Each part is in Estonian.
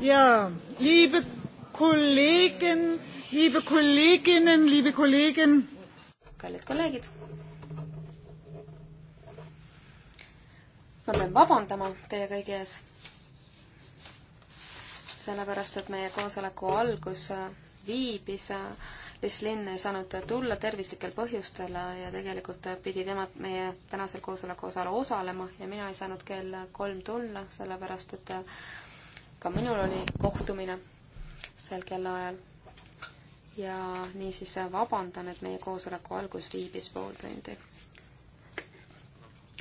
Ja, liebe Kollegen, liebe Kolleginnen, liebe Kollegen. kallid kolleegid. ma pean vabandama teie kõigi ees. sellepärast, et meie koosoleku algus viibis, Liis Linn ei saanud tulla tervislikel põhjustel ja tegelikult pidi tema meie tänasel koosoleku osal osalema ja mina ei saanud kell kolm tulla, sellepärast et ka minul oli kohtumine sel kellaajal ja niisiis vabandan, et meie koosoleku algus viibis pool tundi.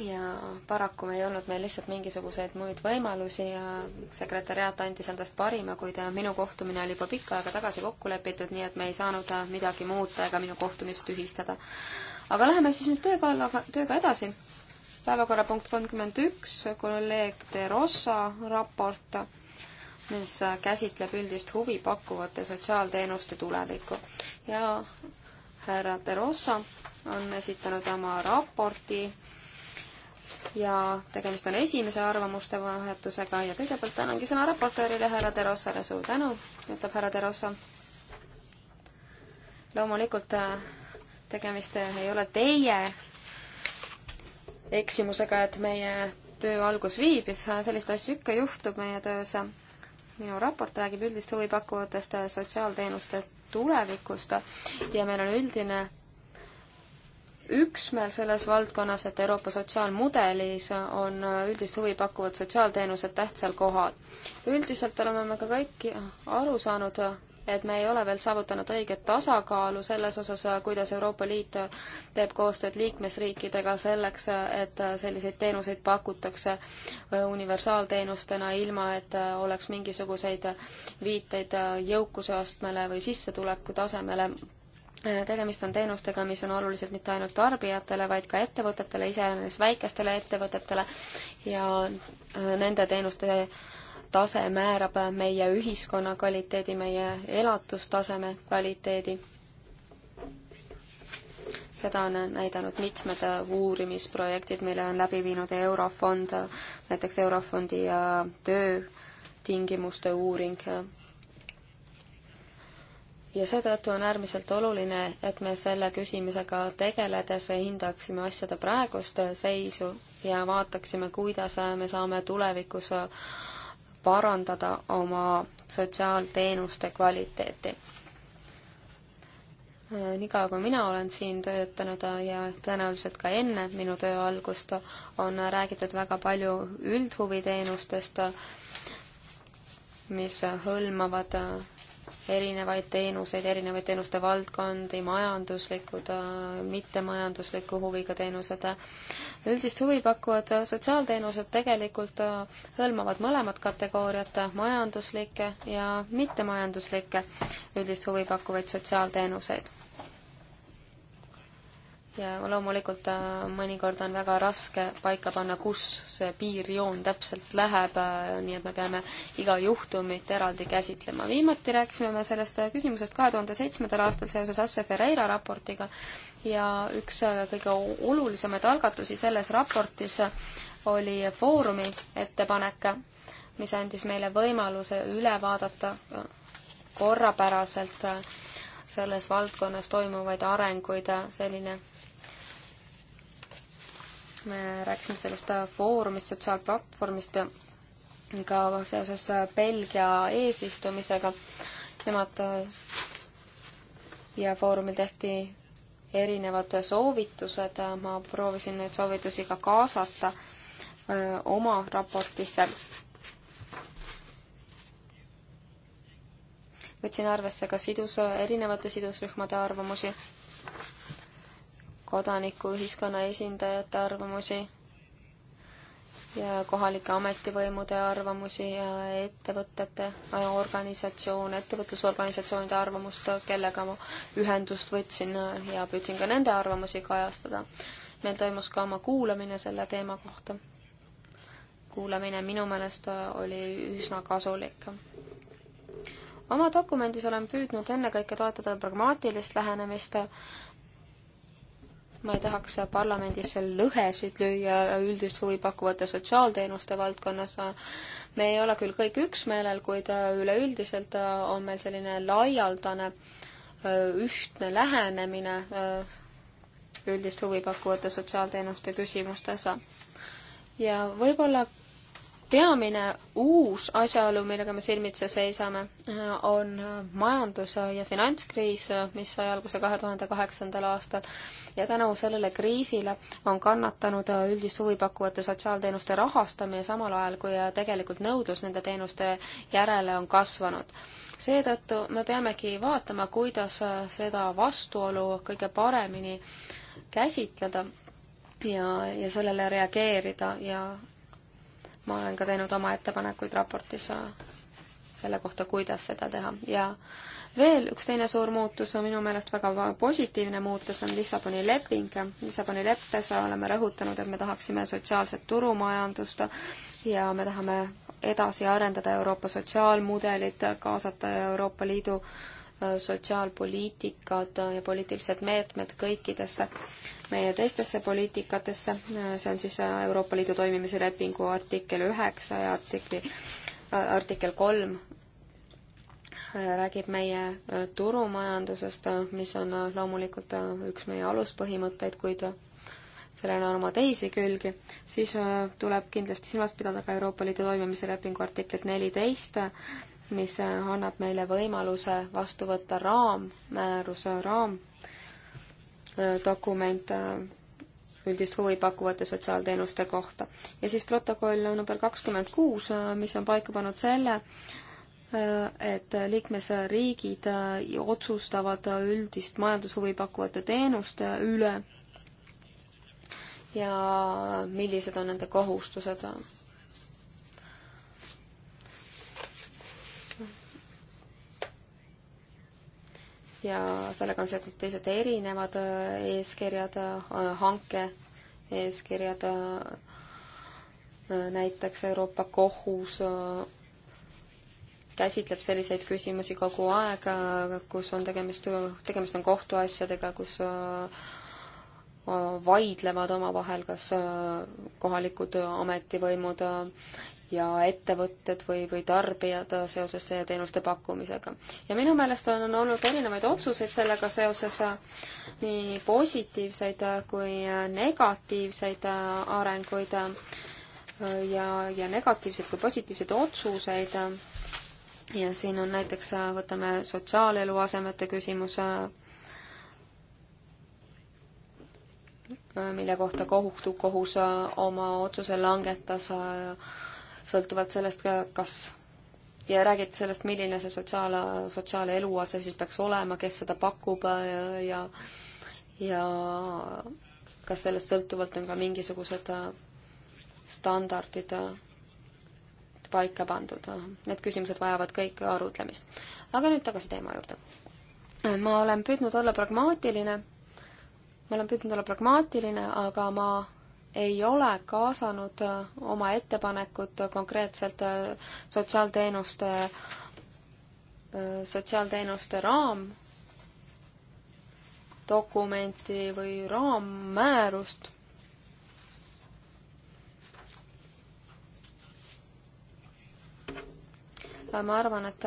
ja paraku ei olnud meil lihtsalt mingisuguseid muid võimalusi ja sekretäriaat andis endast parima, kuid minu kohtumine oli juba pikka aega tagasi kokku lepitud, nii et me ei saanud midagi muuta ega minu kohtumist tühistada. aga läheme siis nüüd tööga, tööga edasi. päevakorrapunkt kolmkümmend üks, kolleeg De Rosa raport mis äh, käsitleb üldist huvi pakkuvate sotsiaalteenuste tulevikku. ja härra De Rossa on esitanud oma raporti ja tegemist on esimese arvamuste vahetusega ja kõigepealt annangi sõna raportöörile härra De Rossale, suur tänu, ütleb härra De Rossa. loomulikult äh, tegemist ei ole teie eksimusega, et meie töö algus viibis, sellist asja ikka juhtub meie töös minu raport räägib üldist huvi pakkuvatest sotsiaalteenuste tulevikust ja meil on üldine üksmeel selles valdkonnas, et Euroopa sotsiaalmudelis on üldist huvi pakkuvad sotsiaalteenused tähtsal kohal. üldiselt oleme me ka kõik aru saanud et me ei ole veel saavutanud õiget tasakaalu selles osas, kuidas Euroopa Liit teeb koostööd liikmesriikidega selleks, et selliseid teenuseid pakutakse universaalteenustena, ilma et oleks mingisuguseid viiteid jõukuse astmele või sissetuleku tasemele tegemist on teenustega, mis on olulised mitte ainult tarbijatele, vaid ka ettevõtetele, iseäranis väikestele ettevõtetele ja nende teenuste tase määrab meie ühiskonna kvaliteedi, meie elatustaseme kvaliteedi. seda on näidanud mitmed uurimisprojektid, mille on läbi viinud Eurofond, näiteks Eurofondi äh, töötingimuste uuring ja seetõttu on äärmiselt oluline, et me selle küsimusega tegeledes hindaksime asjade praegust seisu ja vaataksime, kuidas me saame tulevikus parandada oma sotsiaalteenuste kvaliteeti. Äh, niikaua kui mina olen siin töötanud äh, ja tõenäoliselt ka enne minu töö algust, äh, on räägitud väga palju üldhuviteenustest, mis hõlmavad erinevaid teenuseid, erinevaid teenuste valdkondi, majanduslikud, äh, mittemajandusliku huviga teenused. üldist huvi pakkuvad sotsiaalteenused tegelikult äh, hõlmavad mõlemat kategooriat, majanduslikke ja mittemajanduslikke üldist huvi pakkuvaid sotsiaalteenuseid ja loomulikult äh, mõnikord on väga raske paika panna, kus see piirjoon täpselt läheb, äh, nii et me peame iga juhtumit eraldi käsitlema. viimati rääkisime me sellest äh, küsimusest kahe tuhande seitsmendal aastal seoses Asse Ferreira raportiga ja üks kõige olulisemaid algatusi selles raportis oli Foorumi ettepanek, mis andis meile võimaluse üle vaadata korrapäraselt selles valdkonnas toimuvaid arenguid, selline me rääkisime sellest äh, foorumist, sotsiaalplatvormist ka seoses äh, Belgia eesistumisega. Nemad äh, ja foorumil tehti erinevad soovitused, ma proovisin neid soovitusi ka kaasata öö, oma raportisse. võtsin arvesse ka sidus, erinevate sidusrühmade arvamusi kodanikuühiskonna esindajate arvamusi ja kohalike ametivõimude arvamusi ja ettevõtete organisatsioon, ettevõtlusorganisatsioonide arvamust, kellega ma ühendust võtsin ja püüdsin ka nende arvamusi kajastada. meil toimus ka oma kuulamine selle teema kohta. kuulamine minu meelest oli üsna kasulik. oma dokumendis olen püüdnud ennekõike toetada pragmaatilist lähenemist ma ei tahaks parlamendis lõhesid lüüa üldist huvi pakkuvate sotsiaalteenuste valdkonnas. me ei ole küll kõik üksmeelel, kuid üleüldiselt on meil selline laialdane ühtne lähenemine üldist huvi pakkuvate sotsiaalteenuste küsimustes. ja võib-olla peamine uus asjaolu, millega me silmitse seisame, äh, on äh, majandus- ja finantskriis, äh, mis sai alguse kahe tuhande kaheksandal aastal ja tänu sellele kriisile on kannatanud üldist huvi pakkuvate sotsiaalteenuste rahastamine, samal ajal kui tegelikult nõudlus nende teenuste järele on kasvanud. seetõttu me peamegi vaatama, kuidas seda vastuolu kõige paremini käsitleda ja, ja sellele reageerida ja ma olen ka teinud oma ettepanekuid raportis äh, selle kohta, kuidas seda teha ja veel üks teine suur muutus on minu meelest väga positiivne muutus, on Lissaboni leping. Lissaboni leppes oleme rõhutanud, et me tahaksime sotsiaalset turumajandust ja me tahame edasi arendada Euroopa sotsiaalmudelit, kaasata Euroopa Liidu äh, sotsiaalpoliitikad ja poliitilised meetmed kõikidesse meie teistesse poliitikatesse, see on siis Euroopa Liidu toimimise lepingu artikkel üheksa ja artikli, artikkel kolm räägib meie turumajandusest, mis on loomulikult üks meie aluspõhimõtteid, kuid sellel on oma teisi külgi, siis tuleb kindlasti silmas pidada ka Euroopa Liidu toimimise lepingu artiklit neliteist, mis annab meile võimaluse vastu võtta raammääruse, raam, määruse, raam dokument äh, üldist huvi pakkuvate sotsiaalteenuste kohta. ja siis protokoll number kakskümmend kuus, äh, mis on paika pannud selle, äh, et liikmesriigid otsustavad üldist majandushuvi pakkuvate teenuste üle ja millised on nende kohustused ja sellega on seotud teised erinevad äh, eeskirjad, äh, hanke eeskirjad, äh, näiteks Euroopa Kohus käsitleb selliseid küsimusi kogu aeg, kus on tegemist, tegemist on kohtuasjadega, kus vaidlevad omavahel kas kohalikud ametivõimud ja ettevõtted või, või tarbijad seoses teenuste pakkumisega. ja minu meelest on, on olnud erinevaid otsuseid sellega seoses, nii positiivseid kui negatiivseid arenguid ja, ja negatiivseid kui positiivseid otsuseid. ja siin on näiteks, võtame sotsiaalelu asemete küsimuse, mille kohta kohtu, kohus oma otsuse langetas sõltuvalt sellest, kas ja räägiti sellest, milline see sotsiaal, sotsiaaleluase siis peaks olema, kes seda pakub ja, ja, ja kas sellest sõltuvalt on ka mingisugused äh, standardid äh, paika pandud. Need küsimused vajavad kõik arutlemist. aga nüüd tagasi teema juurde. Äh, ma olen püüdnud olla pragmaatiline, ma olen püüdnud olla pragmaatiline, aga ma ei ole kaasanud äh, oma ettepanekut konkreetselt äh, sotsiaalteenuste, äh, sotsiaalteenuste raamdokumenti või raammäärust ma arvan, et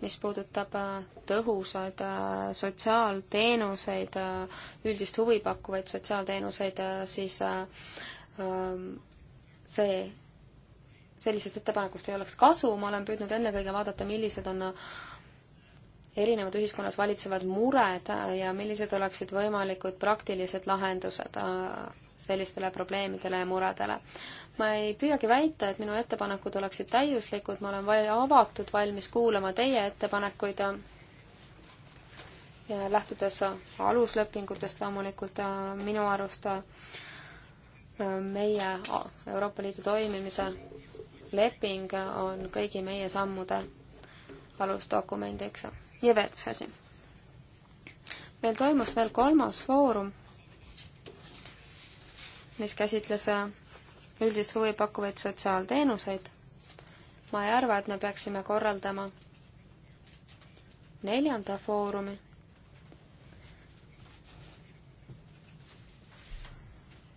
mis puudutab äh, tõhusaid äh, sotsiaalteenuseid, äh, üldist huvi pakkuvaid sotsiaalteenuseid, siis ähm, see, sellisest ettepanekust ei oleks kasu, ma olen püüdnud ennekõike vaadata, millised on erinevad ühiskonnas valitsevad mured ja millised oleksid võimalikud praktilised lahendused sellistele probleemidele ja muredele. ma ei püüagi väita, et minu ettepanekud oleksid täiuslikud, ma olen val-, avatud, valmis kuulama teie ettepanekuid ja lähtudes aluslepingutest loomulikult äh, minu arust äh, meie äh, Euroopa Liidu toimimise leping on kõigi meie sammude alusdokumendiks. ja veel üks asi. meil toimus veel kolmas foorum mis käsitles äh, üldist huvi pakkuvaid sotsiaalteenuseid. ma ei arva, et me peaksime korraldama neljanda foorumi.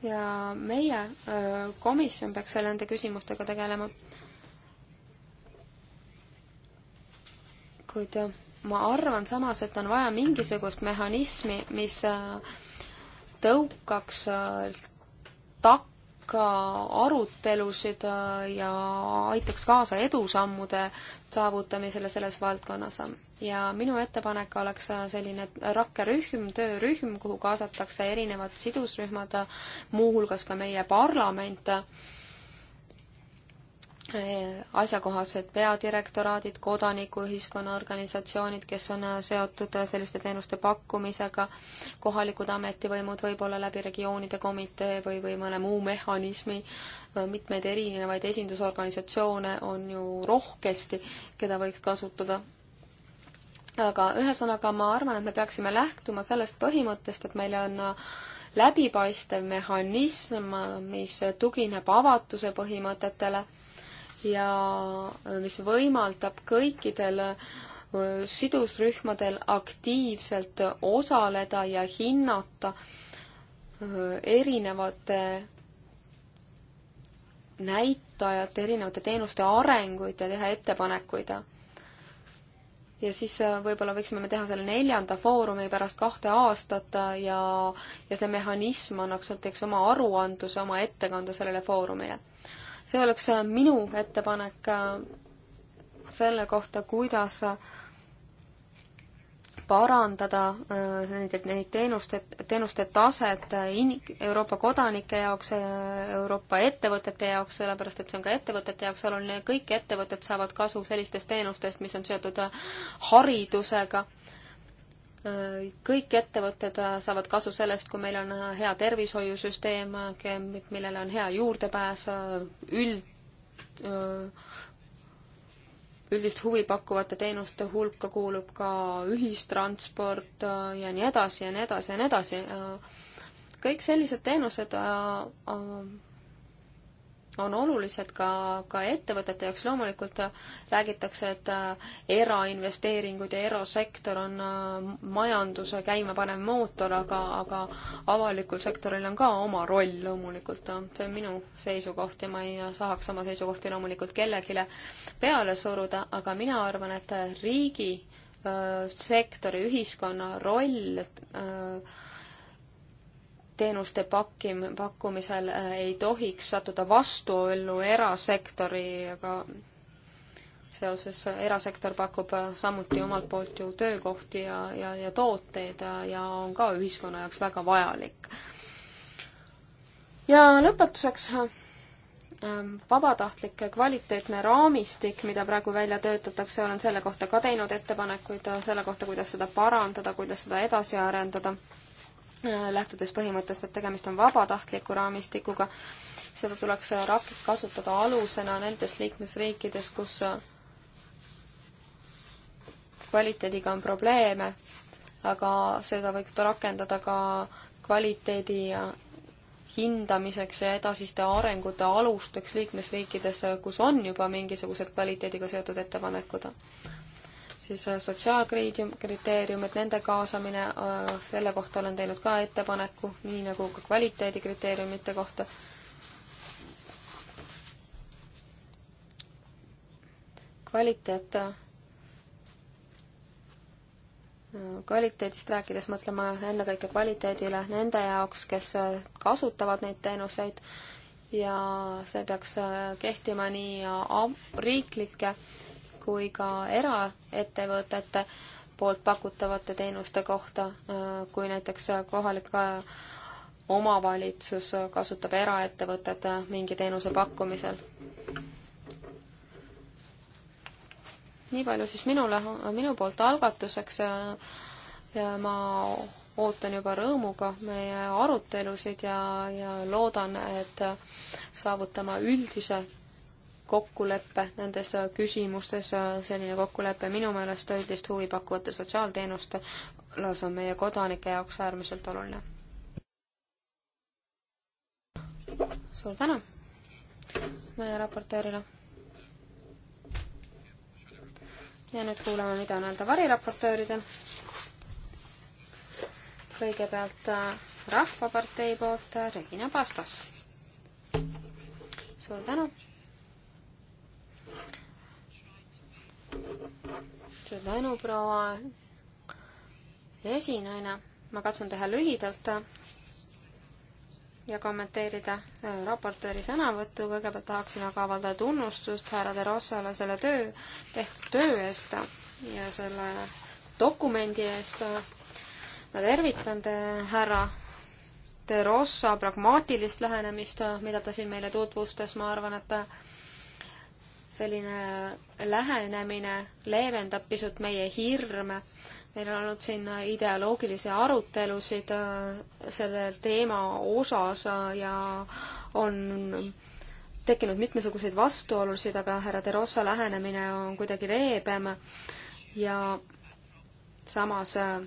ja meie äh, komisjon peaks selle nende küsimustega tegelema. kuid äh, ma arvan samas, et on vaja mingisugust mehhanismi, mis tõukaks takka arutelusid äh, ja aitaks kaasa edusammude saavutamisele selles valdkonnas. ja minu ettepanek oleks äh, selline rakkerühm, töörühm, kuhu kaasatakse erinevad sidusrühmad, äh, muuhulgas ka meie parlament Äh, asjakohased peadirektoraadid, kodanikuühiskonna organisatsioonid, kes on äh, seotud äh, selliste teenuste pakkumisega, kohalikud ametivõimud võib-olla läbi regioonide komitee või, või mõne muu mehhanismi, mitmeid erinevaid esindusorganisatsioone on ju rohkesti, keda võiks kasutada. aga ühesõnaga, ma arvan, et me peaksime lähtuma sellest põhimõttest, et meil on läbipaistev mehhanism, mis tugineb avatuse põhimõtetele ja äh, mis võimaldab kõikidel äh, sidusrühmadel aktiivselt osaleda ja hinnata äh, erinevate näitajate, erinevate teenuste arenguid ja teha ettepanekuid. ja siis võib-olla võiksime me teha selle neljanda foorumi pärast kahte aastat ja, ja see mehhanism annaks näiteks oma aruandluse, oma ettekande sellele foorumile see oleks äh, minu ettepanek äh, selle kohta, kuidas äh, parandada neid, neid teenuste, teenuste taset in-, Euroopa kodanike jaoks, Euroopa ettevõtete jaoks, sellepärast et see on ka ettevõtete jaoks oluline, kõik ettevõtted saavad kasu sellistest teenustest, mis on seotud haridusega kõik ettevõtted saavad kasu sellest, kui meil on hea tervishoiusüsteem, millele on hea juurdepääs üld, üldist huvi pakkuvate teenuste hulka kuulub ka ühistransport ja nii edasi ja nii edasi ja nii edasi. kõik sellised teenused on olulised ka, ka ettevõtete jaoks, loomulikult räägitakse, et äh, erainvesteeringud ja erasektor on äh, majanduse käimepanev mootor, aga, aga avalikul sektoril on ka oma roll loomulikult, see on minu seisukoht ja ma ei saaks oma seisukohti loomulikult kellelegi peale suruda, aga mina arvan, et riigi, äh, sektori, ühiskonna roll öö, teenuste pakkim, pakkumisel äh, ei tohiks sattuda vastuollu erasektoriga. seoses erasektor pakub äh, samuti omalt poolt ju töökohti ja, ja, ja tooteid ja, äh, ja on ka ühiskonna jaoks väga vajalik. ja lõpetuseks ähm, vabatahtlik kvaliteetne raamistik, mida praegu välja töötatakse, olen selle kohta ka teinud ettepanekuid, selle kohta, kuidas seda parandada, kuidas seda edasi arendada lähtudes põhimõttest, et tegemist on vabatahtliku raamistikuga, seda tuleks rak-, kasutada alusena nendes liikmesriikides, kus äh, kvaliteediga on probleeme, aga seda võiks rakendada ka kvaliteedi äh, hindamiseks ja edasiste arengute alusteks liikmesriikides, äh, kus on juba mingisugused kvaliteediga seotud ettepanekud siis äh, sotsiaalkriteeriumid, nende kaasamine, äh, selle kohta olen teinud ka ettepaneku, nii nagu ka kvaliteedikriteeriumite kohta. kvaliteet, äh, kvaliteedist rääkides mõtlema ennekõike kvaliteedile nende jaoks, kes kasutavad neid teenuseid ja see peaks kehtima nii riiklike kui ka eraettevõtete poolt pakutavate teenuste kohta, kui näiteks kohalik äh, omavalitsus kasutab eraettevõtet äh, mingi teenuse pakkumisel. nii palju siis minule, minu poolt algatuseks äh, ja ma ootan juba rõõmuga meie arutelusid ja, ja loodan, et saavutame üldise kokkulepe nendes küsimustes, selline kokkulepe minu meelest üldist huvi pakkuvate sotsiaalteenuste alas on meie kodanike jaoks äärmiselt oluline. suur tänu meie raportöörile. ja nüüd kuulame, mida on öelda variraportööridel. kõigepealt äh, Rahvapartei poolt äh, Regina Pastas. suur tänu suur tänu, proua esinaine. ma katsun teha lühidalt ja kommenteerida äh, raportööri sõnavõttu. kõigepealt tahaksin aga avaldada tunnustust härra De Rossale selle töö, tehtud töö eest ja selle dokumendi eest. ma tervitan te, härra De Rossa pragmaatilist lähenemist, mida ta siin meile tutvustas. ma arvan, et selline lähenemine leevendab pisut meie hirme. meil on olnud siin ideoloogilisi arutelusid äh, selle teema osas äh, ja on tekkinud mitmesuguseid vastuolusid, aga härra De Rossa lähenemine on kuidagi leebem ja samas äh,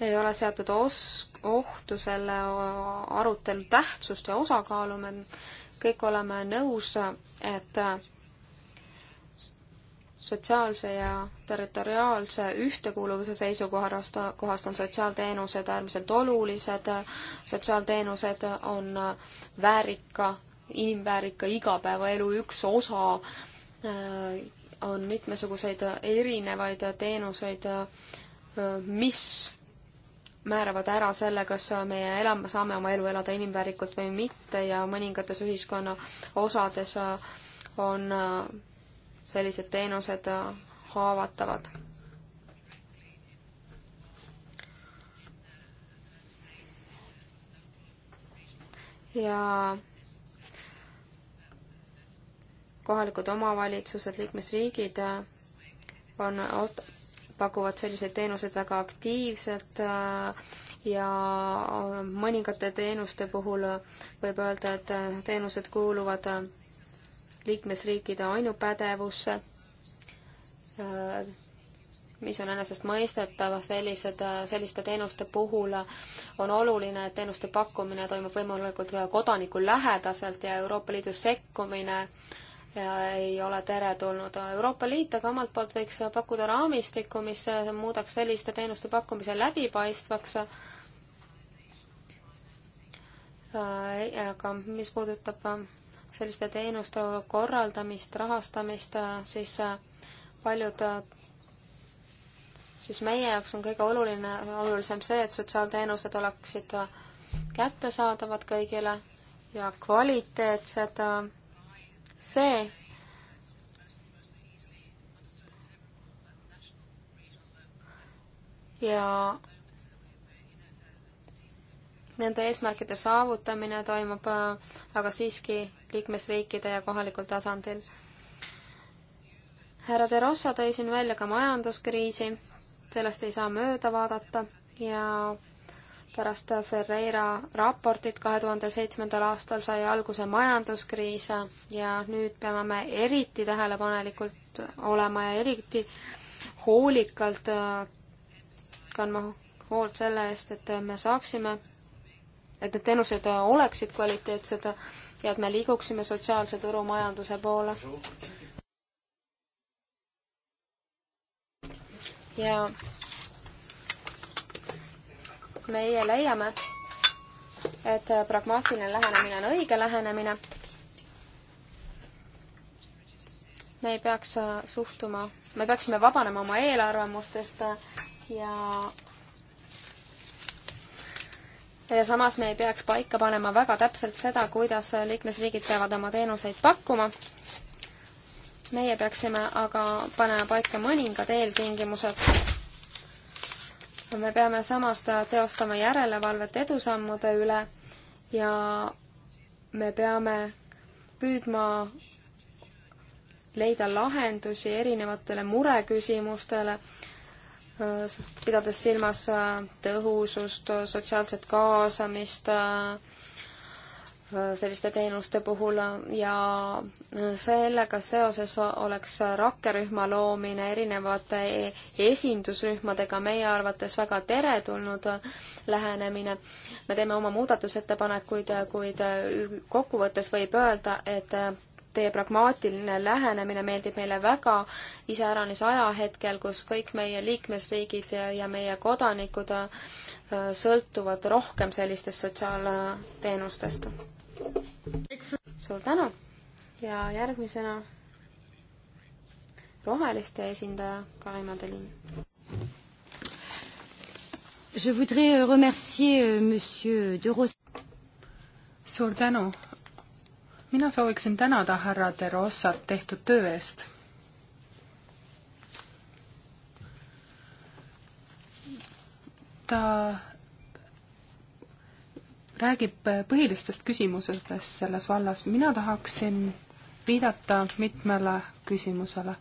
ei ole seatud os-, ohtu selle arutelu tähtsust ja osakaalu, me kõik oleme nõus, et sotsiaalse ja territoriaalse ühtekuuluvuse seisukohast, kohast on sotsiaalteenused äärmiselt olulised, sotsiaalteenused on väärika, inimväärika igapäevaelu üks osa, äh, on mitmesuguseid erinevaid teenuseid, äh, mis määravad ära selle, kas meie elam-, saame oma elu elada inimväärikalt või mitte ja mõningates ühiskonna osades äh, on äh, sellised teenused äh, haavatavad. ja kohalikud omavalitsused, liikmesriigid on pakuvad selliseid teenuseid väga aktiivselt äh, ja äh, mõningate teenuste puhul võib öelda, et äh, teenused kuuluvad liikmesriikide ainupädevusse, mis on enesestmõistetav, sellised, selliste teenuste puhul on oluline, et teenuste pakkumine toimub võimalikult kodanikul lähedaselt ja Euroopa Liidu sekkumine äh, ja ei ole teretulnud. Euroopa Liit aga omalt poolt võiks pakkuda raamistikku, mis muudaks selliste teenuste pakkumise läbipaistvaks. Äh, aga mis puudutab äh, selliste teenuste korraldamist, rahastamist, äh, siis paljud, siis meie jaoks on kõige oluline, olulisem see, et sotsiaalteenused oleksid kättesaadavad kõigile ja kvaliteetsed see, ja nende eesmärkide saavutamine toimub äh, aga siiski liikmesriikide ja kohalikul tasandil. härra De Rossa tõi siin välja ka majanduskriisi, sellest ei saa mööda vaadata ja pärast Ferreira raportit kahe tuhande seitsmendal aastal sai alguse majanduskriis ja nüüd peame me eriti tähelepanelikult olema ja eriti hoolikalt äh, kandma hoolt selle eest, et me saaksime, et need teenused oleksid kvaliteetsed ja et me liiguksime sotsiaalse turumajanduse poole. ja meie leiame, et pragmaatiline lähenemine on õige lähenemine. me ei peaks suhtuma, me peaksime vabanema oma eelarvamustest ja ja samas me ei peaks paika panema väga täpselt seda, kuidas liikmesriigid peavad oma teenuseid pakkuma. meie peaksime aga panema paika mõningad eeltingimused me peame samas teostama järelevalvet edusammude üle ja me peame püüdma leida lahendusi erinevatele mureküsimustele, äh, pidades silmas äh, tõhusust, sotsiaalset kaasamist, äh, selliste teenuste puhul ja sellega seoses oleks rakkerühma loomine erinevate esindusrühmadega meie arvates väga teretulnud lähenemine. me teeme oma muudatusettepanekuid, kuid kokkuvõttes võib öelda, et teie pragmaatiline lähenemine meeldib meile väga, iseäranis ajahetkel, kus kõik meie liikmesriigid ja meie kodanikud sõltuvad rohkem sellistest sotsiaalteenustest suur tänu ja järgmisena roheliste esindaja Kaima Telin. Je voudrais euh, remercier euh, monsieur de Ros-. suur tänu. mina sooviksin tänada härra de Rosat tehtud töö eest ta räägib põhilistest küsimustest selles vallas. mina tahaksin viidata mitmele küsimusele.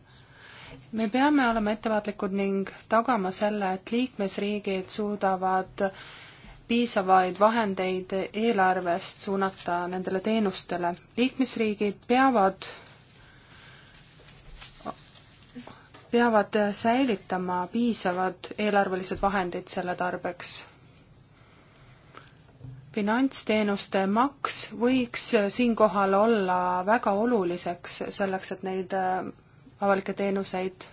me peame olema ettevaatlikud ning tagama selle, et liikmesriigid suudavad piisavaid vahendeid eelarvest suunata nendele teenustele. liikmesriigid peavad peavad säilitama piisavad eelarvelised vahendid selle tarbeks finantsteenuste maks võiks äh, siinkohal olla väga oluliseks selleks, et neid äh, avalikke teenuseid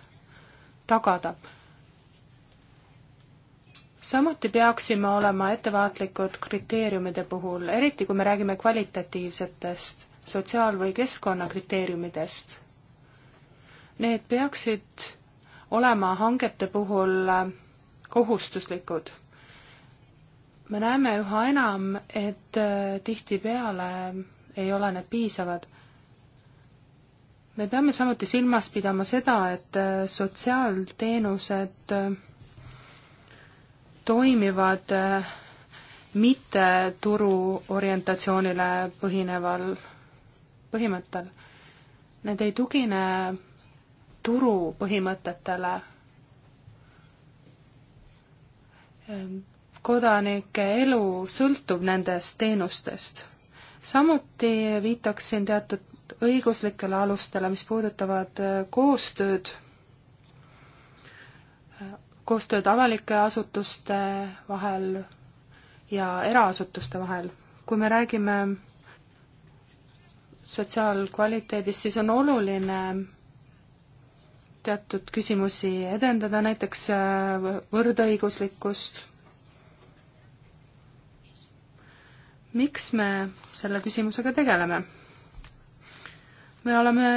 tagada. samuti peaksime olema ettevaatlikud kriteeriumide puhul, eriti kui me räägime kvalitatiivsetest sotsiaal- või keskkonnakriteeriumidest. Need peaksid olema hangete puhul äh, kohustuslikud me näeme üha enam, et äh, tihtipeale ei ole need piisavad. me peame samuti silmas pidama seda, et äh, sotsiaalteenused äh, toimivad mitte turu orientatsioonile põhineval põhimõttel. Need ei tugine turu põhimõtetele ehm, kodanike elu sõltub nendest teenustest. samuti viitaksin teatud õiguslikele alustele, mis puudutavad äh, koostööd, koostööd avalike asutuste vahel ja eraasutuste vahel. kui me räägime sotsiaalkvaliteedist, siis on oluline teatud küsimusi edendada, näiteks äh, võrdõiguslikkust miks me selle küsimusega tegeleme? me oleme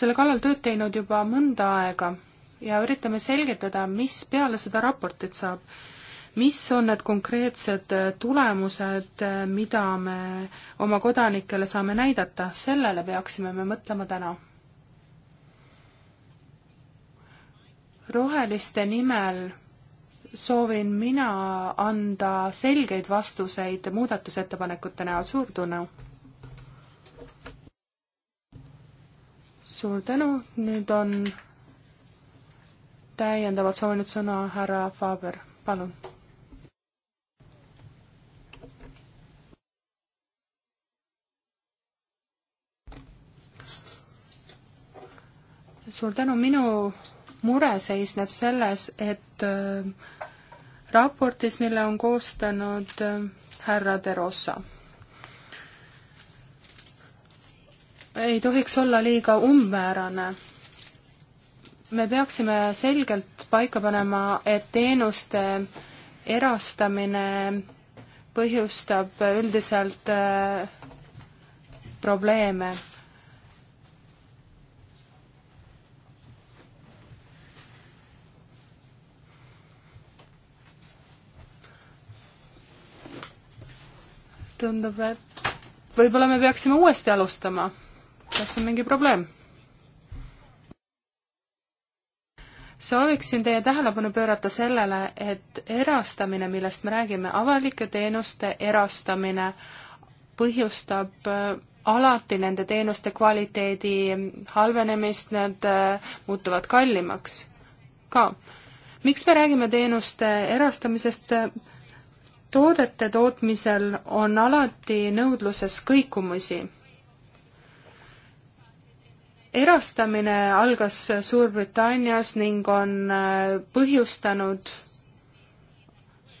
selle kallal tööd teinud juba mõnda aega ja üritame selgitada, mis peale seda raportit saab. mis on need konkreetsed tulemused, mida me oma kodanikele saame näidata, sellele peaksime me mõtlema täna. roheliste nimel soovin mina anda selgeid vastuseid muudatusettepanekute näol, suur tänu! suur tänu, nüüd on täiendavalt soovinud sõna härra Faber, palun. suur tänu, minu mure seisneb selles, et äh, raportis, mille on koostanud äh, härra De Rossa. ei tohiks olla liiga umbmäärane. me peaksime selgelt paika panema, et teenuste erastamine põhjustab üldiselt äh, probleeme tundub, et võib-olla me peaksime uuesti alustama. kas on mingi probleem? sooviksin teie tähelepanu pöörata sellele, et erastamine, millest me räägime, avalike teenuste erastamine põhjustab äh, alati nende teenuste kvaliteedi halvenemist, need äh, muutuvad kallimaks ka. miks me räägime teenuste erastamisest? toodete tootmisel on alati nõudluses kõikumusi. erastamine algas Suurbritannias ning on äh, põhjustanud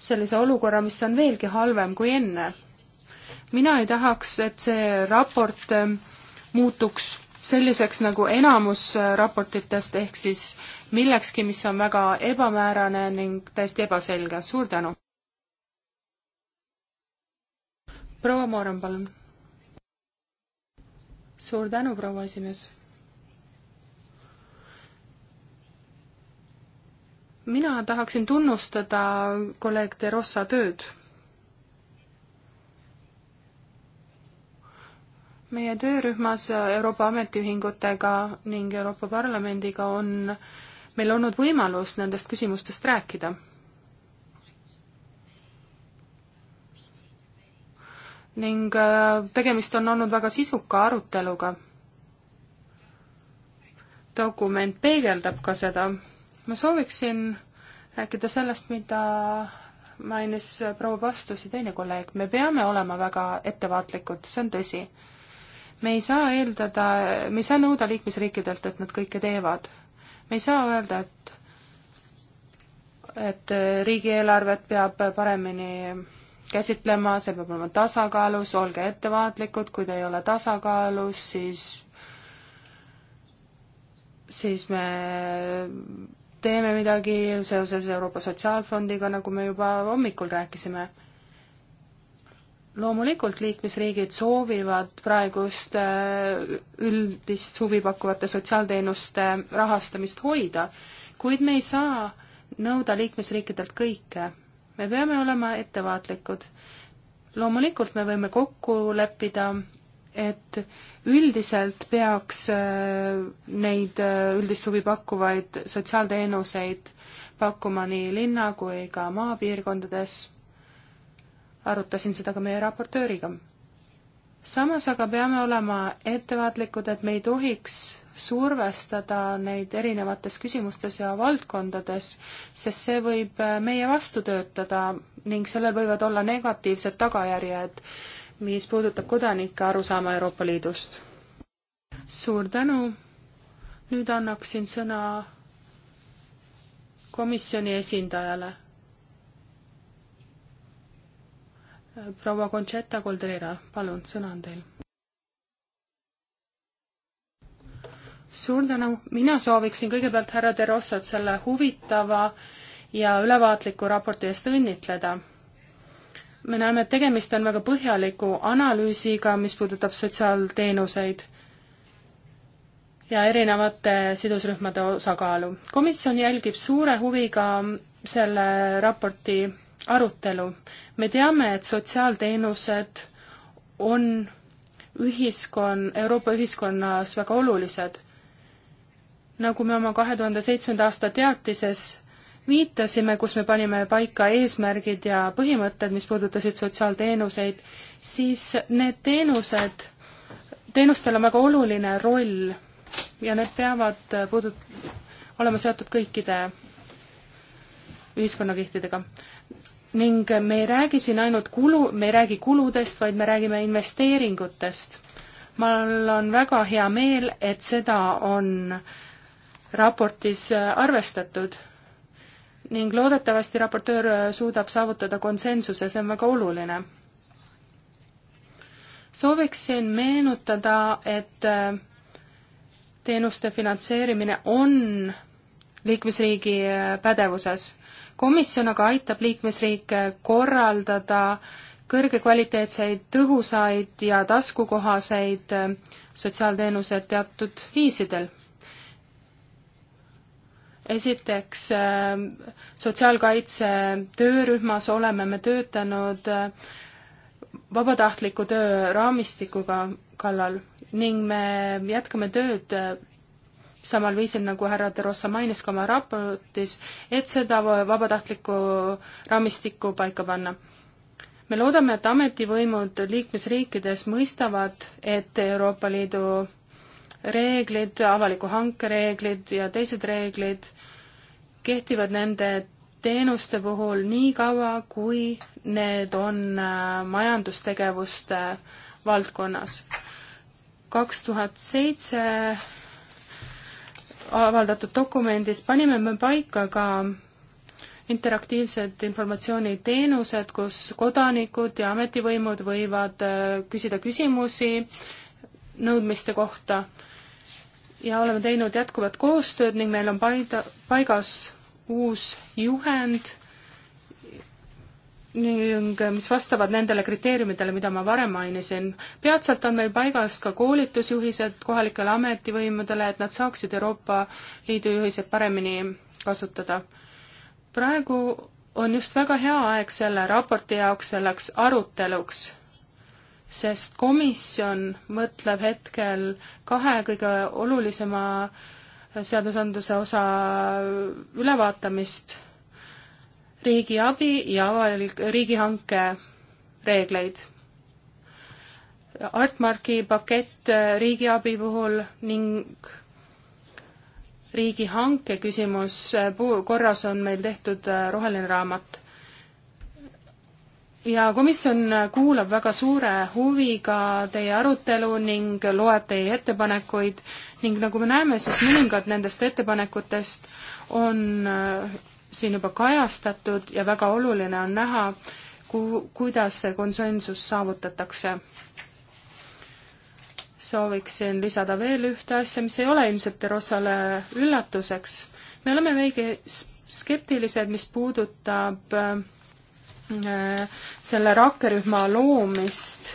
sellise olukorra, mis on veelgi halvem kui enne. mina ei tahaks, et see raport äh, muutuks selliseks nagu enamus äh, raportitest, ehk siis millekski, mis on väga ebamäärane ning täiesti ebaselge. suur tänu! proua Mooran, palun. suur tänu, proua esimees. mina tahaksin tunnustada kolleeg De Rossa tööd. meie töörühmas Euroopa Ametiühingutega ning Euroopa Parlamendiga on meil olnud võimalus nendest küsimustest rääkida ning äh, tegemist on olnud väga sisuka aruteluga. dokument peegeldab ka seda. ma sooviksin rääkida sellest, mida mainis äh, proua Pastusi teine kolleeg, me peame olema väga ettevaatlikud, see on tõsi. me ei saa eeldada, me ei saa nõuda liikmesriikidelt, et nad kõike teevad. me ei saa öelda, et et äh, riigieelarvet peab paremini käsitlema, see peab olema tasakaalus, olge ettevaatlikud, kui ta ei ole tasakaalus, siis, siis me teeme midagi seoses Euroopa Sotsiaalfondiga, nagu me juba hommikul rääkisime. loomulikult liikmesriigid soovivad praegust äh, üldist huvi pakkuvate sotsiaalteenuste rahastamist hoida, kuid me ei saa nõuda liikmesriikidelt kõike me peame olema ettevaatlikud. loomulikult me võime kokku leppida, et üldiselt peaks äh, neid äh, üldist huvi pakkuvaid sotsiaalteenuseid pakkuma nii linna kui ka maapiirkondades. arutasin seda ka meie raportööriga. samas aga peame olema ettevaatlikud, et me ei tohiks survestada neid erinevates küsimustes ja valdkondades, sest see võib äh, meie vastu töötada ning sellel võivad olla negatiivsed tagajärjed, mis puudutab kodanike arusaama Euroopa Liidust. suur tänu, nüüd annaksin sõna komisjoni esindajale. proua Concheta Coldera, palun, sõna on teil suur tänu, mina sooviksin kõigepealt härra De Rossat selle huvitava ja ülevaatliku raporti eest õnnitleda. me näeme, et tegemist on väga põhjaliku analüüsiga, mis puudutab sotsiaalteenuseid ja erinevate sidusrühmade osakaalu. komisjon jälgib suure huviga selle raporti arutelu. me teame, et sotsiaalteenused on ühiskon-, Euroopa ühiskonnas väga olulised nagu me oma kahe tuhande seitsmenda aasta teatises viitasime, kus me panime paika eesmärgid ja põhimõtted, mis puudutasid sotsiaalteenuseid, siis need teenused, teenustel on väga oluline roll ja need peavad puudut-, olema seotud kõikide ühiskonnakihtidega. ning me ei räägi siin ainult kulu, me ei räägi kuludest, vaid me räägime investeeringutest. mul on väga hea meel, et seda on äh, raportis äh, arvestatud ning loodetavasti raportöör äh, suudab saavutada konsensuse, see on väga oluline. sooviksin meenutada, et äh, teenuste finantseerimine on liikmesriigi pädevuses. komisjon aga aitab liikmesriike korraldada kõrgekvaliteetseid, tõhusaid ja taskukohaseid sotsiaalteenused teatud viisidel esiteks, ähm, sotsiaalkaitse töörühmas oleme me töötanud äh, vabatahtliku töö raamistikuga kallal ning me jätkame tööd äh, samal viisil, nagu härra De Rossa mainis ka oma raportis, et seda vabatahtlikku raamistikku paika panna. me loodame, et ametivõimud liikmesriikides mõistavad, et Euroopa Liidu reeglid, avaliku hanke reeglid ja teised reeglid kehtivad nende teenuste puhul nii kaua, kui need on äh, majandustegevuste valdkonnas. kaks tuhat seitse avaldatud dokumendis panime me paika ka interaktiivsed informatsiooniteenused, kus kodanikud ja ametivõimud võivad äh, küsida küsimusi nõudmiste kohta ja oleme teinud jätkuvat koostööd ning meil on paida, paigas uus juhend ning mis vastavad nendele kriteeriumidele, mida ma varem mainisin. peatselt on meil paigas ka koolitusjuhised kohalikele ametivõimudele, et nad saaksid Euroopa Liidu juhiseid paremini kasutada. praegu on just väga hea aeg selle raporti jaoks, selleks aruteluks sest komisjon mõtleb hetkel kahe kõige olulisema seadusandluse osa ülevaatamist, riigiabi ja avalik, riigihanke reegleid Artmarki pakett riigiabi puhul ning riigihanke küsimus eh, korras on meil tehtud eh, roheline raamat ja komisjon kuulab väga suure huviga teie arutelu ning loeb teie ettepanekuid ning nagu me näeme, siis mõningad nendest ettepanekutest on äh, siin juba kajastatud ja väga oluline on näha, ku-, kuidas see konsensus saavutatakse. sooviksin lisada veel ühte asja, mis ei ole ilmselt Rosale üllatuseks. me oleme veidi skeptilised, mis puudutab äh, selle rakkerühma loomist.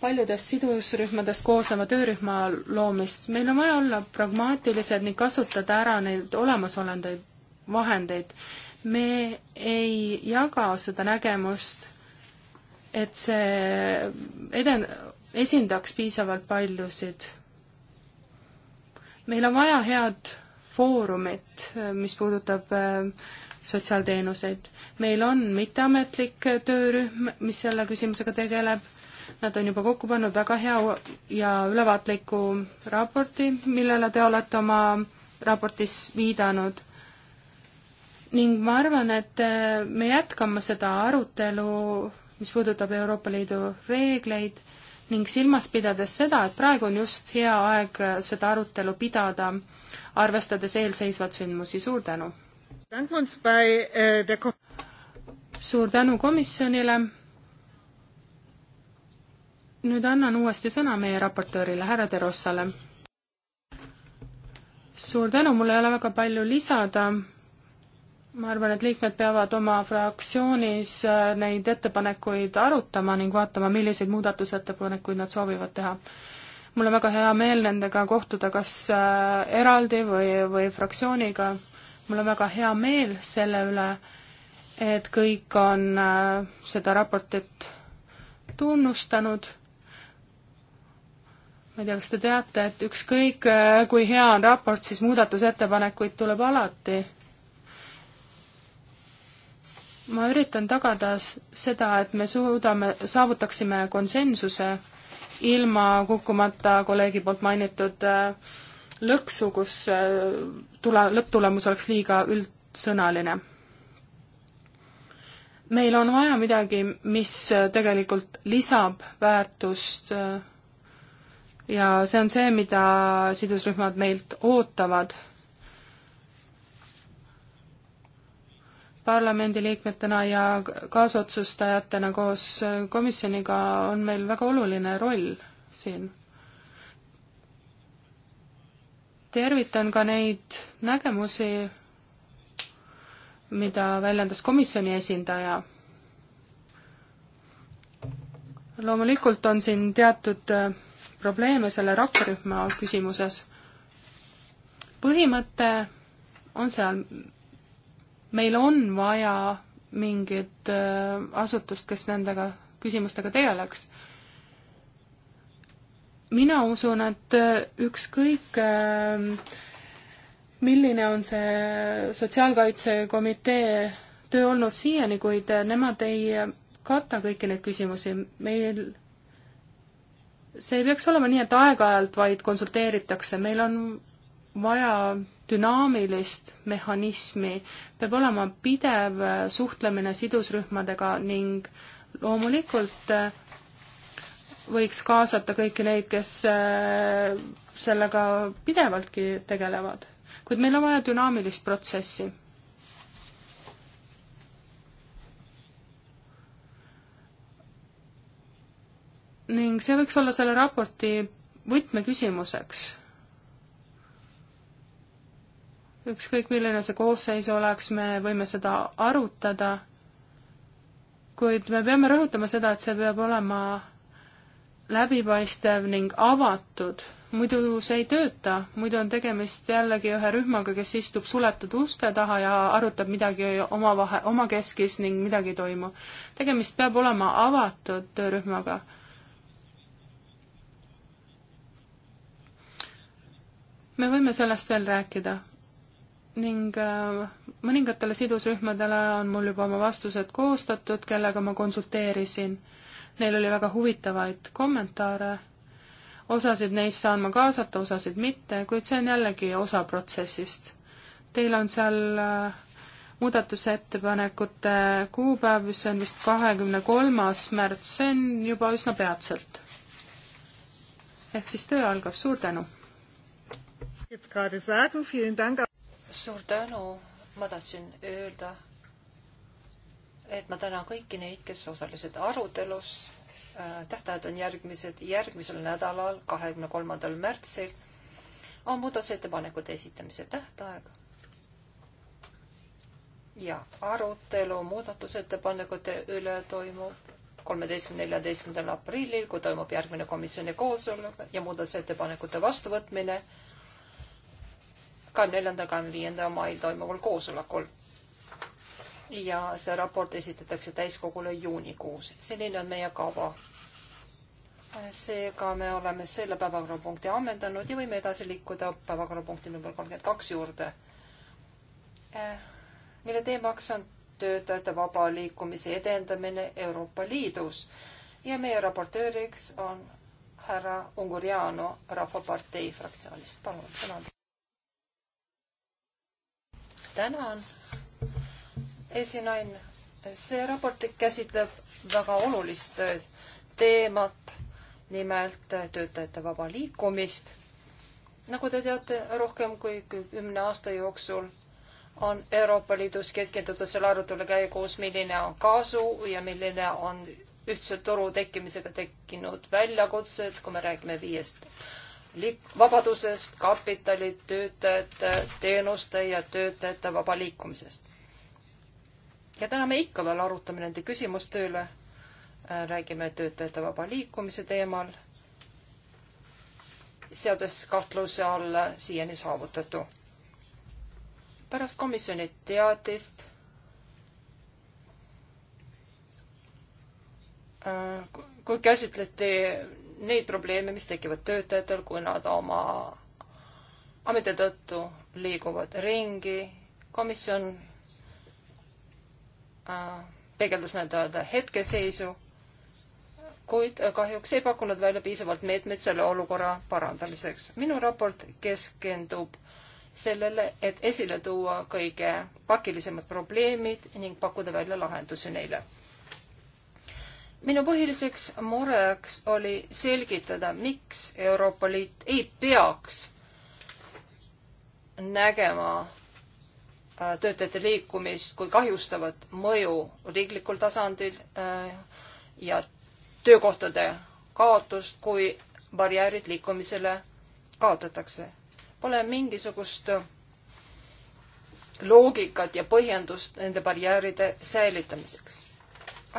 paljudest sidusrühmadest koosneva töörühma loomist. meil on vaja olla pragmaatilised ning kasutada ära neid olemasolendeid, vahendeid. me ei jaga seda nägemust, et see eden-, esindaks piisavalt paljusid. meil on vaja head foorumit, mis puudutab äh, sotsiaalteenuseid. meil on mitteametlik töörühm, mis selle küsimusega tegeleb, nad on juba kokku pannud väga hea ja ülevaatliku raporti, millele te olete oma raportis viidanud. ning ma arvan, et me jätkame seda arutelu, mis puudutab Euroopa Liidu reegleid ning silmas pidades seda, et praegu on just hea aeg seda arutelu pidada, arvestades eelseisvat sündmusi, suur tänu! Äh, suur tänu komisjonile. nüüd annan uuesti sõna meie raportöörile, härra Terossale. suur tänu, mul ei ole väga palju lisada. ma arvan, et liikmed peavad oma fraktsioonis äh, neid ettepanekuid arutama ning vaatama, milliseid muudatusettepanekuid nad soovivad teha mul on väga hea meel nendega kohtuda kas äh, eraldi või, või fraktsiooniga mul on väga hea meel selle üle, et kõik on äh, seda raportit tunnustanud. ma ei tea, kas te teate, et ükskõik äh, kui hea on raport, siis muudatusettepanekuid tuleb alati. ma üritan tagada seda, et me suudame, saavutaksime konsensuse ilma kukkumata kolleegi poolt mainitud äh, lõksu, kus tule, lõpptulemus oleks liiga üldsõnaline. meil on vaja midagi, mis tegelikult lisab väärtust äh, ja see on see, mida sidusrühmad meilt ootavad. parlamendiliikmetena ja kaasotsustajatena koos komisjoniga on meil väga oluline roll siin tervitan ka neid nägemusi, mida väljendas komisjoni esindaja. loomulikult on siin teatud äh, probleeme selle rakkerühma küsimuses. põhimõte on seal, meil on vaja mingit äh, asutust, kes nendega küsimustega tegeleks mina usun, et äh, ükskõik ähm, milline on see Sotsiaalkaitsekomitee töö olnud siiani, kuid äh, nemad ei äh, kata kõiki neid küsimusi, meil see ei peaks olema nii, et aeg-ajalt vaid konsulteeritakse, meil on vaja dünaamilist mehhanismi, peab olema pidev suhtlemine sidusrühmadega ning loomulikult äh, võiks kaasata kõiki neid, kes äh, sellega pidevaltki tegelevad. kuid meil on vaja dünaamilist protsessi. ning see võiks olla selle raporti võtmeküsimuseks. ükskõik, milline see koosseis oleks, me võime seda arutada kuid me peame rõhutama seda, et see peab olema läbipaistev ning avatud, muidu see ei tööta, muidu on tegemist jällegi ühe rühmaga, kes istub suletud uste taha ja arutab midagi omavahe, omakeskis ning midagi ei toimu. tegemist peab olema avatud töörühmaga. me võime sellest veel rääkida ning äh, mõningatele sidusrühmadele on mul juba oma vastused koostatud, kellega ma konsulteerisin Neil oli väga huvitavaid kommentaare, osasid neist saan ma kaasata, osasid mitte, kuid see on jällegi osa protsessist. Teil on seal äh, muudatusettepanekute kuupäev, mis on vist kahekümne kolmas märts, see on juba üsna peatselt. ehk siis töö algab, suur tänu! suur tänu, ma tahtsin öelda et ma tänan kõiki neid, kes osalesid arutelus. Äh, tähtajad on järgmised, järgmisel nädalal, kahekümne kolmandal märtsil on muudatusettepanekute esitamise tähtaeg. ja arutelu muudatusettepanekute üle toimub kolmeteistkümne, neljateistkümnendal aprillil, kui toimub järgmine komisjoni koosolek ja muudatusettepanekute vastuvõtmine kahekümne neljandal, kahekümne viiendal mail toimuval koosolekul ja see raport esitatakse täiskogule juunikuus. selline on meie kava. seega me oleme selle päevakorrapunkti ammendanud ja võime edasi liikuda päevakorrapunkti number kolmkümmend kaks juurde, eh, mille teemaks on töötajate vaba liikumise edendamine Euroopa Liidus ja meie raportööriks on härra Unguriano Rahvapartei fraktsioonist. palun, sõna on teil. tänan esinaine. see raport käsitleb väga olulist teemat, nimelt töötajate vaba liikumist. nagu te teate, rohkem kui kümne aasta jooksul on Euroopa Liidus keskendutud selle arutelu käigus, milline on kasu ja milline on ühtse turu tekkimisega tekkinud väljakutsed, kui me räägime viiest vabadusest, kapitali, töötajate, teenuste ja töötajate vaba liikumisest ja täna me ikka veel arutame nende küsimuste üle. Äh, räägime töötajate vaba liikumise teemal, seades kahtluse alla siiani saavutatu. pärast komisjoni teatist äh, kui käsitleti neid probleeme, mis tekivad töötajatel, kui nad oma ameti tõttu liiguvad ringi, komisjon Äh, peegeldas nii-öelda hetkeseisu, kuid äh, kahjuks ei pakkunud välja piisavalt meetmeid selle olukorra parandamiseks. minu raport keskendub sellele, et esile tuua kõige pakilisemad probleemid ning pakkuda välja lahendusi neile. minu põhiliseks mureks oli selgitada, miks Euroopa Liit ei peaks nägema töötajate liikumist kui kahjustavat mõju riiklikul tasandil äh, ja töökohtade kaotust, kui barjäärid liikumisele kaotatakse. Pole mingisugust loogikat ja põhjendust nende barjääride säilitamiseks.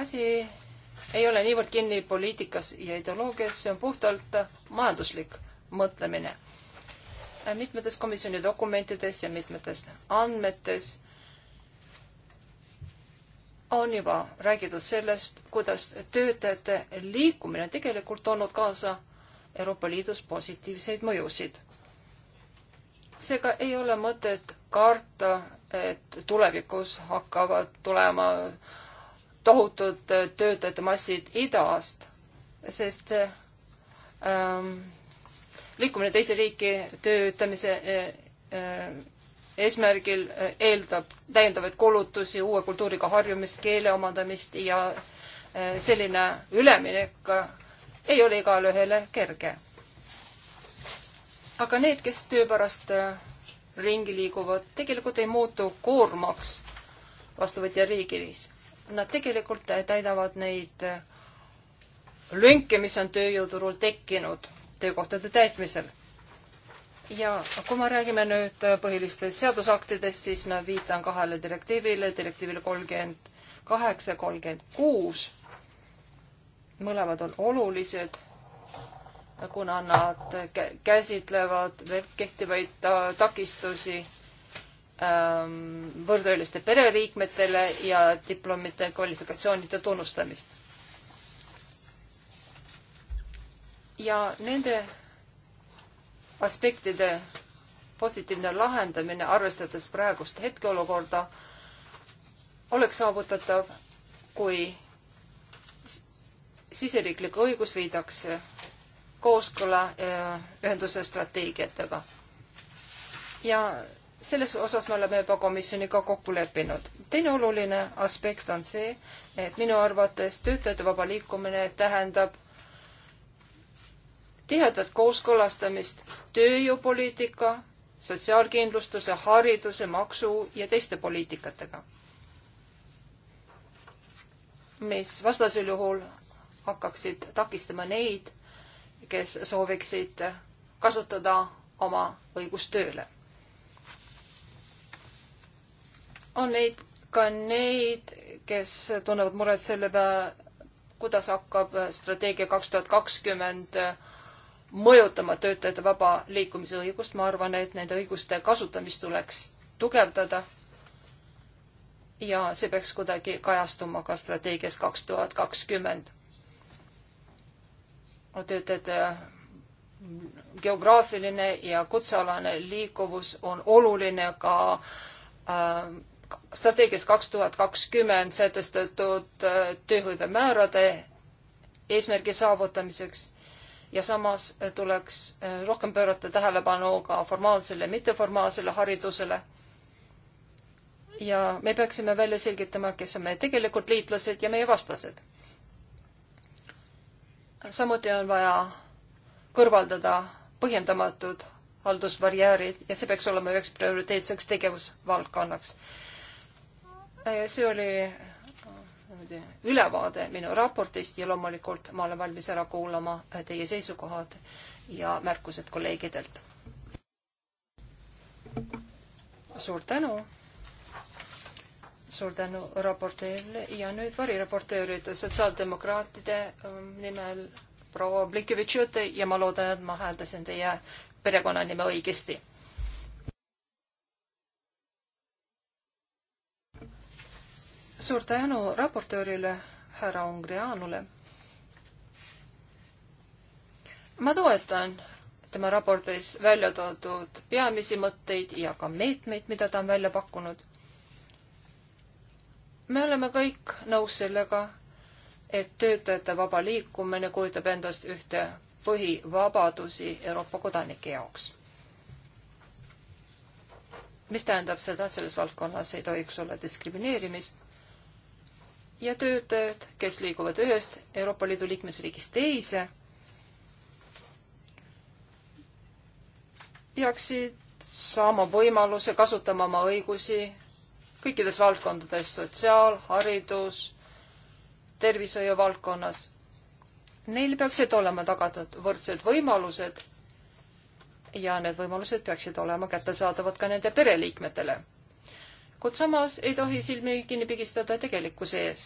asi ei ole niivõrd kinni poliitikas ja ideoloogias, see on puhtalt majanduslik mõtlemine mitmetes komisjoni dokumentides ja mitmetes andmetes on juba räägitud sellest, kuidas töötajate liikumine tegelikult toonud kaasa Euroopa Liidus positiivseid mõjusid. seega ei ole mõtet karta, et tulevikus hakkavad tulema tohutud töötajate massid idast, sest ähm, liikumine teise riiki töötamise e, e, eesmärgil e, eeldab täiendavaid kulutusi, uue kultuuriga harjumist, keele omandamist ja selline üleminek ei ole igale ühele kerge. aga need, kes töö pärast ringi liiguvad, tegelikult ei muutu koormaks vastuvõtja riigis. Nad tegelikult täidavad neid lünki, mis on tööjõuturul tekkinud töökohtade täitmisel. ja kui me räägime nüüd põhilistest seadusaktidest, siis ma viitan kahele direktiivile, direktiivile kolmkümmend kaheksa, kolmkümmend kuus. mõlemad on olulised, kuna nad käsitlevad veel kehtivaid takistusi ähm, võrdõeliste pereliikmetele ja diplomite kvalifikatsioonide tunnustamist ja nende aspektide positiivne lahendamine, arvestades praegust hetkeolukorda, oleks saavutatav, kui siseriiklik õigus viidakse kooskõla äh, ühenduse strateegiatega. ja selles osas me oleme juba komisjoniga kokku leppinud. teine oluline aspekt on see, et minu arvates töötajate vaba liikumine tähendab tihedat kooskõlastamist tööjõupoliitika, sotsiaalkindlustuse, hariduse, maksu ja teiste poliitikatega. mis vastasel juhul hakkaksid takistama neid, kes sooviksid kasutada oma õigust tööle. on neid, ka neid, kes tunnevad muret selle peale, kuidas hakkab strateegia kaks tuhat kakskümmend -20 mõjutama töötajate vaba liikumise õigust, ma arvan, et nende õiguste kasutamist tuleks tugevdada. ja see peaks kuidagi kajastuma ka strateegias kaks tuhat kakskümmend. töötajate geograafiline ja kutsealane liikuvus on oluline ka äh, strateegias kaks tuhat kakskümmend sätestatud äh, tööhõivemäärade eesmärgi saavutamiseks ja samas eh, tuleks eh, rohkem pöörata tähelepanu ka formaalsele ja mitteformaalsele haridusele. ja me peaksime välja selgitama, kes on meie tegelikult liitlased ja meie vastased. samuti on vaja kõrvaldada põhjendamatud haldusbarjäärid ja see peaks olema üheks prioriteetseks tegevusvaldkonnaks. Eh, see oli ülevaade minu raportist ja loomulikult ma olen valmis ära kuulama äh, teie seisukohad ja märkused kolleegidelt. suur tänu. suur tänu raportöörile ja nüüd variraportööride sotsiaaldemokraatide ähm, nimel proua Blikivitšõte ja ma loodan, et ma hääldasin teie perekonnanime õigesti suur tänu raportöörile, härra Ungreanule. ma toetan tema raportis välja toodud peamisi mõtteid ja ka meetmeid, mida ta on välja pakkunud. me oleme kõik nõus sellega, et töötajate vaba liikumine kujutab endast ühte põhivabadusi Euroopa kodanike jaoks. mis tähendab seda, et selles valdkonnas ei tohiks olla diskrimineerimist ja töötajad, kes liiguvad ühest Euroopa Liidu liikmesriigist teise, peaksid saama võimaluse kasutama oma õigusi kõikides valdkondades, sotsiaal, haridus, tervishoiu valdkonnas. Neil peaksid olema tagatud võrdsed võimalused ja need võimalused peaksid olema kättesaadavad ka nende pereliikmetele kuid samas ei tohi silmi kinni pigistada tegelikkuse ees.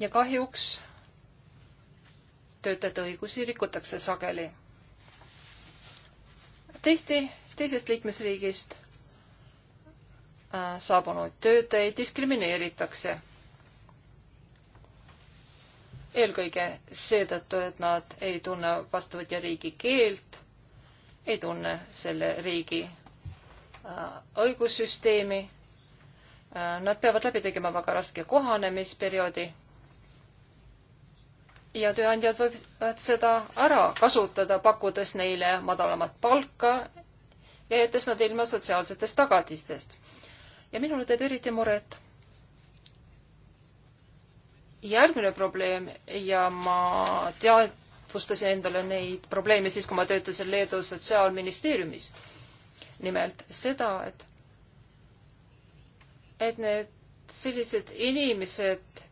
ja kahjuks töötajate õigusi rikutakse sageli. tihti teisest liikmesriigist äh, saabunud töötajaid diskrimineeritakse. eelkõige seetõttu, et nad ei tunne vastuvõtja riigi keelt, ei tunne selle riigi Äh, õigussüsteemi. Äh, nad peavad läbi tegema väga raske kohanemisperioodi. ja tööandjad võivad seda ära kasutada, pakkudes neile madalamat palka ja jättes nad ilma sotsiaalsetest tagatistest. ja minule teeb eriti muret järgmine probleem ja ma teadvustasin endale neid probleeme siis, kui ma töötasin Leedu sotsiaalministeeriumis nimelt seda, et, et need sellised inimesed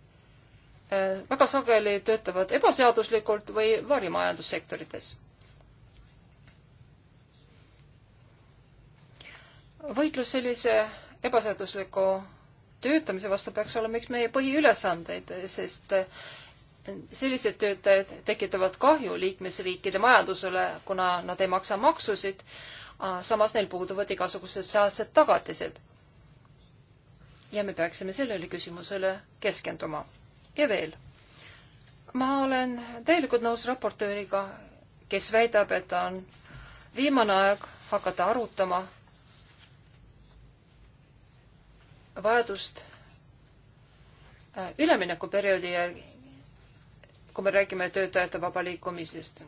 äh, väga sageli töötavad ebaseaduslikult või varimajandussektorites. võitlus sellise ebaseadusliku töötamise vastu peaks olema üks meie põhiülesandeid, sest äh, sellised töötajad tekitavad kahju liikmesriikide majandusele, kuna nad ei maksa maksusid samas neil puuduvad igasugused sotsiaalsed tagatised. ja me peaksime sellele küsimusele keskenduma. ja veel, ma olen täielikult nõus raportööriga, kes väidab, et on viimane aeg hakata arutama vajadust äh, üleminekuperioodi järgi, kui me räägime töötajate vaba liikumisest.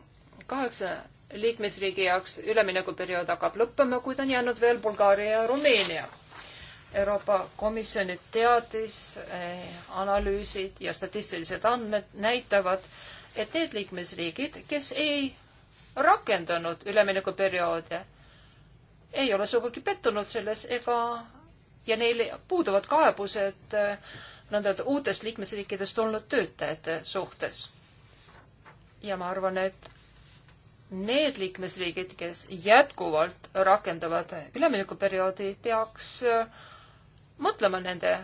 kaheksa liikmesriigi jaoks üleminekuperiood hakkab lõppema, kuid on jäänud veel Bulgaaria ja Rumeenia. Euroopa Komisjoni teadis eh,, analüüsid ja statistilised andmed näitavad, et need liikmesriigid, kes ei rakendanud üleminekuperioode, ei ole sugugi pettunud selles ega ja neil puuduvad kaebused eh, nõnda uutest liikmesriikidest tulnud töötajate suhtes. ja ma arvan, et need liikmesriigid, kes jätkuvalt rakendavad üleminekuperioodi, peaks äh, mõtlema nende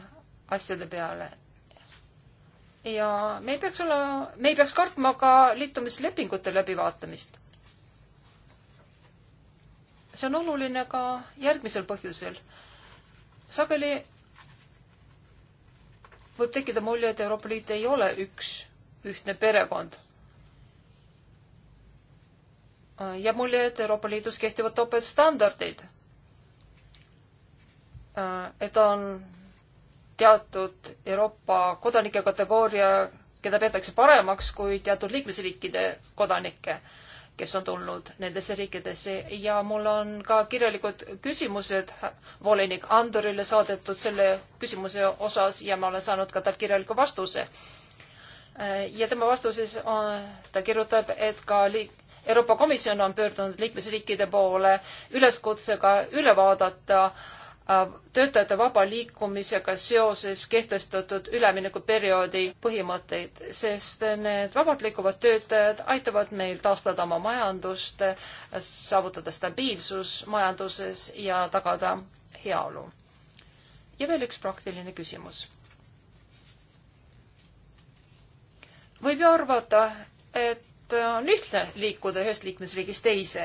asjade peale. ja me ei peaks olla, me ei peaks kartma ka liitumislepingute läbivaatamist. see on oluline ka järgmisel põhjusel. sageli võib tekkida mulje, et Euroopa Liit ei ole üks ühtne perekond Äh, jääb mulje, et Euroopa Liidus kehtivad topeltstandardid. Äh, et on teatud Euroopa kodanike kategooria, keda peetakse paremaks kui teatud liikmesriikide kodanikke, kes on tulnud nendesse riikidesse ja mul on ka kirjalikud küsimused volinik Andorile saadetud selle küsimuse osas ja ma olen saanud ka talt kirjaliku vastuse äh, ja tema vastuses on, ta kirjutab, et ka liik-, Euroopa Komisjon on pöördunud liikmesriikide poole üleskutsega üle vaadata äh, töötajate vaba liikumisega seoses kehtestatud üleminekuperioodi põhimõtteid, sest need vabalt liikuvad töötajad aitavad meil taastada oma majandust, saavutada stabiilsus majanduses ja tagada heaolu. ja veel üks praktiline küsimus. võib ju arvata, et et äh, on lihtne liikuda ühest liikmesriigist teise.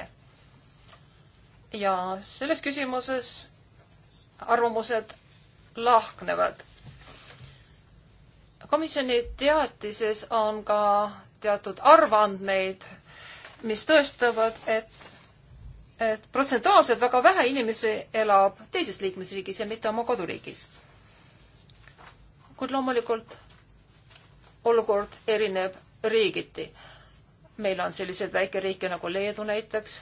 ja selles küsimuses arvamused lahknevad. komisjoni teatises on ka teatud arvandmeid, mis tõestavad, et, et protsentuaalselt väga vähe inimesi elab teises liikmesriigis ja mitte oma koduriigis. kuid loomulikult olukord erineb riigiti meil on selliseid väikeriike nagu Leedu näiteks,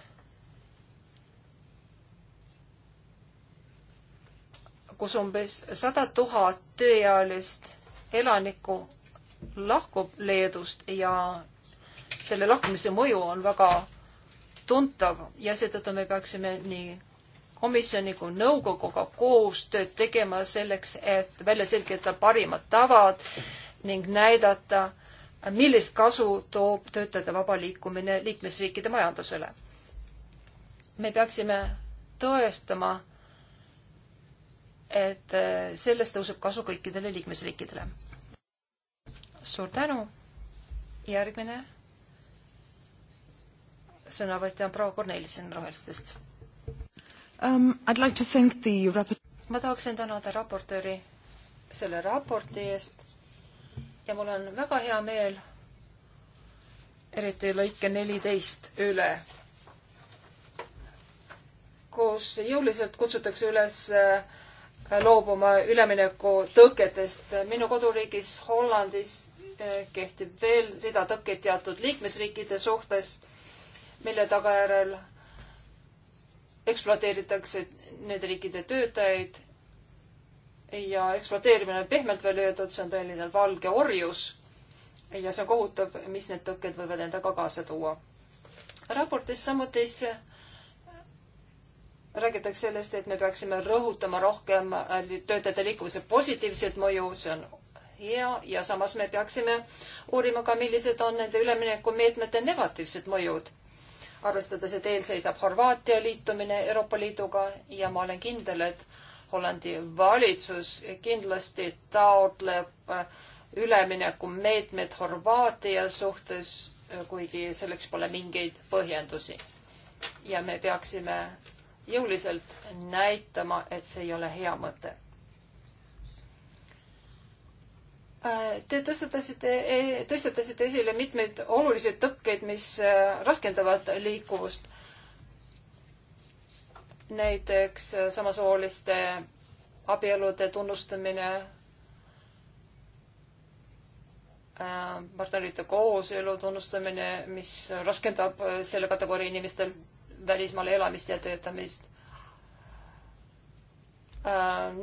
kus umbes sada tuhat tööealist elanikku lahkub Leedust ja selle lahkumise mõju on väga tuntav ja seetõttu me peaksime nii komisjoni kui nõukoguga koostööd tegema selleks, et välja selgitada parimad tavad ning näidata, millist kasu toob töötajate vaba liikumine liikmesriikide majandusele. me peaksime tõestama, et eh, sellest tõuseb kasu kõikidele liikmesriikidele. suur tänu. järgmine sõnavõtja on proua Kornelissen Rohelistest um,. I'd like to thank the raport- ma tahaksin tänada raportööri selle raporti eest ja mul on väga hea meel eriti lõike neliteist üle, kus jõuliselt kutsutakse üles äh, loobuma ülemineku tõketest. minu koduriigis Hollandis äh, kehtib veel rida tõkkeid teatud liikmesriikide suhtes, mille tagajärjel ekspluateeritakse nende riikide töötajaid ja ekspluateerimine on pehmelt välja öeldud, see on tõeline valge orjus. ja see on kohutav, mis need tõkked võivad endaga kaasa tuua. raportis samuti räägitakse sellest, et me peaksime rõhutama rohkem äh, töötajate liikuvuse positiivset mõju, see on hea ja samas me peaksime uurima ka, millised on nende üleminekumeetmete negatiivsed mõjud arvestades, et eel seisab Horvaatia liitumine Euroopa Liiduga ja ma olen kindel, et Hollandi valitsus kindlasti taotleb äh, üleminekumeetmed Horvaatia suhtes, äh, kuigi selleks pole mingeid põhjendusi. ja me peaksime jõuliselt näitama, et see ei ole hea mõte. Äh, te tõstatasite, e-, tõstatasite esile mitmeid olulisi tõkkeid, mis raskendavad liikuvust näiteks äh, samasooliste abielude tunnustamine, partnerite äh, kooselu tunnustamine, mis raskendab äh, selle kategooria inimestel välismaal elamist ja töötamist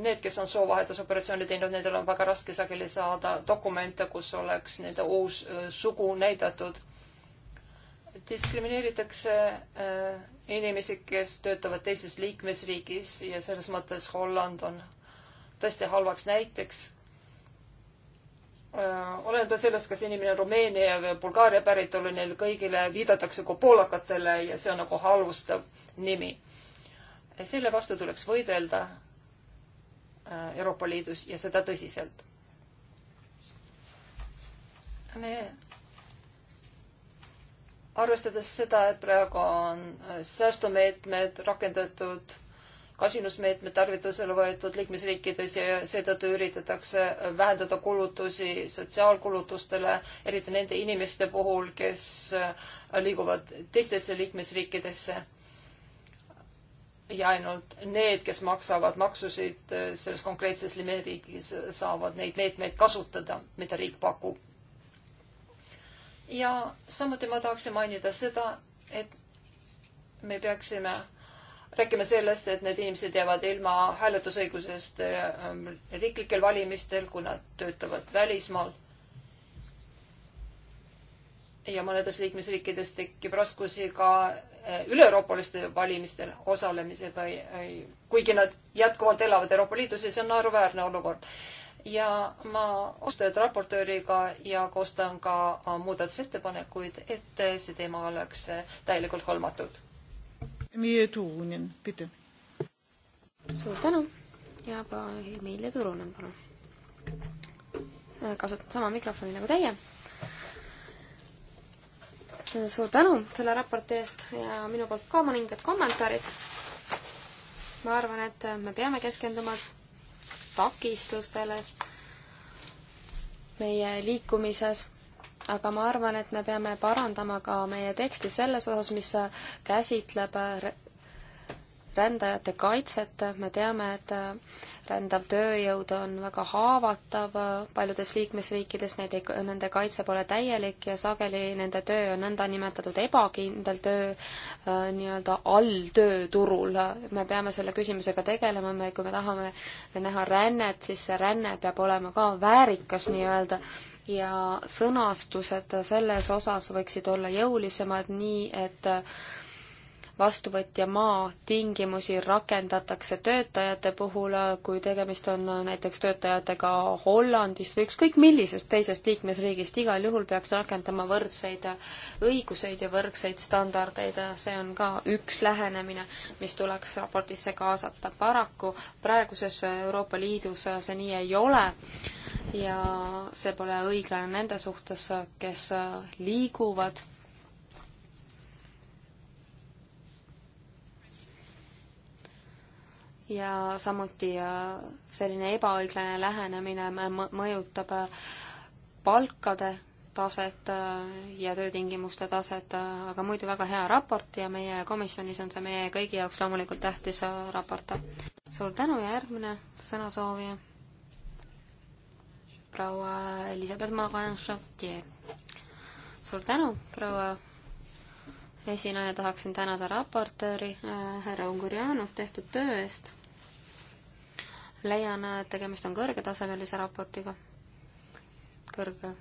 need, kes on soovahetusoperatsiooni teinud, nendel on väga raske sageli saada dokumente, kus oleks nende uus sugu näidatud diskrimineeritakse äh, inimesi, kes töötavad teises liikmesriigis ja selles mõttes Holland on tõesti halvaks näiteks. Äh, olenevalt sellest, kas inimene on Rumeenia või Bulgaaria päritolu, neil kõigile viidatakse kui poolakatele ja see on nagu halvustav nimi. selle vastu tuleks võidelda äh, Euroopa Liidus ja seda tõsiselt. me arvestades seda, et praegu on äh, säästumeetmed rakendatud, kasinusmeetmed tarvitusele võetud liikmesriikides ja seetõttu üritatakse äh, vähendada kulutusi sotsiaalkulutustele, eriti nende inimeste puhul, kes äh, liiguvad teistesse liikmesriikidesse. ja ainult need, kes maksavad maksusid selles konkreetses limeriigis, saavad neid meetmeid kasutada, mida riik pakub ja samuti ma tahaksin mainida seda, et me peaksime rääkima sellest, et need inimesed jäävad ilma hääletusõigusest ähm, riiklikel valimistel, kui nad töötavad välismaal. ja mõnedes liikmesriikides tekib raskusi ka äh, üle-euroopaliste valimistel osalemisega, kuigi nad jätkuvalt elavad Euroopa Liidus ja see on naeruväärne olukord ja ma koostööd raportööriga ja koostan ka äh, muudatusettepanekuid, et äh, see teema oleks äh, täielikult hõlmatud. suur tänu ja ka Emilia Turunen, palun. kasutan sama mikrofoni nagu teie. suur tänu selle raporti eest ja minu poolt ka mõningad kommentaarid. ma arvan, et me peame keskenduma takistustele meie liikumises, aga ma arvan, et me peame parandama ka meie teksti selles osas, mis käsitleb rändajate kaitset, me teame, et rändav tööjõud on väga haavatav paljudes liikmesriikides, neid ei, nende kaitse pole täielik ja sageli nende töö on nõndanimetatud ebakindel töö äh, nii-öelda alltööturul. me peame selle küsimusega tegelema, me, kui me tahame näha rännet, siis see ränne peab olema ka väärikas nii-öelda ja sõnastused selles osas võiksid olla jõulisemad, nii et äh, vastuvõtja maa tingimusi rakendatakse töötajate puhul, kui tegemist on näiteks töötajatega Hollandist või ükskõik millisest teisest liikmesriigist, igal juhul peaks rakendama võrdseid õiguseid ja võrdseid standardeid, see on ka üks lähenemine, mis tuleks raportisse kaasata. paraku praeguses Euroopa Liidus see nii ei ole ja see pole õiglane nende suhtes, kes liiguvad ja samuti äh, selline ebaõiglane lähenemine mõjutab äh, palkade taset äh, ja töötingimuste taset, aga muidu väga hea raport ja meie komisjonis on see meie kõigi jaoks loomulikult tähtis raport. suur tänu ja järgmine sõnasoovija, proua Elizabeth Morin-Chartier. suur tänu, proua esinaine tahaksin tänada raportööri äh, härra Ungurjanut tehtud töö eest. leian, et äh, tegemist on kõrgetasemelise raportiga, kõrge,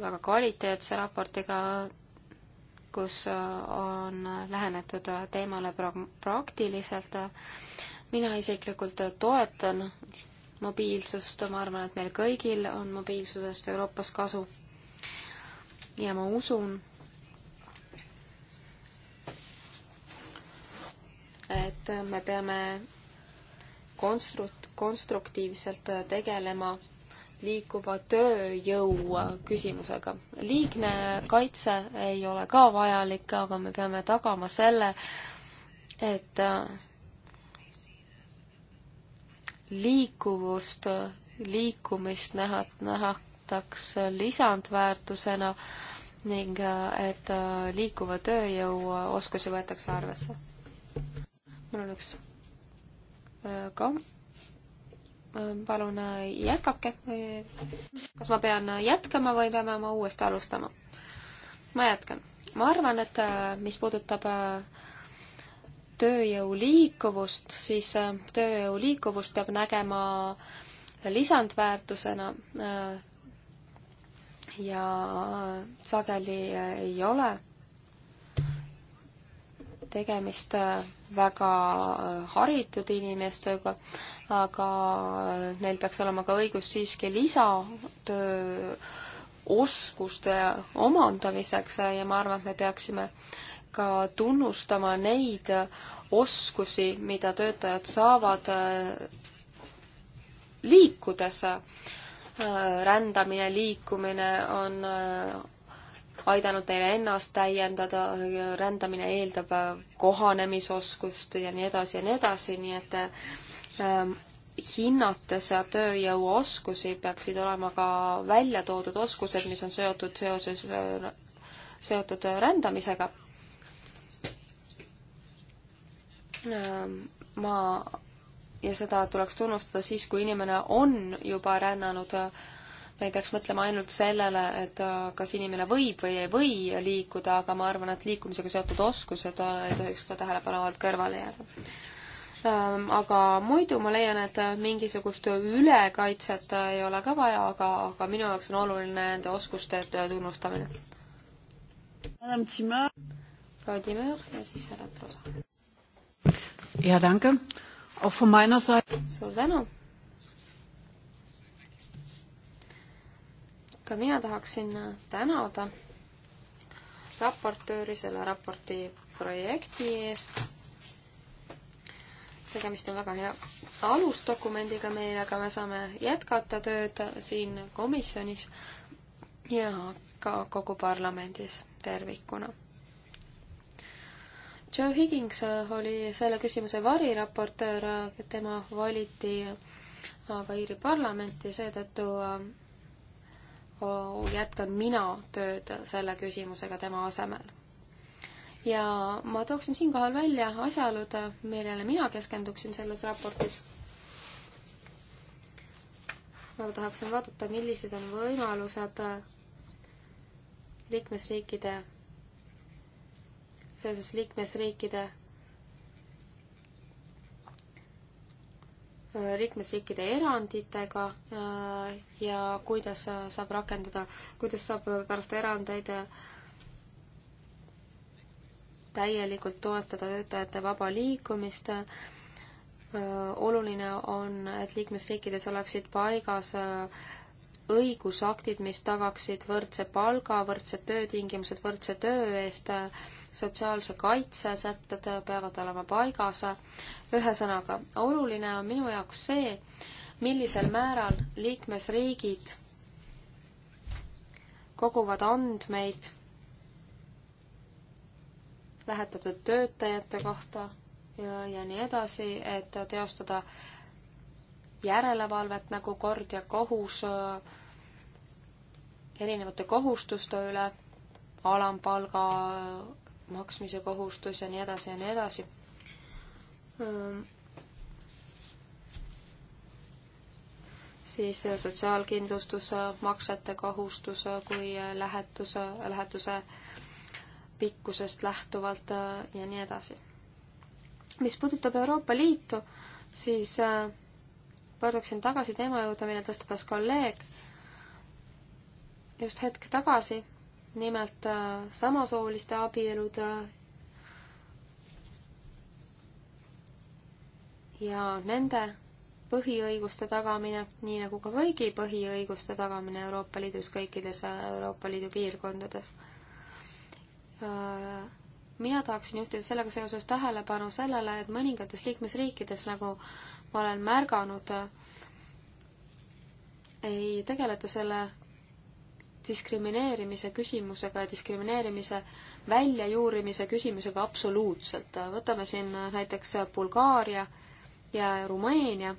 väga kvaliteetse raportiga, kus äh, on lähenetud teemale praktiliselt. mina isiklikult toetan mobiilsust, ma arvan, et meil kõigil on mobiilsusest Euroopas kasu. ja ma usun, et me peame konstrut-, konstruktiivselt tegelema liikuva tööjõu küsimusega. liigne kaitse ei ole ka vajalik, aga me peame tagama selle, et liikuvust, liikumist näha, nähataks lisandväärtusena ning et liikuva tööjõu oskusi võetakse arvesse mul on üks äh, ka. Äh, palun äh, jätkake. kas ma pean jätkama või peame ma uuesti alustama? ma jätkan. ma arvan, et mis puudutab tööjõu liikuvust, siis tööjõu liikuvust peab nägema lisandväärtusena ja sageli ei ole tegemist äh, väga äh, haritud inimestega, aga äh, neil peaks olema ka õigus siiski lisatöö oskuste omandamiseks ja ma arvan, et me peaksime ka tunnustama neid oskusi, mida töötajad saavad liikudes. rändamine, liikumine on aidanud neile ennast täiendada, rändamine eeldab äh, kohanemisoskust ja nii edasi ja nii edasi, nii et ähm, hinnates tööjõuoskusi peaksid olema ka välja toodud oskused, mis on seotud seoses, äh, seotud äh, rändamisega ähm,. ma ja seda tuleks tunnustada siis, kui inimene on juba rännanud äh, me ei peaks mõtlema ainult sellele, et äh, kas inimene võib või ei või liikuda, aga ma arvan, et liikumisega seotud oskused äh, ei tohiks ka tähelepanu alt kõrvale jääda. Ähm, aga muidu ma leian, et äh, mingisugust ülekaitset ei ole ka vaja, aga, aga minu jaoks on oluline nende oskuste tunnustamine. Vladimir ja siis härra Trosa. ja tänke. suur tänu ka mina tahaksin tänada raportööri selle raporti projekti eest. tegemist on väga hea alusdokumendiga meil, aga me saame jätkata tööd siin komisjonis ja ka kogu parlamendis tervikuna. Joe Higgins oli selle küsimuse variraportöör, tema valiti aga Iiri parlamenti, seetõttu jätkan mina tööd selle küsimusega tema asemel. ja ma tooksin siinkohal välja asjaolud, millele mina keskenduksin selles raportis. ma tahaksin vaadata, millised on võimalused liikmesriikide, seoses liikmesriikide liikmesriikide eranditega äh, ja kuidas saab rakendada, kuidas saab pärast erandeid täielikult toetada töötajate vaba liikumist. Äh, oluline on, et liikmesriikides oleksid paigas äh, õigusaktid, mis tagaksid võrdse palga, võrdsed töötingimused võrdse töö eest sotsiaalse kaitse sätted peavad olema paigas. ühesõnaga, oluline on minu jaoks see, millisel määral liikmesriigid koguvad andmeid lähetatud töötajate kohta ja, ja nii edasi, et teostada järelevalvet nagu kord ja kohus erinevate kohustuste üle, alampalga maksmise kohustus ja nii edasi ja nii edasi. siis sotsiaalkindlustusmaksete kohustus, kui lähetuse, lähetuse pikkusest lähtuvalt äh, ja nii edasi. mis puudutab Euroopa Liitu, siis äh, pöörduksin tagasi teema juurde, mille tõstatas kolleeg just hetk tagasi nimelt äh, samasooliste abielud äh, ja nende põhiõiguste tagamine, nii nagu ka kõigi põhiõiguste tagamine Euroopa Liidus kõikides äh, Euroopa Liidu piirkondades. mina tahaksin juhtida sellega seoses tähelepanu sellele, et mõningates liikmesriikides, nagu ma olen märganud, ei tegeleta selle diskrimineerimise küsimusega ja diskrimineerimise väljajuurimise küsimusega absoluutselt. võtame siin näiteks Bulgaaria ja Rumeenia.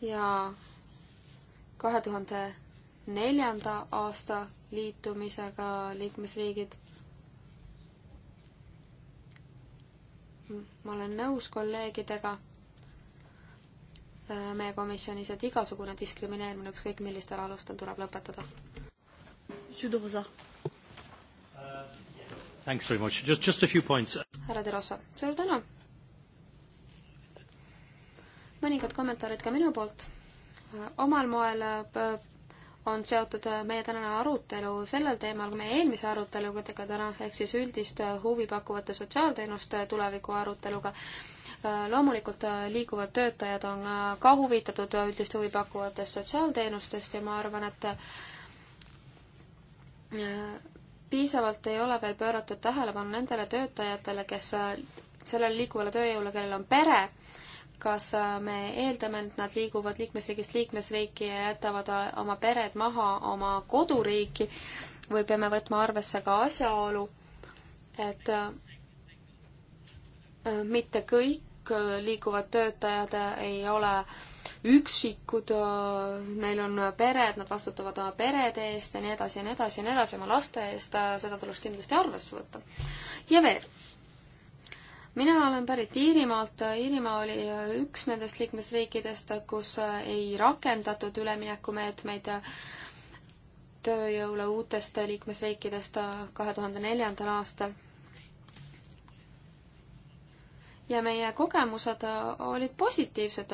ja kahe tuhande neljanda aasta liitumisega liikmesriigid ma olen nõus kolleegidega äh, meie komisjonis, et igasugune diskrimineerimine ükskõik millistel alustel tuleb lõpetada. härra De Rosa, suur tänu! mõningad kommentaarid ka minu poolt. Äh, omal moel äh, on seotud äh, meie tänane arutelu sellel teemal, meie eelmise aruteluga tega täna, ehk siis üldist äh, huvi pakkuvate sotsiaalteenuste tuleviku aruteluga. Äh, loomulikult liiguvad töötajad on ka huvitatud üldist huvi pakkuvatest sotsiaalteenustest ja ma arvan, et piisavalt ei ole veel pööratud tähelepanu nendele töötajatele, kes sellele liikuvale tööjõule, kellel on pere, kas äh, me eeldame, et nad liiguvad liikmesriigist liikmesriiki ja jätavad äh, oma pered maha oma koduriiki või peame võtma arvesse ka asjaolu, et äh, mitte kõik liiguvad töötajad ei ole üksikud, neil on pered, nad vastutavad oma perede eest ja nii edasi ja nii edasi ja nii edasi, oma laste eest, seda tuleks kindlasti arvesse võtta. ja veel mina olen pärit Iirimaalt, Iirimaa oli äh, üks nendest liikmesriikidest, kus äh, ei rakendatud üleminekumeetmeid äh, tööjõule uutest liikmesriikidest kahe tuhande neljandal aastal. ja meie kogemused olid positiivsed.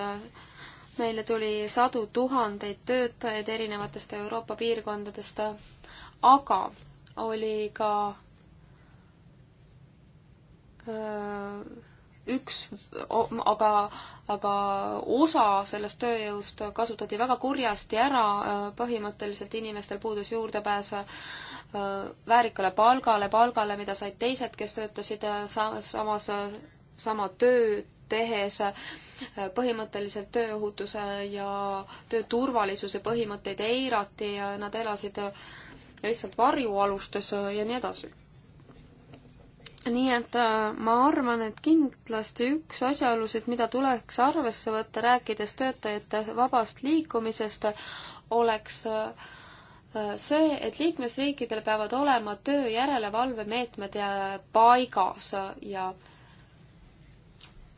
meile tuli sadu tuhandeid töötajaid erinevatest Euroopa piirkondadest, aga oli ka Äh, üks, aga, aga osa sellest tööjõust kasutati väga kurjasti ära, äh, põhimõtteliselt inimestel puudus juurdepääs äh, väärikale palgale, palgale, mida said teised, kes töötasid samas, sama töö tehes põhimõtteliselt tööohutuse ja tööturvalisuse põhimõtteid eirati ja nad elasid lihtsalt varjualustes ja nii edasi nii et äh, ma arvan, et kindlasti üks asjaolusid, mida tuleks arvesse võtta, rääkides töötajate vabast liikumisest, oleks äh, äh, see, et liikmesriikidel peavad olema töö järelevalvemeetmed paigas ja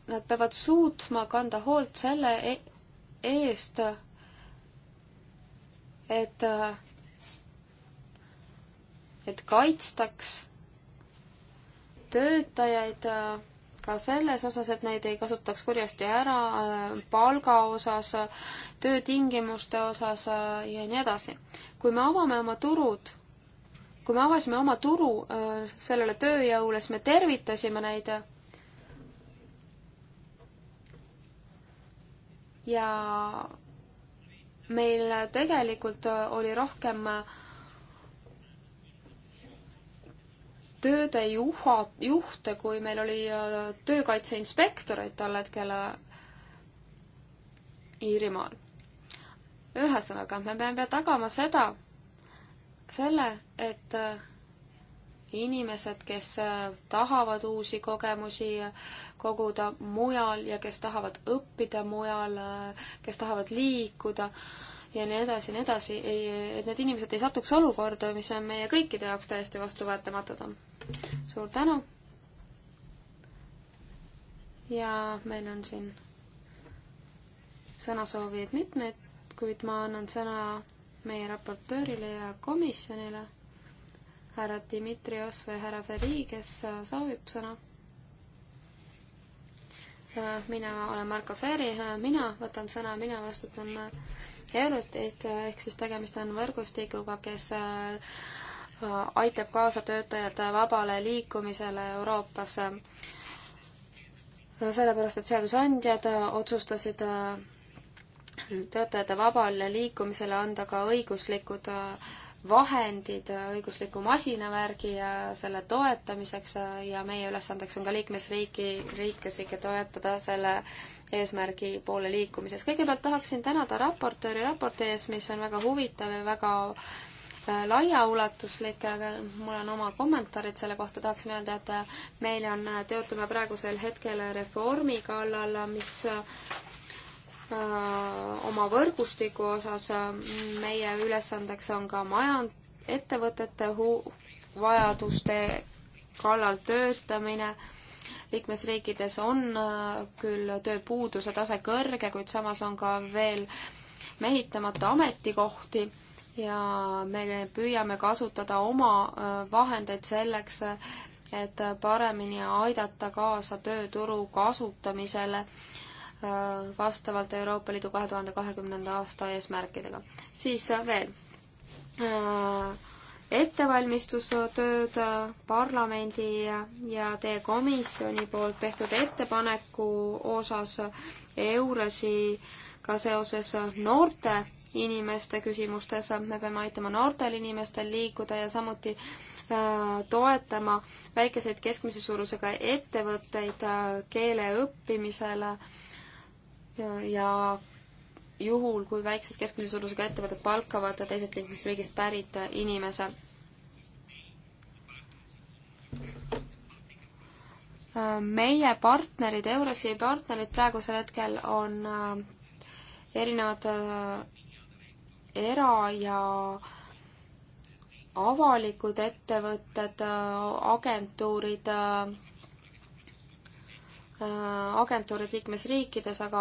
nad peavad suutma kanda hoolt selle e-, eest, et, et kaitstaks töötajaid äh, ka selles osas, et neid ei kasutaks kurjasti ära äh, palga osas, töötingimuste osas äh, ja nii edasi. kui me avame oma turud, kui me avasime oma turu sellele tööjõule, siis me tervitasime neid ja meil tegelikult oli rohkem äh, tööde juha, juhte, kui meil oli äh, töökaitseinspektoreid tol hetkel äh, Iirimaal. ühesõnaga, me peame tagama seda, selle, et äh, inimesed, kes tahavad uusi kogemusi koguda mujal ja kes tahavad õppida mujal, kes tahavad liikuda, ja nii edasi ja nii edasi, ei, et need inimesed ei satuks olukorda, mis on meie kõikide jaoks täiesti vastuvõetamatud. suur tänu! ja meil on siin sõnasoovijaid mitmeid, kuid ma annan sõna meie raportöörile ja komisjonile, härra Dmitrios või härra Feri, kes soovib sõna mina olen Marko Fääri, mina võtan sõna, mina vastutan Eurostist, ehk siis tegemist on võrgustikuga, kes äh, aitab kaasa töötajate vabale liikumisele Euroopas. sellepärast, et seadusandjad otsustasid äh, töötajate vabale liikumisele anda ka õiguslikud äh, vahendid õigusliku masinavärgi ja selle toetamiseks ja meie ülesandeks on ka liikmesriiki, riiklasid toetada selle äh, eesmärgi poole liikumises. kõigepealt tahaksin tänada raportööri raporti ees, mis on väga huvitav ja väga äh, laiaulatuslik, aga mul on oma kommentaarid selle kohta, tahaksin öelda, et äh, meil on, äh, töötame praegusel hetkel reformi kallal, mis oma võrgustiku osas meie ülesandeks on ka majand-, ettevõtete hu-, vajaduste kallal töötamine liikmesriikides on äh, küll tööpuuduse tase kõrge, kuid samas on ka veel mehitamata ametikohti ja me püüame kasutada oma äh, vahendeid selleks, et paremini aidata kaasa tööturu kasutamisele äh, vastavalt Euroopa Liidu kahe tuhande kahekümnenda aasta eesmärkidega. siis veel äh, ettevalmistustööd parlamendi ja teie komisjoni poolt tehtud ettepaneku osas EURES-iga seoses noorte inimeste küsimustes, me peame aitama noortel inimestel liikuda ja samuti äh, toetama väikeseid keskmise suurusega ettevõtteid äh, keele õppimisele ja juhul, kui väiksed keskmise suurusega ettevõtted palkavad teisest liikmesriigist pärit inimese. meie partnerid, Eurosi partnerid praegusel hetkel on äh, erinevad äh, era- ja avalikud ettevõtted, äh, agentuurid, Äh, agentuurid liikmesriikides, aga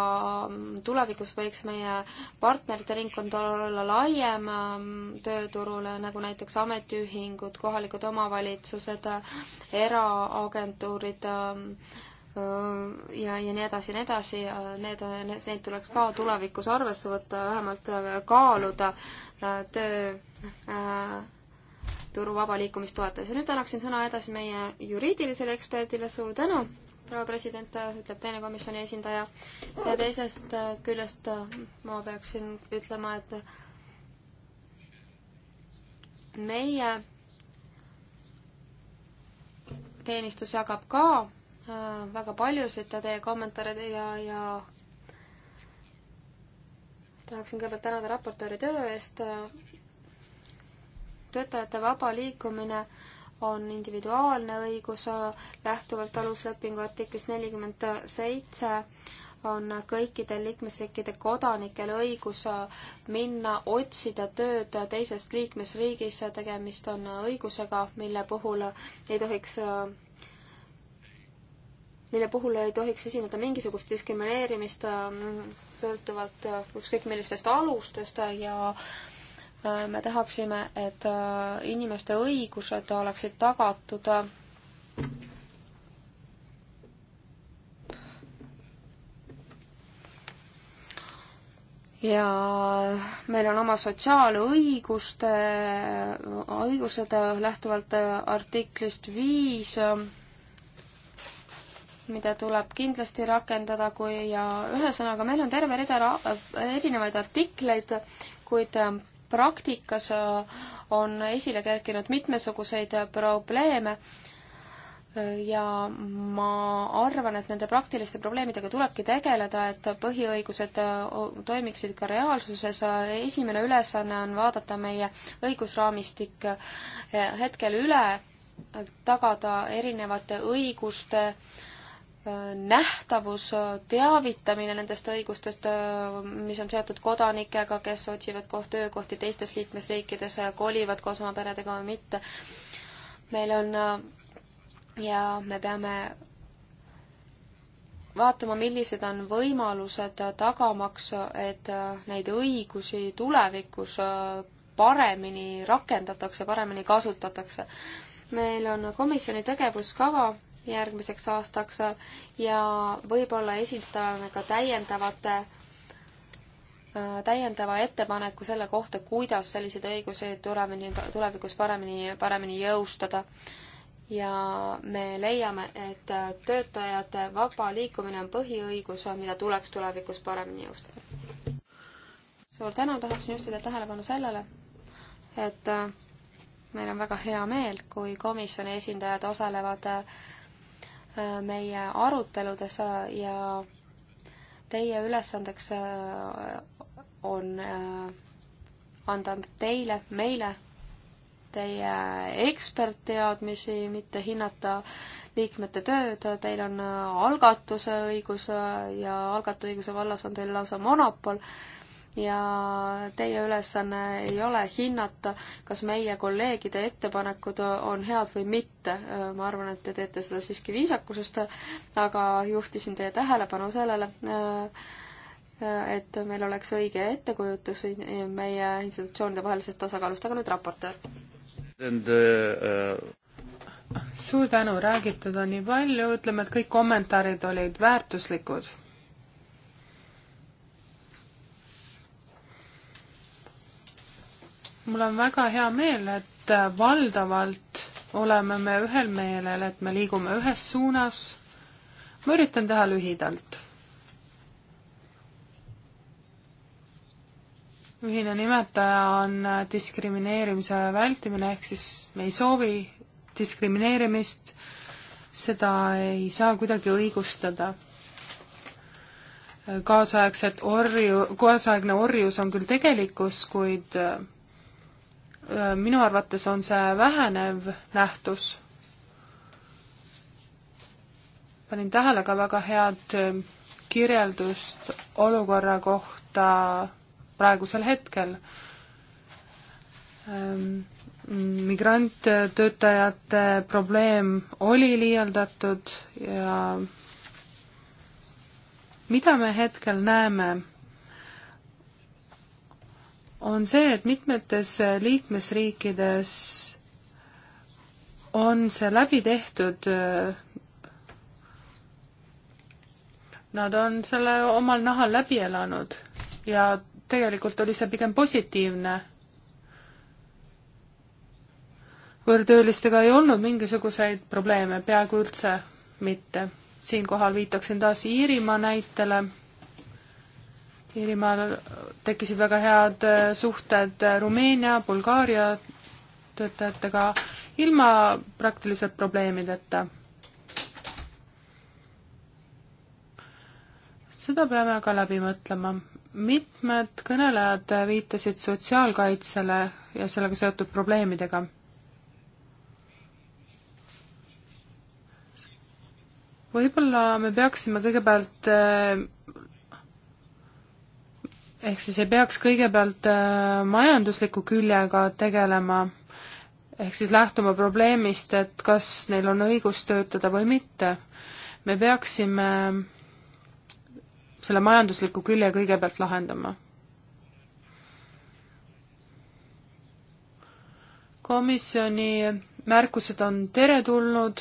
mm, tulevikus võiks meie partnerite ringkond olla laiem mm, tööturule, nagu näiteks ametiühingud, kohalikud omavalitsused, äh, eraagentuurid mm, äh, ja, ja nii edasi ja nii edasi, need, neid tuleks ka tulevikus arvesse võtta, vähemalt kaaluda töö turu vaba liikumist toetades ja nüüd annaksin sõna edasi meie juriidilisele eksperdile, suur tänu! proua president, ütleb teine komisjoni esindaja. ja teisest küljest ma peaksin ütlema, et meie teenistus jagab ka äh, väga paljusid teie kommentaare ja, ja tahaksin kõigepealt tänada raportööri töö eest. töötajate vaba liikumine äh, on individuaalne õigus lähtuvalt aluslepingu artiklist nelikümmend seitse on kõikidel liikmesriikide kodanikel õigus minna otsida tööd teisest liikmesriigis, tegemist on õigusega, mille puhul ei tohiks mille puhul ei tohiks esineda mingisugust diskrimineerimist sõltuvalt ükskõik millistest alustest ja Äh, me tahaksime, et äh, inimeste õigused oleksid tagatud ja meil on oma sotsiaalõiguste, õigused lähtuvalt äh, artiklist viis, mida tuleb kindlasti rakendada, kui ja ühesõnaga, meil on terve rida erinevaid artikleid, kuid praktikas äh, on esile kerkinud mitmesuguseid probleeme ja ma arvan, et nende praktiliste probleemidega tulebki tegeleda, et põhiõigused äh, toimiksid ka reaalsuses. esimene ülesanne on vaadata meie õigusraamistik äh, hetkel üle, tagada erinevate õiguste nähtavus, teavitamine nendest õigustest, mis on seotud kodanikega, kes otsivad koht, töökohti teistes liikmesriikides, kolivad koos oma peredega või mitte. meil on ja me peame vaatama, millised on võimalused tagamaks, et neid õigusi tulevikus paremini rakendatakse, paremini kasutatakse. meil on komisjoni tegevuskava järgmiseks aastaks ja võib-olla esitame ka täiendavate täiendava ettepaneku selle kohta, kuidas selliseid õigusi tulemini, tulevikus paremini, paremini jõustada. ja me leiame, et töötajate vaba liikumine on põhiõigus, mida tuleks tulevikus paremini jõustada. suur tänu, tahaksin juhtida tähelepanu sellele, et meil on väga hea meel, kui komisjoni esindajad osalevad äh, meie aruteludes äh, ja teie ülesandeks äh, on äh, anda teile, meile teie ekspertteadmisi, mitte hinnata liikmete tööd, teil on algatuse õigus ja algatuõiguse vallas on teil lausa monopol ja teie ülesanne ei ole hinnata, kas meie kolleegide ettepanekud on head või mitte. ma arvan, et te teete seda siiski viisakusest, aga juhtisin teie tähelepanu sellele, et meil oleks õige ettekujutus meie institutsioonide vahelisest tasakaalust, aga nüüd raportöör. Uh, uh, suur tänu, räägitud on nii palju, ütleme, et kõik kommentaarid olid väärtuslikud mul on väga hea meel, et valdavalt oleme me ühel meelel, et me liigume ühes suunas. ma üritan teha lühidalt. ühine nimetaja on diskrimineerimise vältimine, ehk siis me ei soovi diskrimineerimist, seda ei saa kuidagi õigustada kaasaegset orju, kaasaegne orjus on küll tegelikkus, kuid Äh, minu arvates on see vähenev nähtus. panin tähele ka väga head ähm, kirjeldust olukorra kohta praegusel hetkel. Ähm, migranttöötajate probleem oli liialdatud ja mida me hetkel näeme on see, et mitmetes liikmesriikides on see läbi tehtud. Nad on selle omal nahal läbi elanud ja tegelikult oli see pigem positiivne. võõrtöölistega ei olnud mingisuguseid probleeme, peaaegu üldse mitte. siinkohal viitaksin taas Iirimaa näitele Iirimaal tekkisid väga head äh, suhted äh, Rumeenia, Bulgaaria töötajatega ilma praktiliselt probleemideta. seda peame ka läbi mõtlema. mitmed kõnelejad viitasid sotsiaalkaitsele ja sellega seotud probleemidega võib-olla me peaksime kõigepealt äh, ehk siis ei peaks kõigepealt äh, majandusliku küljega tegelema, ehk siis lähtuma probleemist, et kas neil on õigus töötada või mitte. me peaksime selle majandusliku külje kõigepealt lahendama. komisjoni märkused on teretulnud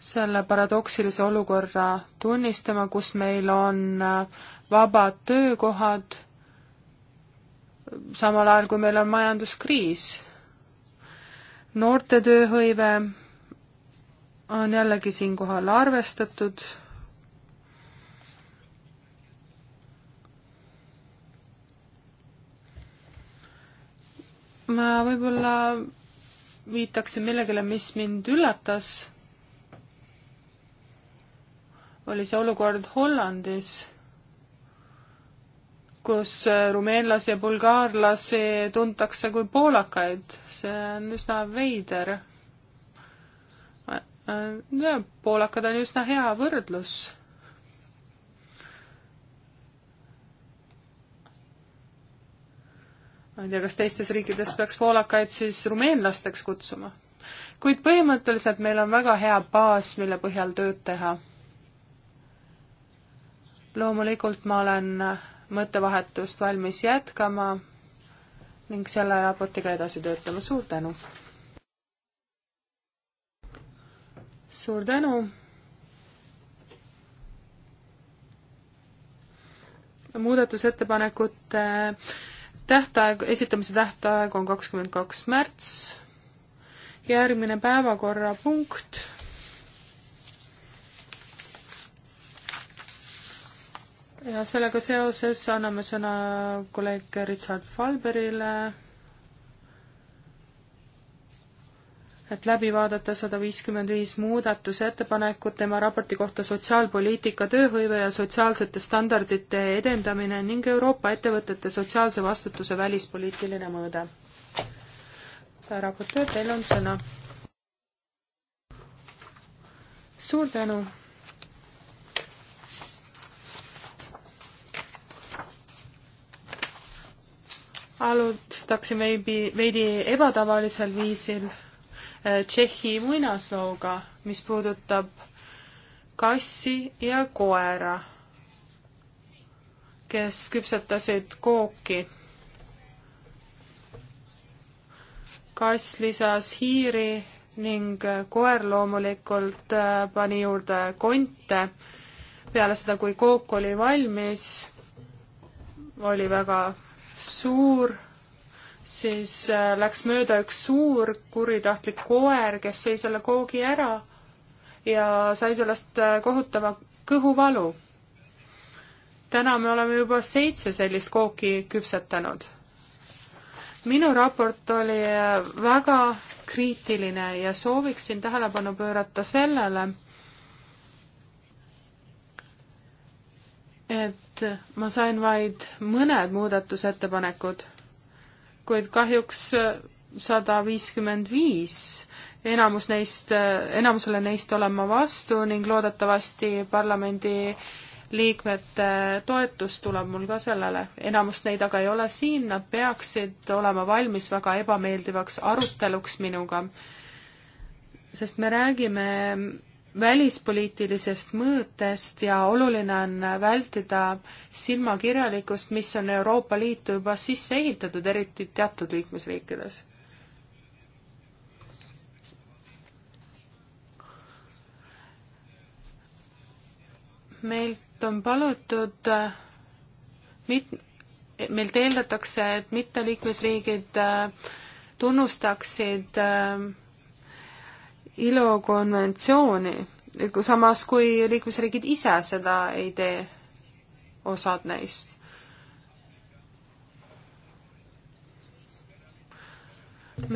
selle paradoksilise olukorra tunnistama, kus meil on äh, vabad töökohad, samal ajal kui meil on majanduskriis. noorte tööhõive on jällegi siinkohal arvestatud. ma võib-olla viitaksin millegile, mis mind üllatas oli see olukord Hollandis, kus äh, rumeenlasi ja bulgaarlasi tuntakse kui poolakaid, see on üsna veider. Äh, äh, poolakad on üsna hea võrdlus ma ei tea, kas teistes riikides peaks poolakaid siis rumeenlasteks kutsuma. kuid põhimõtteliselt meil on väga hea baas, mille põhjal tööd teha loomulikult ma olen mõttevahetust valmis jätkama ning selle raportiga edasi töötama, suur tänu! suur tänu! muudatusettepanekute tähtaeg, esitamise tähtaeg on kakskümmend kaks märts, järgmine päevakorrapunkt ja sellega seoses anname sõna kolleeg Richard Falberile, et läbi vaadata sada viiskümmend viis muudatusettepanekut tema raporti kohta sotsiaalpoliitika, tööhõive ja sotsiaalsete standardite edendamine ning Euroopa ettevõtete sotsiaalse vastutuse välispoliitiline mõõde. raportöör, teil on sõna. suur tänu alustaksin veidi, veidi ebatavalisel viisil äh, Tšehhi muinaslooga, mis puudutab kassi ja koera, kes küpsetasid kooki. kass lisas hiiri ning äh, koer loomulikult äh, pani juurde konte. peale seda, kui kook oli valmis, oli väga suur, siis äh, läks mööda üks suur kuritahtlik koer, kes sõi selle koogi ära ja sai sellest äh, kohutava kõhuvalu. täna me oleme juba seitse sellist kooki küpsetanud. minu raport oli äh, väga kriitiline ja sooviksin tähelepanu pöörata sellele, et et ma sain vaid mõned muudatusettepanekud, kuid kahjuks sada viiskümmend viis, enamus neist, enamusele neist olen ma vastu ning loodetavasti parlamendi liikmete toetus tuleb mul ka sellele. enamust neid aga ei ole siin, nad peaksid olema valmis väga ebameeldivaks aruteluks minuga. sest me räägime välispoliitilisest mõõtest ja oluline on vältida silmakirjalikkust, mis on Euroopa Liitu juba sisse ehitatud, eriti teatud liikmesriikides. meilt on palutud mit-, meilt eeldatakse, et mitte liikmesriigid äh, tunnustaksid äh, ILO konventsiooni, samas kui liikmesriigid ise seda ei tee, osad neist.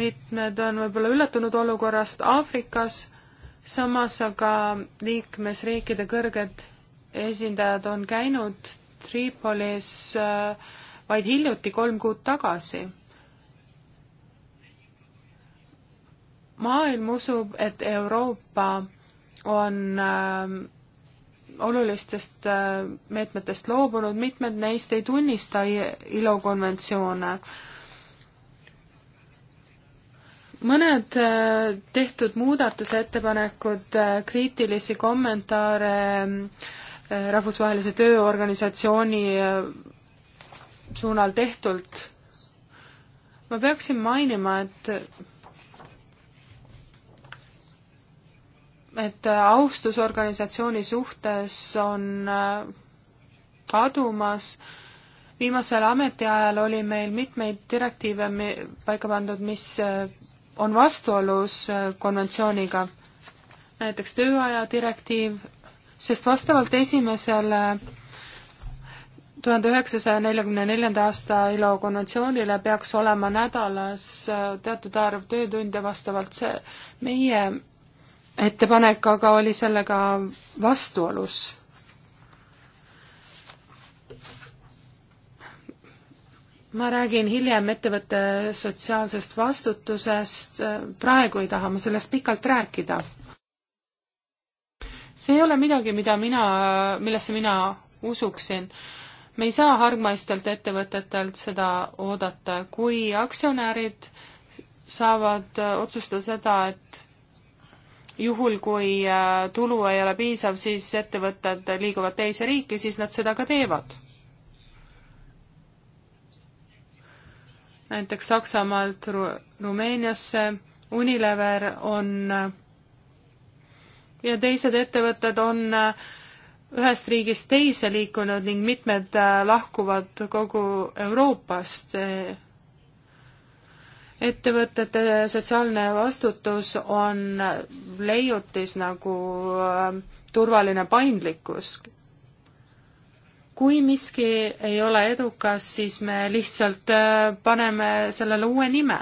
mitmed on võib-olla üllatunud olukorrast Aafrikas, samas aga liikmesriikide kõrged esindajad on käinud Tripolis äh, vaid hiljuti, kolm kuud tagasi maailm usub, et Euroopa on äh, olulistest äh, meetmetest loobunud, mitmed neist ei tunnista ILO konventsioone. mõned äh, tehtud muudatusettepanekud äh,, kriitilisi kommentaare äh, Rahvusvahelise Tööorganisatsiooni äh, suunal tehtult, ma peaksin mainima, et et austus organisatsiooni suhtes on äh, kadumas. viimasel ametiajal oli meil mitmeid direktiive paika pandud, mis äh, on vastuolus äh, konventsiooniga. näiteks tööaja direktiiv, sest vastavalt esimesele tuhande üheksasaja neljakümne neljanda aasta ILO konventsioonile peaks olema nädalas teatud arv töötunde vastavalt see meie ettepanek aga oli sellega vastuolus. ma räägin hiljem ettevõtte sotsiaalsest vastutusest, praegu ei taha ma sellest pikalt rääkida. see ei ole midagi, mida mina, millesse mina usuksin me ei saa hargmaistelt ettevõtetelt seda oodata, kui aktsionärid saavad otsustada seda, et juhul, kui äh, tulu ei ole piisav, siis ettevõtted liiguvad teise riiki, siis nad seda ka teevad. näiteks Saksamaalt Ru Rumeeniasse Unilever on äh, ja teised ettevõtted on äh, ühest riigist teise liikunud ning mitmed lahkuvad kogu Euroopast ettevõtete sotsiaalne vastutus on leiutis nagu ähm, turvaline paindlikkus. kui miski ei ole edukas, siis me lihtsalt äh, paneme sellele uue nime.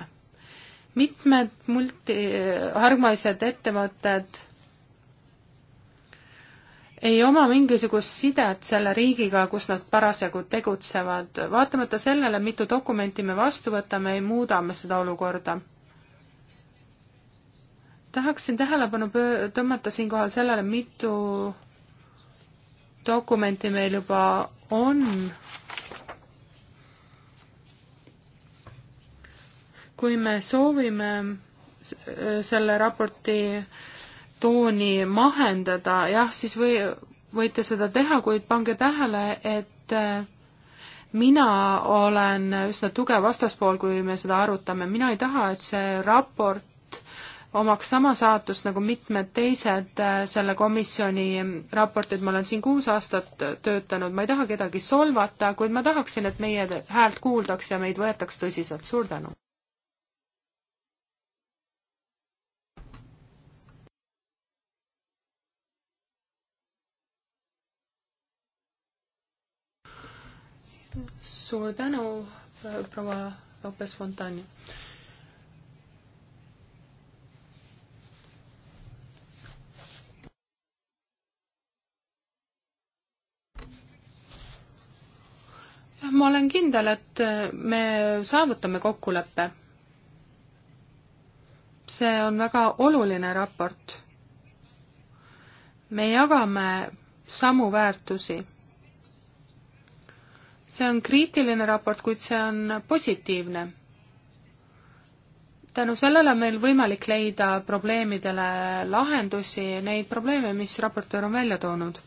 mitmed multi, hargmaised ettevõtted ei oma mingisugust sidet selle riigiga, kus nad parasjagu tegutsevad. vaatamata sellele, mitu dokumenti me vastu võtame, ei muuda me seda olukorda. tahaksin tähelepanu pöö-, tõmmata siinkohal sellele, mitu dokumenti meil juba on. kui me soovime selle raporti tooni mahendada, jah, siis või, võite seda teha, kuid pange tähele, et äh, mina olen üsna tugev vastaspool, kui me seda arutame, mina ei taha, et see raport omaks sama saatust nagu mitmed teised äh, selle komisjoni raportid, ma olen siin kuus aastat töötanud, ma ei taha kedagi solvata, kuid ma tahaksin, et meie häält kuuldaks ja meid võetaks tõsiselt, suur tänu! suur tänu, proua Lopes-Fontani. ma olen kindel, et me saavutame kokkuleppe. see on väga oluline raport. me jagame samu väärtusi see on kriitiline raport, kuid see on positiivne. tänu sellele on meil võimalik leida probleemidele lahendusi, neid probleeme, mis raportöör on välja toonud.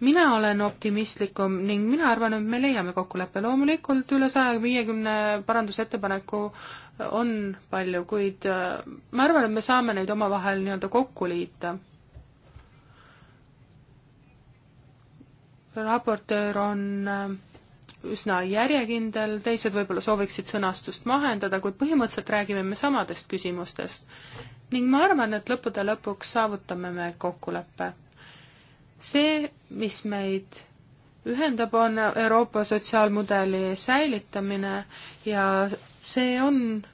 mina olen optimistlikum ning mina arvan, et me leiame kokkuleppe, loomulikult üle saja viiekümne parandusettepaneku on palju, kuid äh, ma arvan, et me saame neid omavahel nii-öelda kokku liita raportöör on äh, üsna järjekindel, teised võib-olla sooviksid sõnastust mahendada, kuid põhimõtteliselt räägime me samadest küsimustest. ning ma arvan, et lõppude lõpuks saavutame me kokkuleppe. see, mis meid ühendab, on Euroopa sotsiaalmudeli säilitamine ja see on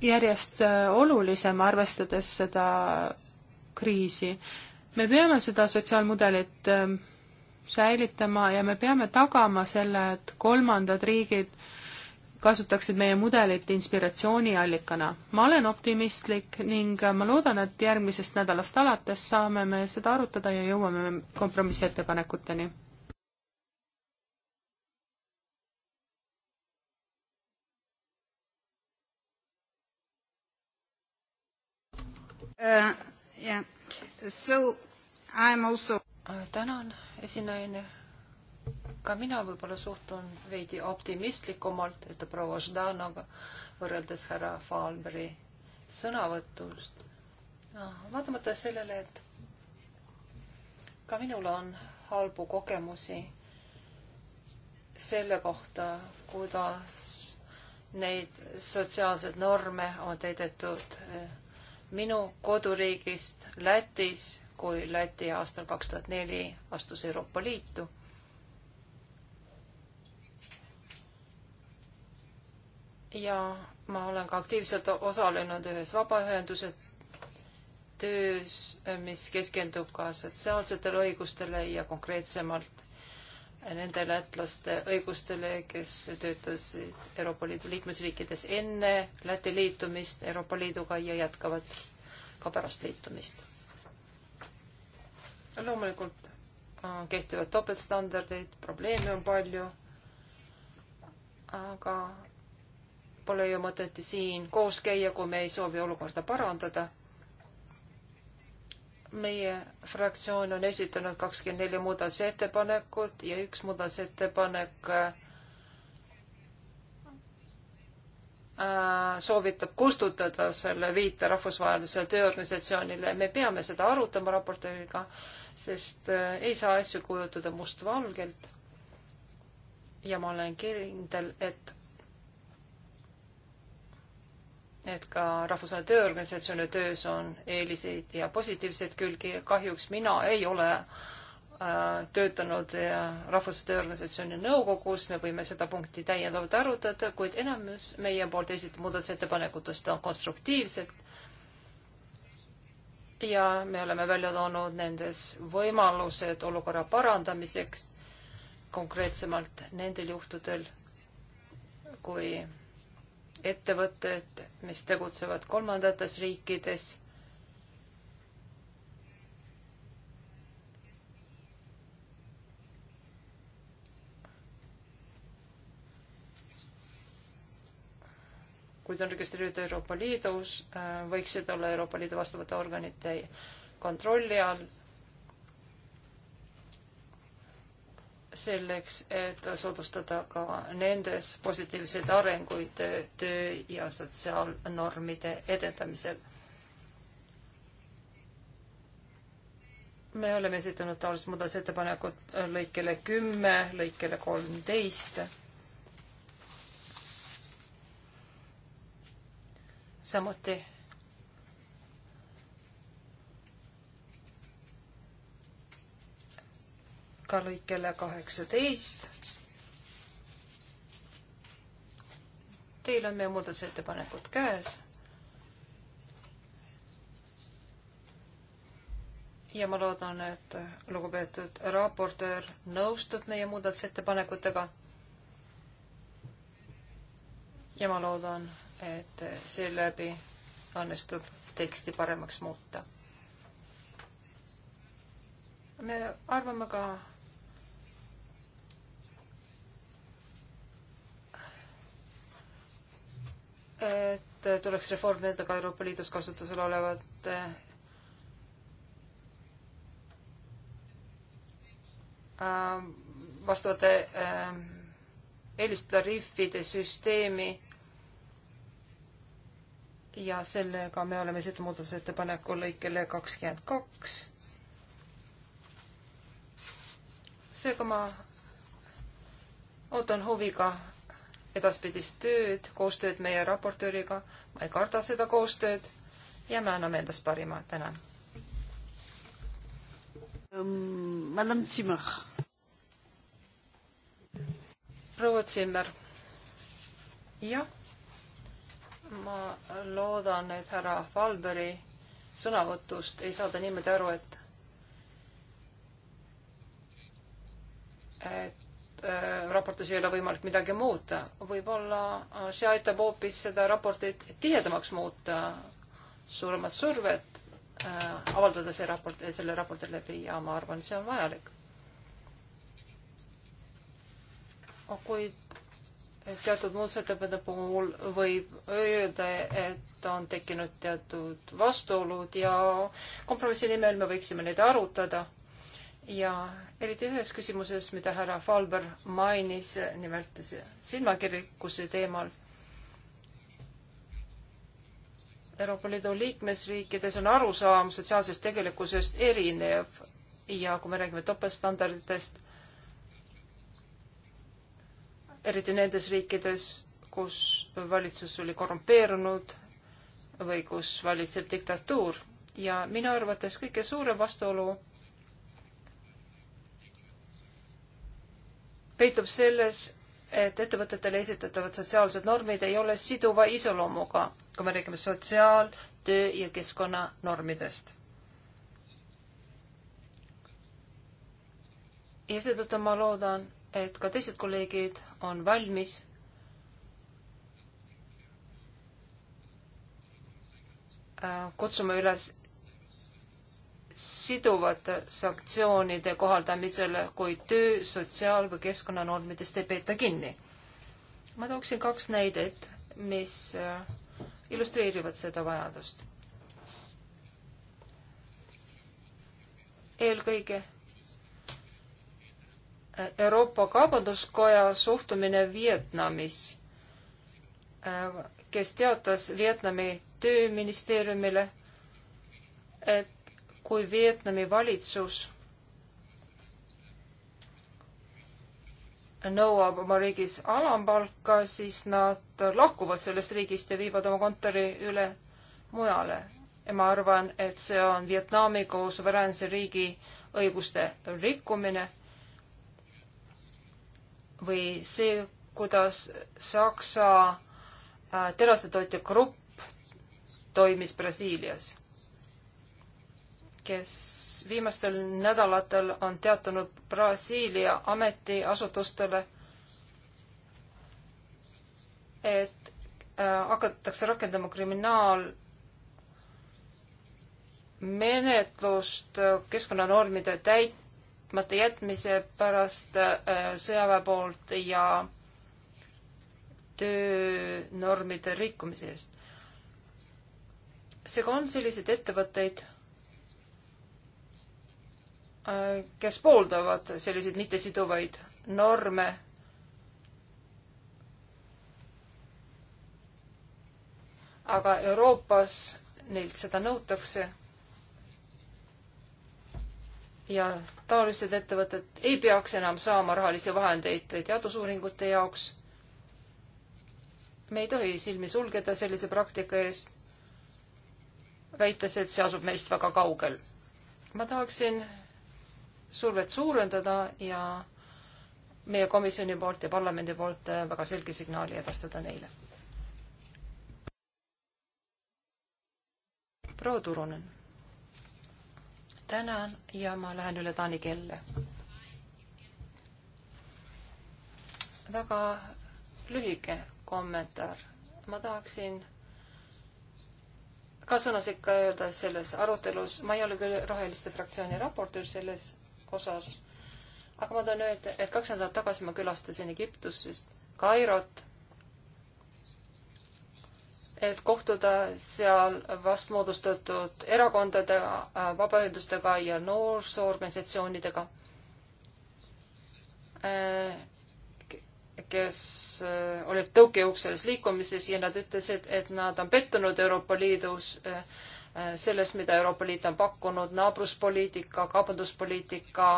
järjest äh, olulisem, arvestades seda kriisi. me peame seda sotsiaalmudelit ähm, säilitama ja me peame tagama selle, et kolmandad riigid kasutaksid meie mudelit inspiratsiooniallikana. ma olen optimistlik ning ma loodan, et järgmisest nädalast alates saame me seda arutada ja jõuame kompromissettepanekuteni. Uh, yeah. So I am also tänan esinaine. ka mina võib-olla suhtun veidi optimistlikumalt, ütleb proua Ždanoga, võrreldes härra Falberi sõnavõtust. Ah, vaatamata sellele, et ka minul on halbu kogemusi selle kohta, kuidas neid sotsiaalseid norme on täidetud eh, minu koduriigist Lätis kui Läti aastal kaks tuhat neli astus Euroopa Liitu. ja ma olen ka aktiivselt osalenud ühes vabaühenduse töös, mis keskendub ka sotsiaalsetele õigustele ja konkreetsemalt nende lätlaste õigustele, kes töötasid Euroopa Liidu liikmesriikides enne Läti liitumist Euroopa Liiduga ja jätkavad ka pärast liitumist loomulikult äh, kehtivad topeltstandardid, probleeme on palju, aga pole ju mõtet siin koos käia, kui me ei soovi olukorda parandada. meie fraktsioon on esitanud kakskümmend neli muudatusettepanekut ja üks muudatusettepanek äh, Äh, soovitab kustutada selle viite rahvusvahelisele tööorganisatsioonile. me peame seda arutama raportööriga, sest äh, ei saa asju kujutada mustvalgelt. ja ma olen kindel, et et ka Rahvusvahelise Tööorganisatsiooni töös on eeliseid ja positiivseid külgi. kahjuks mina ei ole äh, Äh, töötanud Rahvusvahelise Tööorganisatsiooni nõukogus, me võime seda punkti täiendavalt arutada, kuid enamus meie poolt esitatud muudatusettepanekutest on konstruktiivsed. ja me oleme välja toonud nendes võimalused olukorra parandamiseks, konkreetsemalt nendel juhtudel, kui ettevõtted, mis tegutsevad kolmandates riikides kui ta on registreeritud Euroopa Liidus, äh, võiksid olla Euroopa Liidu vastavate organite kontrolli all. selleks, et soodustada ka nendes positiivseid arenguid töö ja sotsiaalnormide edendamisel me oleme esitanud taolised muudatusettepanekud lõikele kümme, lõikele kolmteist samuti ka lõikele kaheksateist. Teil on meie muudatusettepanekud käes. ja ma loodan, et lugupeetud raportöör nõustub meie muudatusettepanekutega. ja ma loodan, et seeläbi õnnestub teksti paremaks muuta. me arvame ka et tuleks reformida ka Euroopa Liidus kasutusel olevat äh, vastavate äh, eelistariifide süsteemi ja sellega me oleme seda muudatusettepaneku lõikele kakskümmend kaks. seega ma ootan huviga edaspidist tööd, koostööd meie raportööriga, ma ei karda seda koostööd ja me anname endast parima, tänan um,. Madame Zimmer. proua Zimmer. jah ma loodan, et härra Valberi sõnavõtust ei saada niimoodi aru, et et äh, raportis ei ole võimalik midagi muuta. võib-olla see aitab hoopis seda raportit tihedamaks muuta, suuremat survet äh, avaldada see raport, selle raporti läbi ja ma arvan, see on vajalik. kuid teatud muudatusettepaneku puhul võib öelda, et on tekkinud teatud vastuolud ja kompromissi nimel me võiksime neid arutada. ja eriti ühes küsimuses, mida härra Falber mainis, nimelt silmakirjalikkuse teemal. Euroopa Liidu liikmesriikides on arusaam sotsiaalsest tegelikkusest erinev ja kui me räägime topeltstandarditest eriti nendes riikides, kus valitsus oli korrumpeerunud või kus valitseb diktatuur ja minu arvates kõige suurem vastuolu peitub selles, et ettevõtetele esitatavad sotsiaalsed normid ei ole siduva iseloomuga, kui me räägime sotsiaal-, töö- ja keskkonnanormidest. ja seetõttu ma loodan, et ka teised kolleegid on valmis äh, kutsume üles siduvate sanktsioonide kohaldamisele, kui töö, sotsiaal- või keskkonnanormidest ei peeta kinni. ma tooksin kaks näidet, mis äh, illustreerivad seda vajadust. eelkõige Euroopa Kaubanduskoja suhtumine Vietnamis, äh, kes teatas Vietnami tööministeeriumile, et kui Vietnami valitsus nõuab oma riigis alampalka, siis nad lahkuvad sellest riigist ja viivad oma kontori üle mujale. ja ma arvan, et see on Vietnami kui suveräänse riigi õiguste rikkumine või see, kuidas Saksa äh, terasetootja grupp toimis Brasiilias, kes viimastel nädalatel on teatanud Brasiilia ametiasutustele, et äh, hakatakse rakendama kriminaalmenetlust äh, keskkonnanormide täit-, muutmata jätmise pärast äh, sõjaväe poolt ja töönormide rikkumise eest. seega on selliseid ettevõtteid, äh, kes pooldavad selliseid mittesiduvaid norme aga Euroopas neilt seda nõutakse ja taolised ettevõtted ei peaks enam saama rahalisi vahendeid teadusuuringute jaoks. me ei tohi silmi sulgeda sellise praktika eest, väites, et see asub meist väga kaugel. ma tahaksin survet suurendada ja meie komisjoni poolt ja parlamendi poolt väga selge signaali edastada neile. proua Turunen tänan ja ma lähen üle taani kella. väga lühike kommentaar. ma tahaksin ka sõnas ikka öelda selles arutelus, ma ei ole küll Roheliste fraktsiooni raportöör selles osas, aga ma tahan öelda, et kaks nädalat tagasi ma külastasin Egiptust, Kairot et kohtuda seal vast moodustatud erakondadega, äh, vabaühendustega ja noorsoorganisatsioonidega, äh, kes äh, olid tõukejõuks selles liikumises ja nad ütlesid, et nad on pettunud Euroopa Liidus selles, mida Euroopa Liit on pakkunud, naabruspoliitika, kaubanduspoliitika,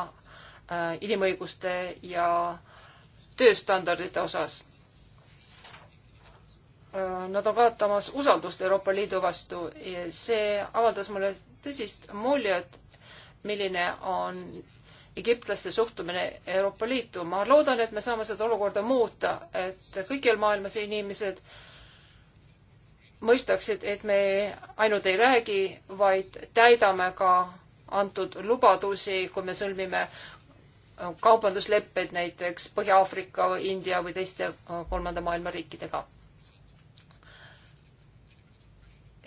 inimõiguste ja tööstandardite osas nad on kaotamas usaldust Euroopa Liidu vastu ja see avaldas mulle tõsist muljet, milline on egiptlaste suhtumine Euroopa Liitu. ma loodan, et me saame seda olukorda muuta, et kõikjal maailmas inimesed mõistaksid, et me ainult ei räägi, vaid täidame ka antud lubadusi, kui me sõlmime kaubandusleppeid näiteks Põhja-Aafrika, India või teiste kolmanda maailma riikidega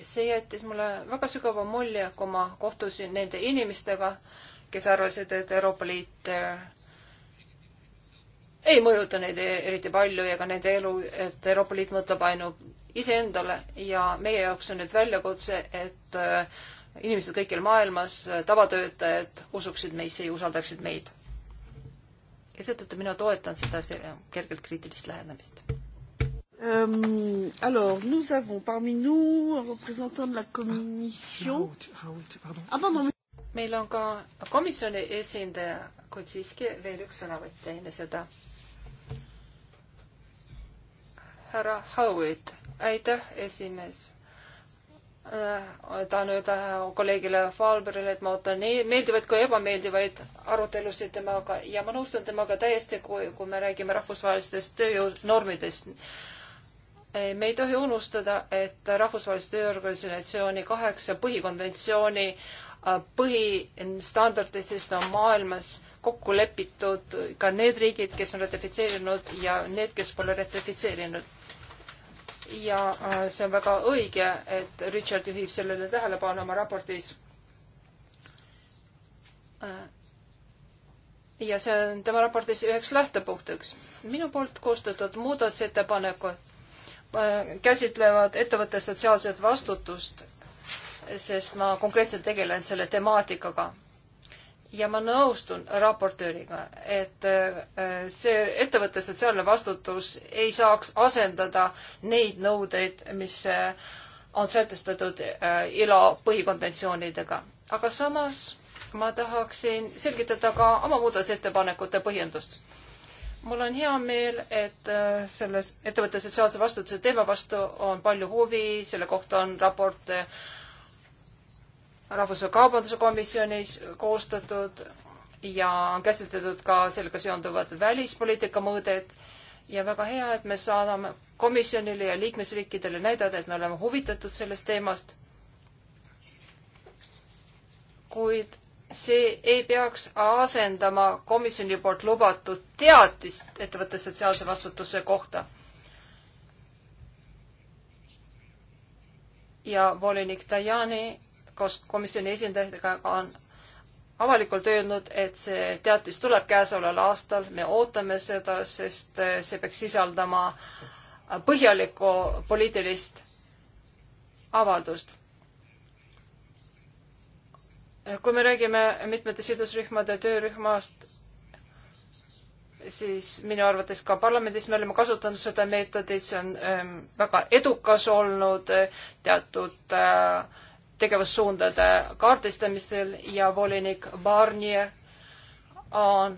see jättis mulle väga sügava mulje, kui ma kohtusin nende inimestega, kes arvasid, et Euroopa Liit äh, ei mõjuta neid e-, eriti palju ja ka nende elu, et Euroopa Liit mõtleb ainult iseendale ja meie jaoks on nüüd väljakutse, et äh, inimesed kõikjal maailmas, äh, tavatöötajad usuksid meisse ja usaldaksid meid. ja seetõttu mina toetan seda kergelt kriitilist lähenemist Euh, alors, nous avons parmi nous un représentant de la commission. Ah, pardon. meil on ka komisjoni esindaja, kuid siiski veel üks sõnavõtt enne seda. härra Howitt, aitäh, esimees äh, tahan äh, öelda kolleegile Falberile, et ma ootan nii meeldivaid kui ebameeldivaid arutelusid temaga ja ma nõustun temaga täiesti, kui, kui me räägime rahvusvahelistest tööjõunormidest. Eh, me ei tohi unustada, et Rahvusvahelise Tööorganisatsiooni kaheksa põhikonventsiooni eh, põhistandarditest on maailmas kokku lepitud ka need riigid, kes on ratifitseerinud ja need, kes pole ratifitseerinud. ja eh, see on väga õige, et Richard juhib sellele tähelepanu oma raportis. ja see on tema raportis üheks lähtepunktiks. minu poolt koostatud muudatusettepanekud Äh, käsitlevad ettevõtte sotsiaalset vastutust, sest ma konkreetselt tegelen selle temaatikaga. ja ma nõustun raportööriga, et äh, see ettevõtte sotsiaalne vastutus ei saaks asendada neid nõudeid, mis äh, on sätestatud ILO põhikonventsioonidega. aga samas ma tahaksin selgitada ka oma muudatusettepanekute põhjendust mul on hea meel, et äh, selles ettevõtte sotsiaalse vastutuse teema vastu on palju huvi, selle kohta on raport äh, Rahvusvahelise Kaubanduse Komisjonis koostatud ja on käsitletud ka sellega seonduvad välispoliitika mõõded ja väga hea, et me saadame komisjonile ja liikmesriikidele näidata, et me oleme huvitatud sellest teemast. kuid see ei peaks asendama komisjoni poolt lubatud teatist ettevõtte sotsiaalse vastutuse kohta. ja volinik Tajani koos komisjoni esindajatega on avalikult öelnud, et see teatis tuleb käesoleval aastal, me ootame seda, sest see peaks sisaldama põhjalikku poliitilist avaldust kui me räägime mitmete sidusrühmade töörühmast, siis minu arvates ka parlamendis me oleme kasutanud seda meetodit, see on ähm, väga edukas olnud äh, teatud äh, tegevussuundade kaardistamisel ja volinik Barnier on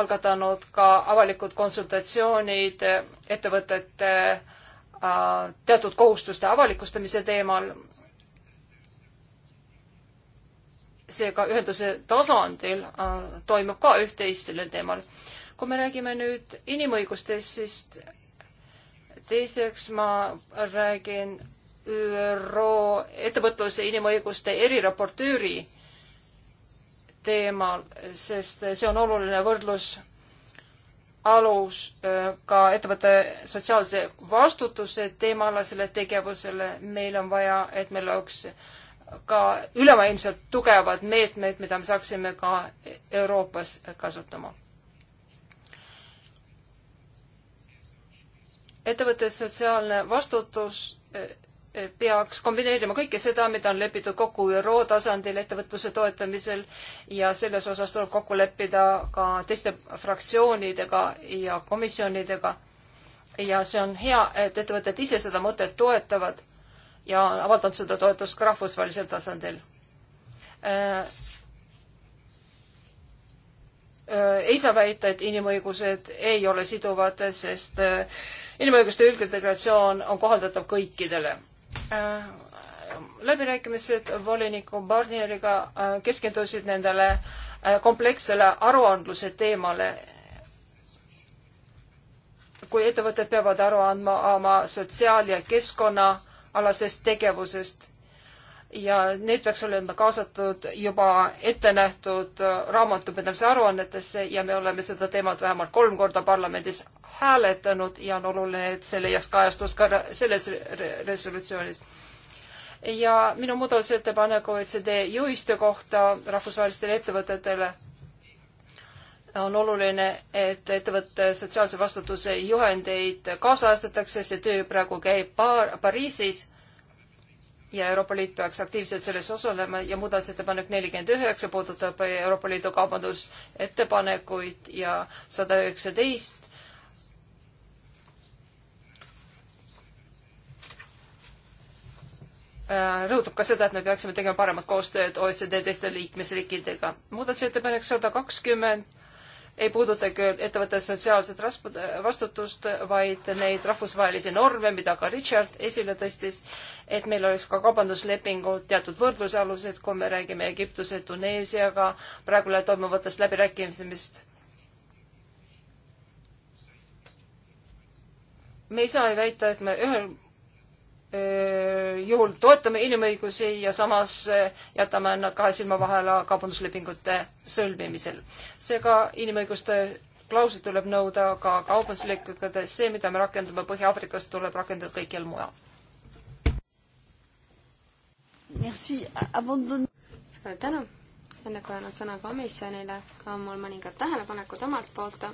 algatanud ka avalikud konsultatsioonid äh, ettevõtete äh, teatud kohustuste avalikustamise teemal seega ühenduse tasandil äh, toimub ka üht-teist sellel teemal. kui me räägime nüüd inimõigustest, siis teiseks ma räägin ÜRO ettevõtluse inimõiguste eriraportööri teemal, sest see on oluline võrdlus alus äh, ka ettevõtte sotsiaalse vastutuse teemalasele tegevusele. meil on vaja, et meil oleks äh, ka ülemaailmselt tugevad meetmed, mida me saaksime ka Euroopas kasutama. ettevõtte sotsiaalne vastutus eh, peaks kombineerima kõike seda, mida on lepitud kokku ÜRO tasandil ettevõtluse toetamisel ja selles osas tuleb kokku leppida ka teiste fraktsioonidega ja komisjonidega. ja see on hea, et ettevõtted ise seda mõtet toetavad ja avaldanud seda toetust ka rahvusvahelisel tasandil äh,. Äh, ei saa väita, et inimõigused ei ole siduvad, sest äh, inimõiguste üldintegratsioon on kohaldatav kõikidele äh, läbirääkimised voliniku Barnieriga äh, keskendusid nendele äh, komplekssele aruandluse teemale. kui ettevõtted peavad aru andma oma sotsiaal- ja keskkonna alasest tegevusest ja need peaks olema kaasatud juba ette nähtud äh, raamatupidamise aruannetesse ja me oleme seda teemat vähemalt kolm korda parlamendis hääletanud ja on oluline, et see leiaks kajastust ka selles resolutsioonis. ja minu muudatusettepaneku OECD juhiste kohta rahvusvahelistele ettevõtetele on oluline, et ettevõtte sotsiaalse vastutuse juhendeid kaasajastatakse, see töö praegu käib paar, Pariisis ja Euroopa Liit peaks aktiivselt selles osalema ja muudatusettepanek nelikümmend üheksa puudutab Euroopa Liidu kaubandusettepanekuid ja sada üheksateist. Äh, rõhutab ka seda, et me peaksime tegema paremat koostööd OECD teiste liikmesriikidega. muudatusettepanek sada kakskümmend ei puuduta küll ettevõtte sotsiaalset äh, vastutust, vaid neid rahvusvahelisi norme, mida ka Richard esile tõstis, et meil oleks ka kaubanduslepingud teatud võrdlusalused, kui me räägime Egiptuse, Tuneesiaga praegu toimuvatest läbirääkimistest. me ei saa ju väita, et me ühel juhul toetame inimõigusi ja samas jätame nad kahe silma vahele kaubanduslepingute sõlmimisel. seega inimõiguste klauslit tuleb nõuda ka kaubanduslepingutes, see, mida me rakendame Põhja-Aafrikas, tuleb rakendada kõikjal mujal. suur tänu, enne kui annan sõna komisjonile, on mul mõningad tähelepanekud omalt poolt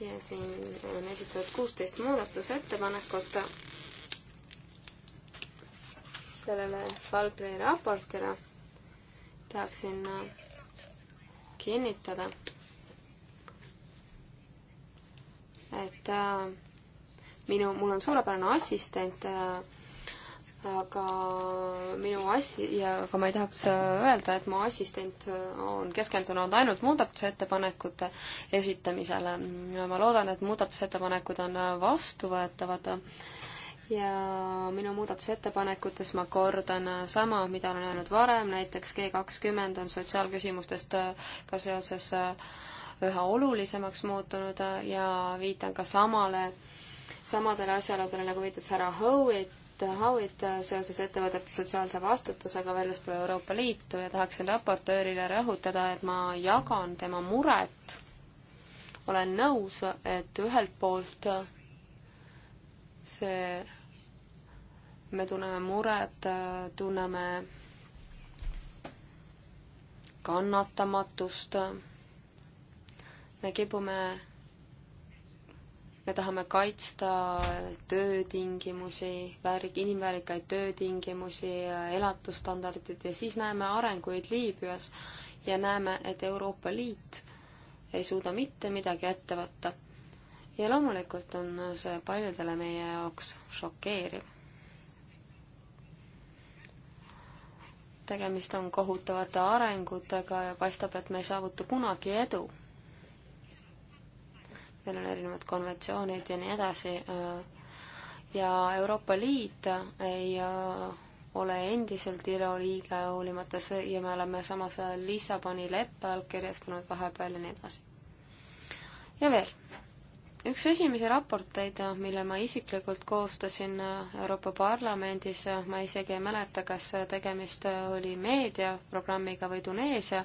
ja siin on esitatud kuusteist muudatusettepanekut sellele Falgri raportile. tahaksin äh, kinnitada, et äh, minu, mul on suurepärane assistent äh, aga minu asi, ja aga ma ei tahaks äh, öelda, et mu assistent äh, on keskendunud ainult muudatusettepanekute esitamisele. ma loodan, et muudatusettepanekud on äh, vastuvõetavad ja minu muudatusettepanekutes ma kordan sama, mida olen öelnud varem, näiteks G kakskümmend on sotsiaalküsimustest ka seoses üha olulisemaks muutunud ja viitan ka samale, samadele asjaoludele, nagu viitas härra Howitt, Howitt seoses ettevõtete sotsiaalse vastutusega väljaspool Euroopa Liitu ja tahaksin raportöörile rõhutada, et ma jagan tema muret. olen nõus, et ühelt poolt see, me tunneme muret, tunneme kannatamatust, me kipume me tahame kaitsta töötingimusi, väärik-, inimväärikaid töötingimusi, elatusstandardid ja siis näeme arenguid Liibüas ja näeme, et Euroopa Liit ei suuda mitte midagi ette võtta. ja loomulikult on see paljudele meie jaoks šokeeriv. tegemist on kohutavate arengutega ja paistab, et me ei saavuta kunagi edu meil on erinevad konventsioonid ja nii edasi, ja Euroopa Liit ei äh, ole endiselt ILO liige, hoolimata see, ja me oleme samas äh, Lissaboni leppe allkirjastanud vahepeal ja nii edasi. ja veel, üks esimesi raporteid, äh, mille ma isiklikult koostasin Euroopa Parlamendis, ma isegi ei mäleta, kas tegemist oli meediaprogrammiga või Tuneesia,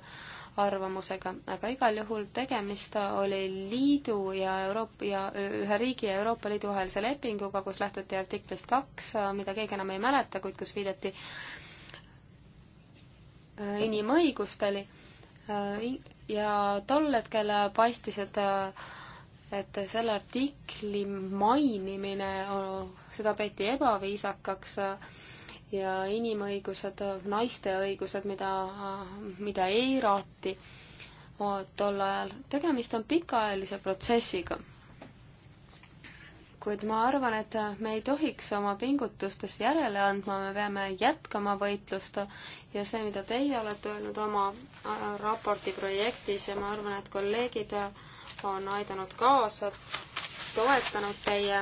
arvamusega, aga igal juhul tegemist oli liidu ja Euroopa ja ühe riigi ja Euroopa Liidu vahelise lepinguga, kus lähtuti artiklist kaks, mida keegi enam ei mäleta, kuid kus viidati äh, inimõigustele äh, ja tol hetkel paistis, et et selle artikli mainimine, seda peeti ebaviisakaks ja inimõigused, naiste õigused, mida, mida eirati tol ajal. tegemist on pikaajalise protsessiga. kuid ma arvan, et me ei tohiks oma pingutustes järele andma, me peame jätkama võitlust ja see, mida teie olete öelnud oma äh, raporti projektis ja ma arvan, et kolleegid on aidanud kaasa, toetanud teie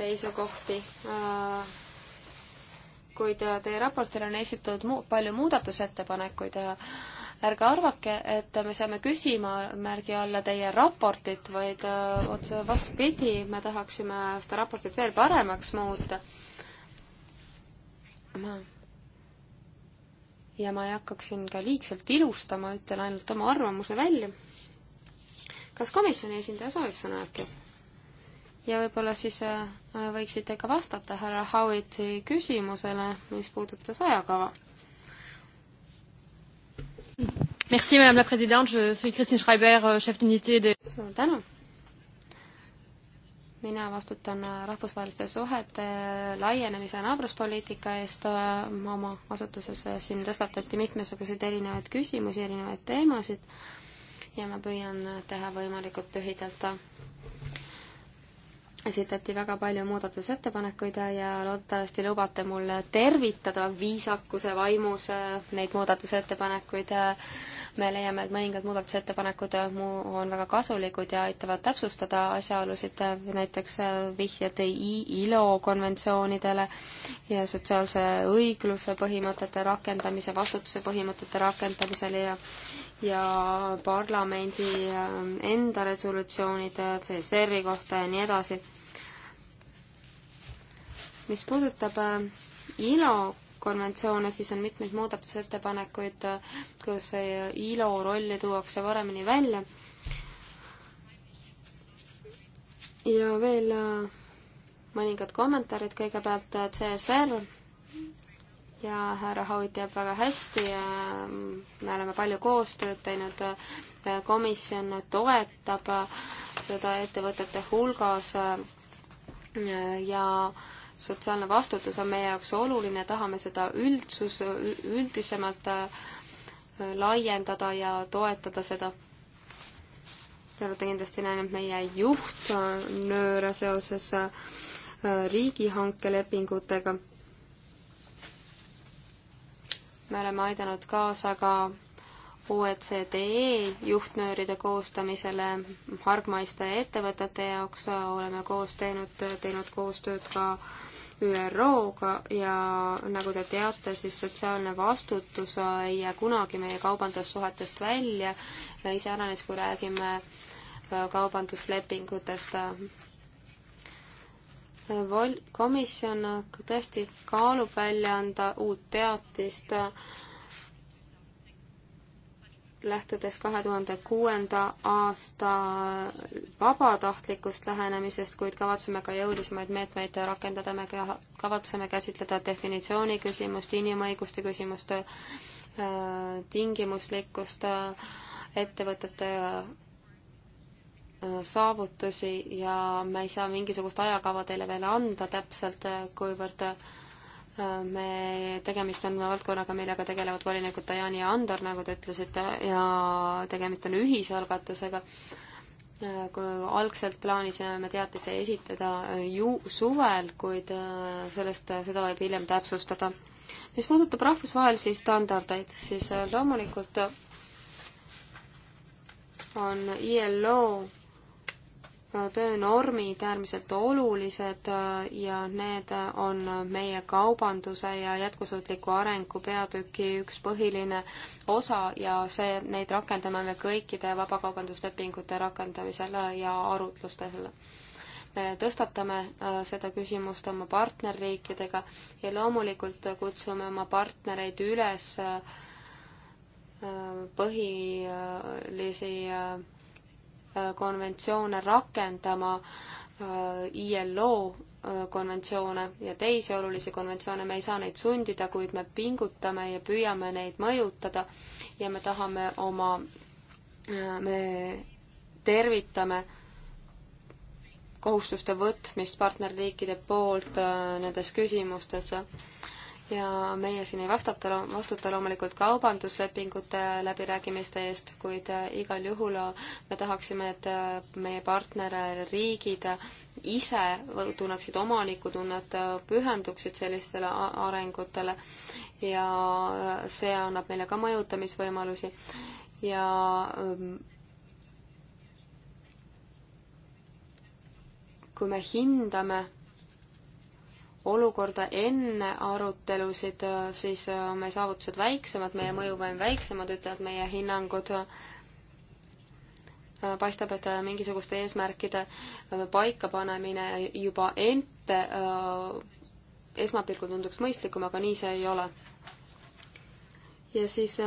seisukohti äh, kuid teie raportile on esitatud mu palju muudatusettepanekuid ja ärge arvake, et me saame küsimärgi alla teie raportit, vaid äh, otse vastupidi, me tahaksime seda raportit veel paremaks muuta. ma ja ma ei hakkaks siin ka liigselt ilustama, ütlen ainult oma arvamuse välja. kas komisjoni esindaja soovib sõna äkki? ja võib-olla siis äh, võiksite ka vastata härra Howitti küsimusele, mis puudutas ajakava. Merci madame la présidente, je suis Christine Schreiber, euh, chef d'unité de suur tänu! mina vastutan äh, rahvusvaheliste suhete äh, laienemise naabruspoliitika eest oma asutuses, siin tõstatati mitmesuguseid erinevaid küsimusi, erinevaid teemasid ja ma püüan teha võimalikult lühidalt esitati väga palju muudatusettepanekuid ja loodetavasti lubate mul tervitada viisakuse vaimus neid muudatusettepanekuid. me leiame, et mõningad muudatusettepanekud on väga kasulikud ja aitavad täpsustada asjaolusid, näiteks vihjed ILO konventsioonidele ja sotsiaalse õigluse põhimõtete rakendamise, vastutuse põhimõtete rakendamisele ja ja parlamendi enda resolutsioonid CSR-i kohta ja nii edasi mis puudutab äh, ILO konventsioone, siis on mitmeid muudatusettepanekuid, äh, kus äh, ILO rolli tuuakse paremini välja. ja veel mõningad kommentaarid, kõigepealt CSR ja härra Haud teab väga hästi ja me oleme palju koostööd teinud, komisjon toetab seda ettevõtete hulgas ja, ja sotsiaalne vastutus on meie jaoks oluline, tahame seda üldsus, üldisemalt äh, laiendada ja toetada seda. Te olete kindlasti näinud meie juhtnööre seoses äh, riigihankelepingutega. me oleme aidanud kaasa ka OECD e juhtnööride koostamisele hargmaiste ettevõtete jaoks oleme koos teinud, teinud koostööd ka ÜRO-ga ja nagu te teate, siis sotsiaalne vastutus ei jää kunagi meie kaubandussuhetest välja, iseäranis kui räägime äh, kaubanduslepingutest. Äh, vol-, komisjon tõesti kaalub välja anda uut teatist lähtudes kahe tuhande kuuenda aasta vabatahtlikust lähenemisest, kuid kavatseme ka jõulisemaid meetmeid rakendada, me kavatseme käsitleda definitsiooni küsimust, inimõiguste küsimust, äh, tingimuslikkust, äh, ettevõtete äh, saavutusi ja me ei saa mingisugust ajakava teile veel anda täpselt, kuivõrd me, tegemist on valdkonnaga, millega tegelevad volinikud Dajani ja Andor, nagu te ütlesite, ja tegemist on ühisalgatusega. kui algselt plaanisime me teatise esitada ju suvel, kuid äh, sellest, äh, seda võib hiljem täpsustada. mis puudutab rahvusvahelisi standardeid, siis äh, loomulikult on ILO töönormid äärmiselt olulised äh, ja need on meie kaubanduse ja jätkusuutliku arengu peatüki üks põhiline osa ja see, neid rakendame me kõikide vabakaubanduslepingute rakendamisel ja arutlustel. me tõstatame äh, seda küsimust oma partnerriikidega ja loomulikult kutsume oma partnereid üles äh, põhilisi konventsioone rakendama, äh, ILO äh, konventsioone ja teisi olulisi konventsioone, me ei saa neid sundida, kuid me pingutame ja püüame neid mõjutada ja me tahame oma, äh, me tervitame kohustuste võtmist partnerriikide poolt nendes küsimustes ja meie siin ei vastata, vastuta loomulikult kaubanduslepingute läbirääkimiste eest, kuid äh, igal juhul äh, me tahaksime, et äh, meie partnerriigid ise tunneksid omanikutunnet, pühenduksid sellistele arengutele ja see annab meile ka mõjutamisvõimalusi ja ähm, kui me hindame olukorda enne arutelusid, siis on äh, meie saavutused väiksemad, meie mõjuvõim väiksemad, ütlevad meie hinnangud. Äh, paistab, et äh, mingisuguste eesmärkide paikapanemine juba ette esmapilgul tunduks mõistlikum, aga nii see ei ole. ja siis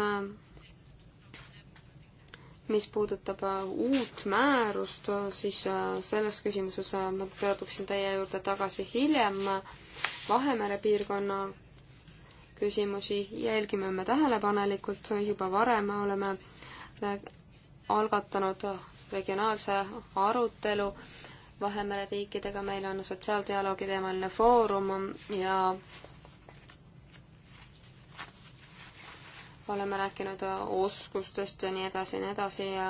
mis puudutab äh, uut määrust, äh, siis äh, selles küsimuses ma pöörduksin teie juurde tagasi hiljem. Vahemere piirkonna küsimusi jälgime me tähelepanelikult, juba varem oleme algatanud regionaalse arutelu Vahemere riikidega, meil on sotsiaaldialoogi teemaline foorum ja oleme rääkinud äh, oskustest ja nii edasi ja nii edasi ja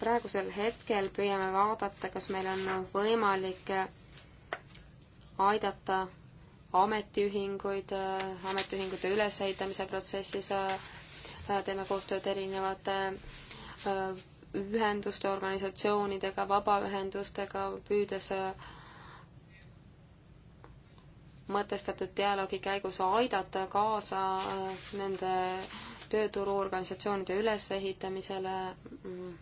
praegusel hetkel püüame vaadata, kas meil on võimalik äh, aidata ametiühinguid, äh, ametiühingute ülesehitamise protsessis, teeme koostööd erinevate ühenduste, organisatsioonidega, vabaühendustega, püüdes mõtestatud dialoogi käigus aidata kaasa äh, nende tööturuorganisatsioonide ülesehitamisele, mm,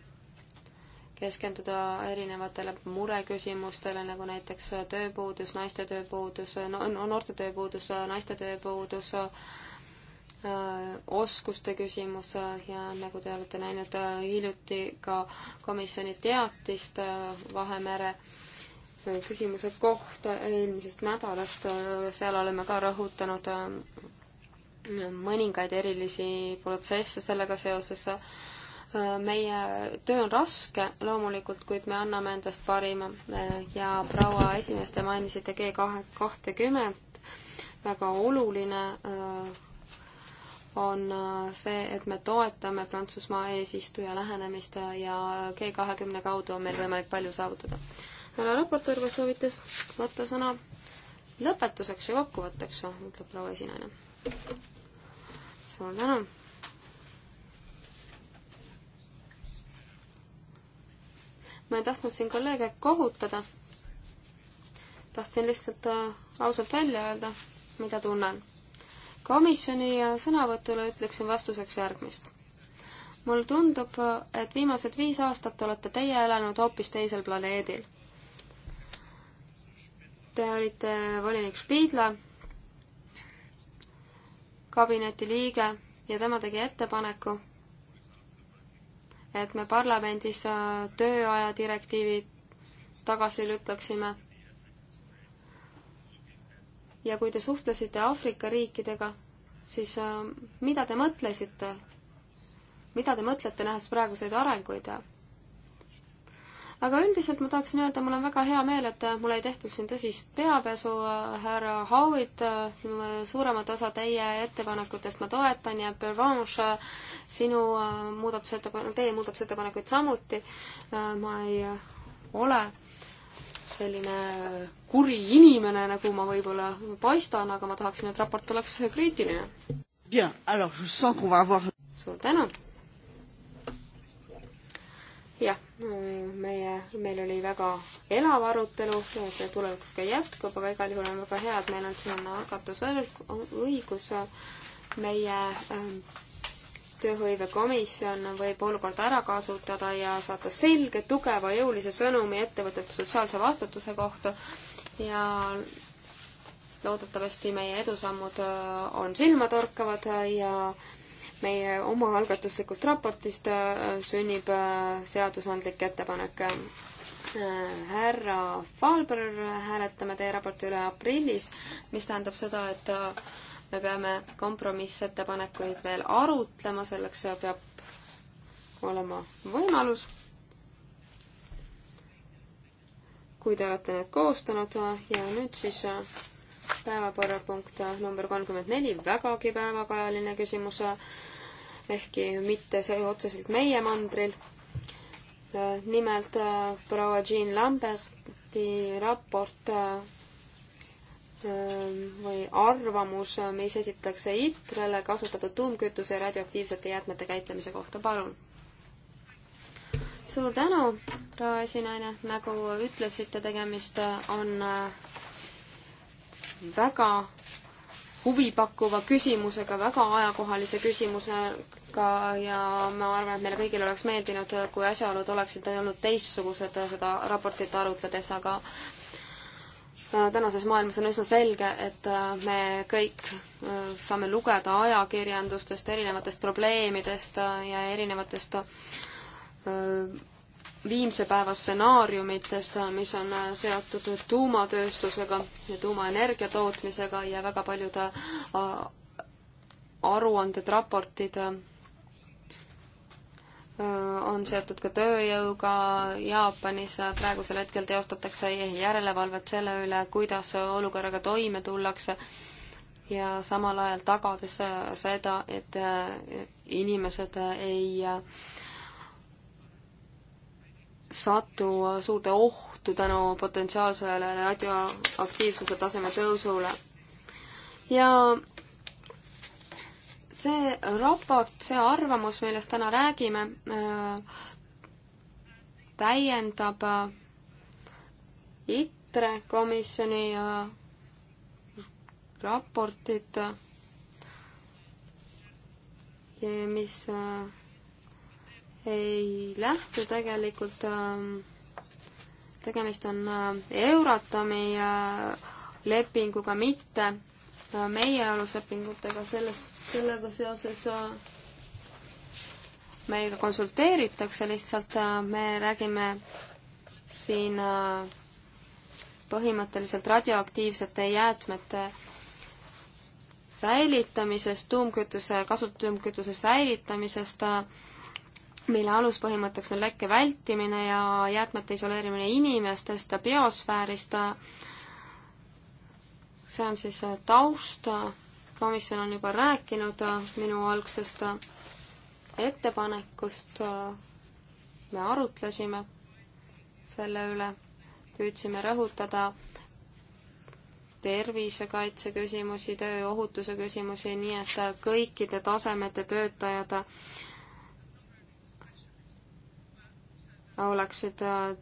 keskenduda erinevatele mureküsimustele, nagu näiteks tööpuudus, naiste tööpuudus, no noorte tööpuudus, naiste tööpuudus, äh, oskuste küsimus äh, ja nagu te olete näinud hiljuti ka komisjoni teatist Vahemere äh, küsimuse kohta eelmisest nädalast, seal oleme ka rõhutanud ähm, mõningaid erilisi protsesse sellega seoses. meie töö on raske loomulikult, kuid me anname endast parima ja proua esimees, te mainisite G kahe, kahtekümmet, väga oluline äh, on äh, see, et me toetame Prantsusmaa eesistuja lähenemist ja G kahekümne kaudu on meil võimalik palju saavutada härra raportöör, kas soovite võtta sõna lõpetuseks ja kokkuvõtteks, ütleb proua esinaine. suur tänu. ma ei tahtnud siin kolleege kohutada. tahtsin lihtsalt äh, ausalt välja öelda, mida tunnen. komisjoni äh, sõnavõtule ütleksin vastuseks järgmist mulle tundub, äh, et viimased viis aastat olete teie elanud hoopis teisel planeedil te olite volinik Spiidla kabineti liige ja tema tegi ettepaneku, et me parlamendis äh, tööaja direktiivi tagasi lükkaksime. ja kui te suhtlesite Aafrika riikidega, siis äh, mida te mõtlesite, mida te mõtlete, nähes praeguseid arenguid? aga üldiselt ma tahaksin öelda, mul on väga hea meel, et mul ei tehtud siin tõsist peapesu, härra Howitt, suuremat osa teie ettepanekutest ma toetan ja Berange, sinu äh, muudatusettepanek, teie muudatusettepanekuid samuti, äh, ma ei ole selline kuri inimene, nagu ma võib-olla paistan, aga ma tahaksin, et raport oleks kriitiline. suur tänu! jah, mm, meie, meil oli väga elav arutelu, see tulevikus ka jätkub, aga igal juhul on väga hea, et meil on siin algatusõigus. meie ähm, tööhõivekomisjon võib olukorda ära kasutada ja saata selge, tugeva, jõulise sõnumi ettevõtete sotsiaalse vastutuse kohta ja loodetavasti meie edusammud äh, on silmatorkavad ja meie omaalgatuslikust raportist äh, sünnib äh, seadusandlik ettepanek. Äh, härra Falber, hääletame teie raporti üle aprillis, mis tähendab seda, et me peame kompromissettepanekuid veel arutlema, selleks peab olema võimalus. kui te olete need koostanud ja nüüd siis päevakorrapunkt number kolmkümmend neli, vägagi päevakajaline küsimus ehkki mitte see otseselt meie mandril. nimelt äh, proua Jean Lamberti raport äh, ähm, või arvamus, äh, mis esitatakse ITRE-le kasutatud tuumkütuse ja radioaktiivsete jäätmete käitlemise kohta, palun. suur tänu, proua esinaine, nagu ütlesite, tegemist on väga huvipakkuva küsimusega, väga ajakohalise küsimusega ja ma arvan, et meile kõigile oleks meeldinud, kui asjaolud oleksid olnud teistsugused seda raportit arutledes, aga äh, tänases maailmas on üsna selge, et äh, me kõik äh, saame lugeda ajakirjandustest, erinevatest probleemidest ja erinevatest viimse päeva stsenaariumitest, mis on äh, seotud tuumatööstusega ja tuumaenergia tootmisega ja väga paljud äh, aruanded, raportid äh, on seotud ka tööjõuga Jaapanis. praegusel hetkel teostatakse järelevalvet selle üle, kuidas olukorraga toime tullakse ja samal ajal tagades seda, et inimesed ei satu suurde ohtu tänu potentsiaalsele radioaktiivsuse taseme tõusule. ja see raport, see arvamus, millest täna räägime, äh, täiendab äh, ITRE komisjoni äh, raportit, mis ei lähtu tegelikult, ähm, tegemist on äh, Euratomi äh, lepinguga, mitte äh, meie aluslepingutega, selles, sellega seoses meiega konsulteeritakse, lihtsalt me räägime siin põhimõtteliselt radioaktiivsete jäätmete säilitamisest, tuumkütuse, kasutatud tuumkütuse säilitamisest mille aluspõhimõtteks on lekke vältimine ja jäätmete isoleerimine inimestest ja biosfäärist. see on siis taust, komisjon on juba rääkinud minu algsest ettepanekust, me arutlesime selle üle, püüdsime rõhutada tervisekaitse küsimusi, tööohutuse küsimusi, nii et kõikide tasemete töötajad oleksid äh,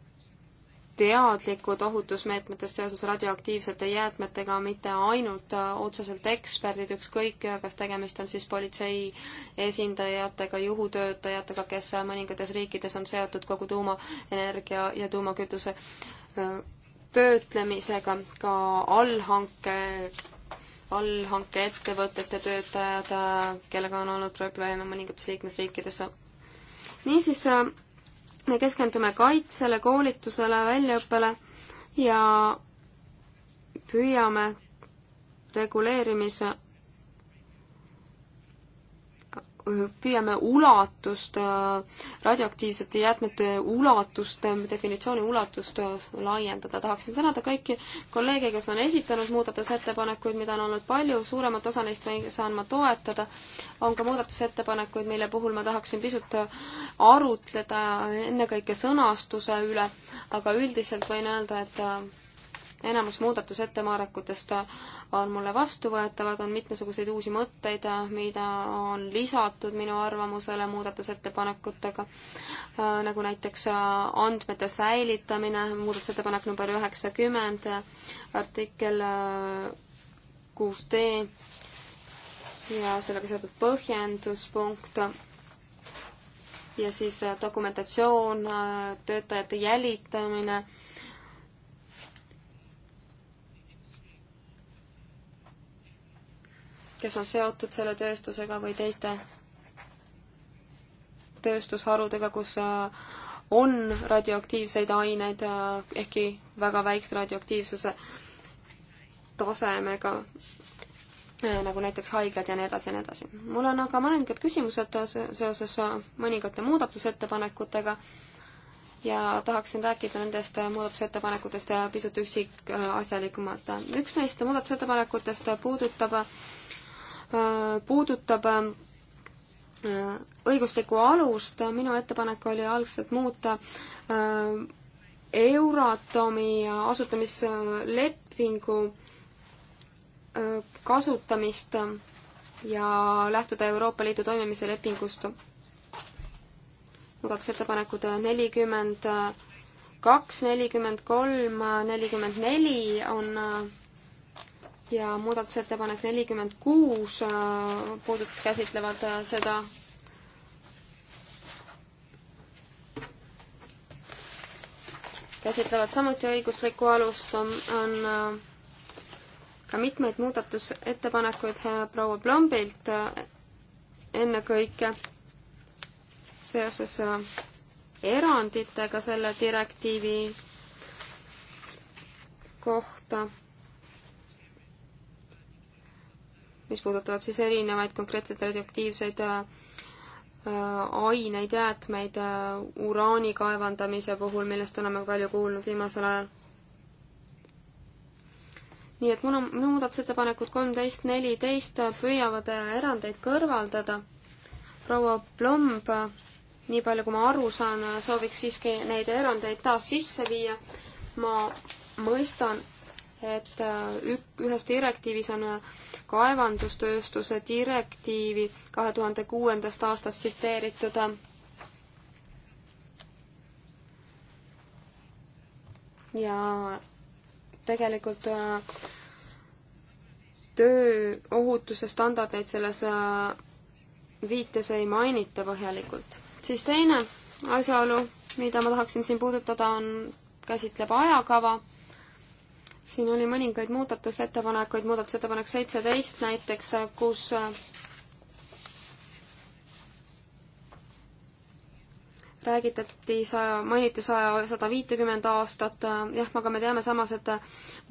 teadlikud ohutusmeetmetest seoses radioaktiivsete jäätmetega, mitte ainult äh, otseselt eksperdid, ükskõik, kas tegemist on siis politsei esindajatega, juhutöötajatega, kes äh, mõningates riikides on seotud kogu tuumaenergia ja tuumakütuse töötlemisega, ka allhanke allhankeettevõtete töötajad, kellega on olnud probleeme mõningates liikmesriikides. niisiis me keskendume kaitsele, koolitusele, väljaõppele ja püüame reguleerimise püüame ulatust, radioaktiivsete jäätmete ulatust, definitsiooni ulatust laiendada. tahaksin tänada kõiki kolleege, kes on esitanud muudatusettepanekuid, mida on olnud palju, suuremat osa neist ma saan ma toetada. on ka muudatusettepanekuid, mille puhul ma tahaksin pisut arutleda ennekõike sõnastuse üle, aga üldiselt võin öelda, et enamus muudatusettepanekutest on mulle vastuvõetavad, on mitmesuguseid uusi mõtteid, mida on lisatud minu arvamusele muudatusettepanekutega, nagu näiteks andmete säilitamine, muudatusettepanek number üheksakümmend, artikkel kuus D ja sellega seotud põhjenduspunkt ja siis dokumentatsioon, töötajate jälitamine kes on seotud selle tööstusega või teiste tööstusharudega, kus äh, on radioaktiivseid aineid, äh, ehkki väga väikse radioaktiivsuse tasemega, äh, nagu näiteks haiglad ja nii edasi ja nii edasi. mul on aga mõningad küsimused seoses mõningate muudatusettepanekutega ja tahaksin rääkida nendest muudatusettepanekutest pisut üksikasjalikumalt. üks neist muudatusettepanekutest puudutab äh, Äh, puudutab äh, õiguslikku alust, minu ettepanek oli algselt muuta äh, Euratomi asutamislepingu kasutamist ja lähtuda Euroopa Liidu toimimise lepingust. muudatusettepanekud nelikümmend kaks, nelikümmend kolm, nelikümmend neli on ja muudatusettepanek nelikümmend kuus äh, puudut-, käsitlevad äh, seda käsitlevad samuti õiguslikku alust, on, on äh, ka mitmeid muudatusettepanekuid proua Plombilt ennekõike seoses eranditega selle direktiivi kohta mis puudutavad siis erinevaid konkreetseid radioaktiivseid äh, äh, aineid, jäätmeid äh, uraani kaevandamise puhul, millest oleme palju kuulnud viimasel ajal. nii et minu, minu muudatusettepanekud kolmteist, neliteist püüavad erandeid kõrvaldada. proua Plomb, nii palju kui ma aru saan, sooviks siiski neid erandeid taas sisse viia. ma mõistan, et äh, ük-, ühes direktiivis on äh, kaevandustööstuse direktiivi kahe tuhande kuuendast aastast tsiteeritud äh, ja tegelikult tööohutuse standardeid selles viites ei mainita põhjalikult. siis teine asjaolu, mida ma tahaksin siin puudutada, on, käsitleb ajakava siin oli mõningaid muudatusettepanekuid, muudatusettepanek seitseteist näiteks, kus äh, räägitati saja, mainiti saja, sada viitekümmend aastat, jah, aga me teame samas, et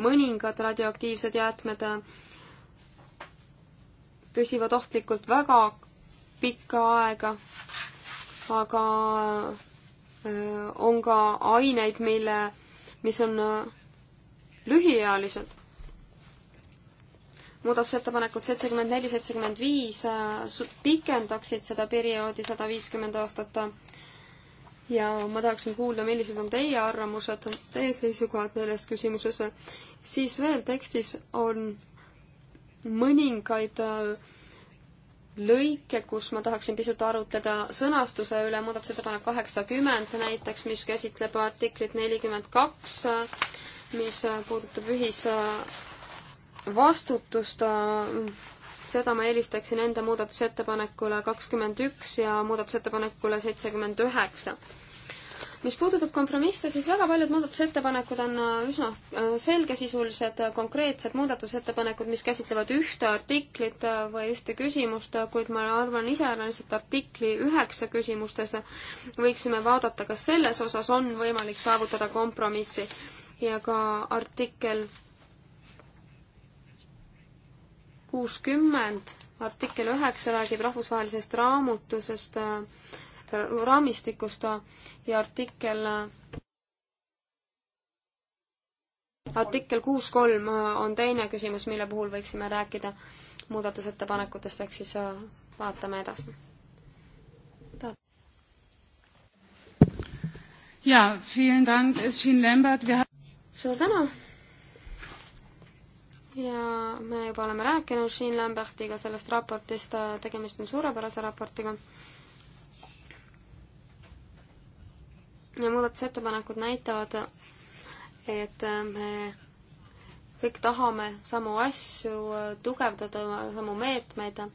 mõningad radioaktiivsed jäätmed äh, püsivad ohtlikult väga pikka aega, aga äh, on ka aineid, mille, mis on lühiealised. muudatusettepanekud seitsekümmend neli, seitsekümmend viis äh, pikendaksid seda perioodi sada viiskümmend aastat ja ma tahaksin kuulda, millised on teie arvamused, teie seisukohad selles küsimuses. siis veel tekstis on mõningaid äh, lõike, kus ma tahaksin pisut arutleda sõnastuse üle, muudatusettepanek kaheksakümmend näiteks, mis käsitleb artiklit nelikümmend kaks mis äh, puudutab ühisvastutust, äh, äh, seda ma eelistaksin enda muudatusettepanekule kakskümmend üks ja muudatusettepanekule seitsekümmend üheksa. mis puudutab kompromisse, siis väga paljud muudatusettepanekud on üsna selgesisulised, konkreetsed muudatusettepanekud, mis käsitlevad ühte artiklit või ühte küsimust, kuid ma arvan iseäraniliselt artikli üheksa küsimustes võiksime vaadata, kas selles osas on võimalik saavutada kompromissi ja ka artikkel kuuskümmend, artikkel üheksa räägib rahvusvahelisest raamutusest, äh, raamistikust ja artikkel artikkel kuus kolm äh, on teine küsimus, mille puhul võiksime rääkida muudatusettepanekutest, ehk siis äh, vaatame edasi. jaa, vielen Dank, Jean Lambert suur tänu! ja me juba oleme rääkinud Jean Lambertiga sellest raportist, tegemist on suurepärase raportiga. ja muudatusettepanekud näitavad, et me kõik tahame samu asju, tugevdada samu meetmeid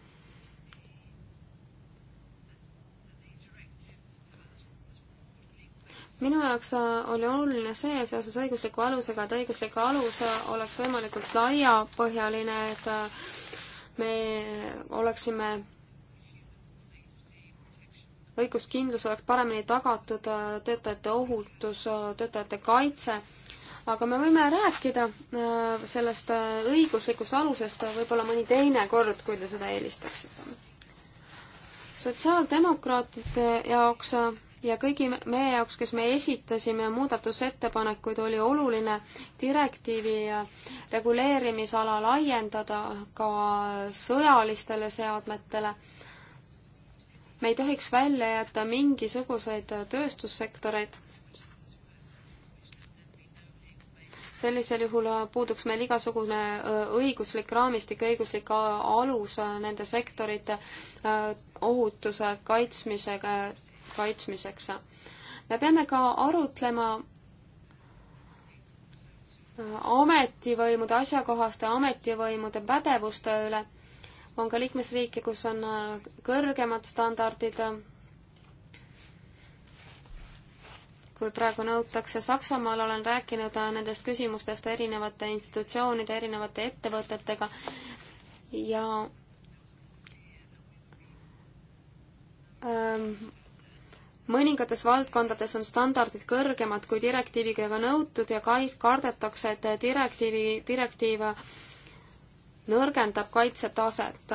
minu jaoks äh, oli oluline see seoses õigusliku alusega, et õiguslik alus äh, oleks võimalikult laiapõhjaline, et äh, me oleksime, õiguskindlus oleks paremini tagatud, töötajate ohutus, töötajate kaitse, aga me võime rääkida sellest õiguslikust alusest võib-olla mõni teine kord, kui te seda eelistaksite. sotsiaaldemokraatide jaoks ja kõigi meie jaoks, kes me esitasime muudatusettepanekuid, oli oluline direktiivi reguleerimisala laiendada ka sõjalistele seadmetele. me ei tohiks välja jätta mingisuguseid tööstussektoreid. sellisel juhul puuduks meil igasugune õiguslik raamistik, õiguslik alus nende sektorite ohutuse kaitsmisega kaitsmiseks. me peame ka arutlema ametivõimude, asjakohaste ametivõimude pädevuste üle. on ka liikmesriike, kus on kõrgemad standardid kui praegu nõutakse. Saksamaal olen rääkinud nendest küsimustest erinevate institutsioonide, erinevate ettevõtetega ja ähm, mõningates valdkondades on standardid kõrgemad kui direktiiviga ka nõutud ja kaid-, kardetakse, et direktiivi, direktiiv nõrgendab kaitsetaset.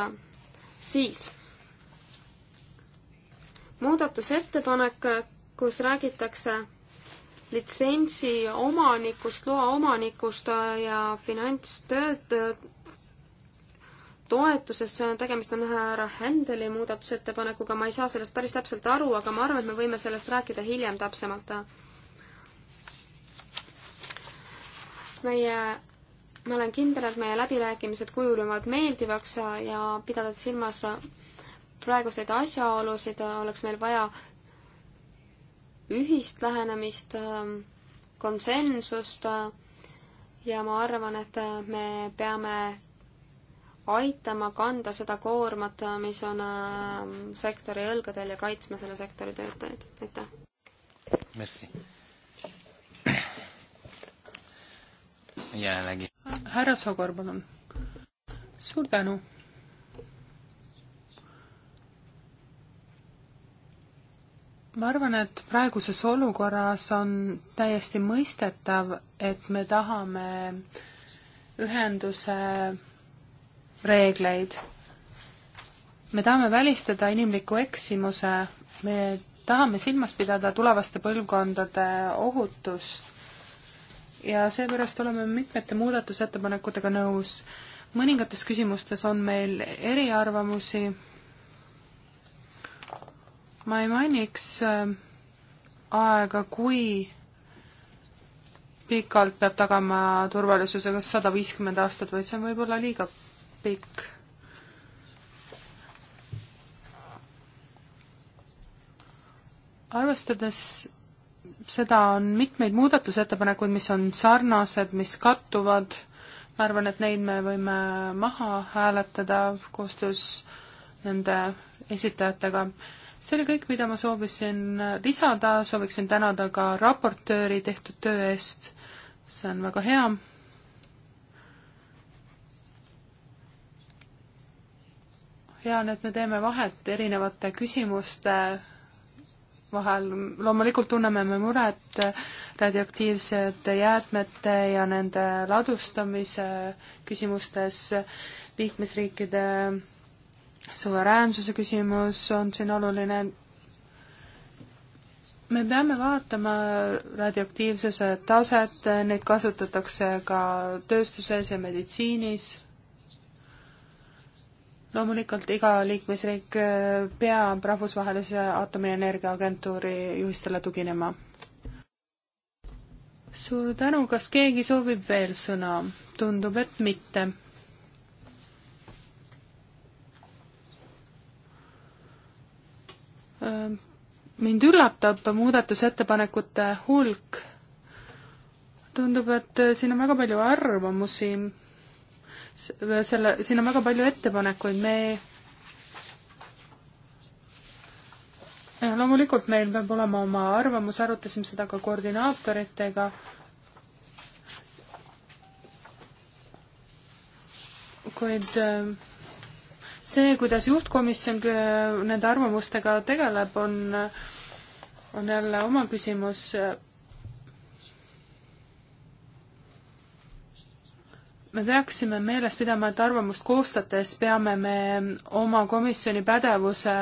siis muudatusettepanek, kus räägitakse litsentsi omanikust, loa omanikust ja finantstöötajad, toetusest, tegemist on härra Händeli muudatusettepanekuga, ma ei saa sellest päris täpselt aru, aga ma arvan, et me võime sellest rääkida hiljem täpsemalt. meie, ma olen kindel, et meie läbirääkimised kujunevad meeldivaks ja pidades silmas praeguseid asjaolusid, oleks meil vaja ühist lähenemist, konsensust ja ma arvan, et me peame aitama kanda seda koormat, mis on äh, sektori õlgadel ja kaitsma selle sektori töötajaid. aitäh! Merci! jällegi. härra Sogor, palun. suur tänu. ma arvan, et praeguses olukorras on täiesti mõistetav, et me tahame ühenduse reegleid. me tahame välistada inimliku eksimuse, me tahame silmas pidada tulevaste põlvkondade ohutust ja seepärast oleme mitmete muudatusettepanekutega nõus. mõningates küsimustes on meil eriarvamusi. ma ei mainiks äh, aega, kui pikalt peab tagama turvalisuse, kas sada viiskümmend aastat või see on võib-olla liiga tulevik. arvestades seda, on mitmeid muudatusettepanekuid, mis on sarnased, mis kattuvad, ma arvan, et neid me võime maha hääletada koostöös nende esitajatega. see oli kõik, mida ma soovisin lisada, sooviksin tänada ka raportööri tehtud töö eest, see on väga hea pean, et me teeme vahet erinevate küsimuste vahel. loomulikult tunneme me muret radioaktiivsete jäätmete ja nende ladustamise küsimustes, liikmesriikide suveräänsuse küsimus on siin oluline. me peame vaatama radioaktiivsuse taset, neid kasutatakse ka tööstuses ja meditsiinis loomulikult iga liikmesriik äh, peab rahvusvahelise aatomienergia agentuuri juhistele tuginema. suur tänu, kas keegi soovib veel sõna? tundub, et mitte. Ähm, mind üllatab muudatusettepanekute hulk. tundub, et äh, siin on väga palju arvamusi selle, siin on väga palju ettepanekuid, me loomulikult meil peab olema oma arvamus, arutasime seda ka koordinaatoritega, kuid äh, see, kuidas juhtkomisjon äh, nende arvamustega tegeleb, on, äh, on jälle oma küsimus me peaksime meeles pidama, et arvamust koostades peame me oma komisjoni pädevuse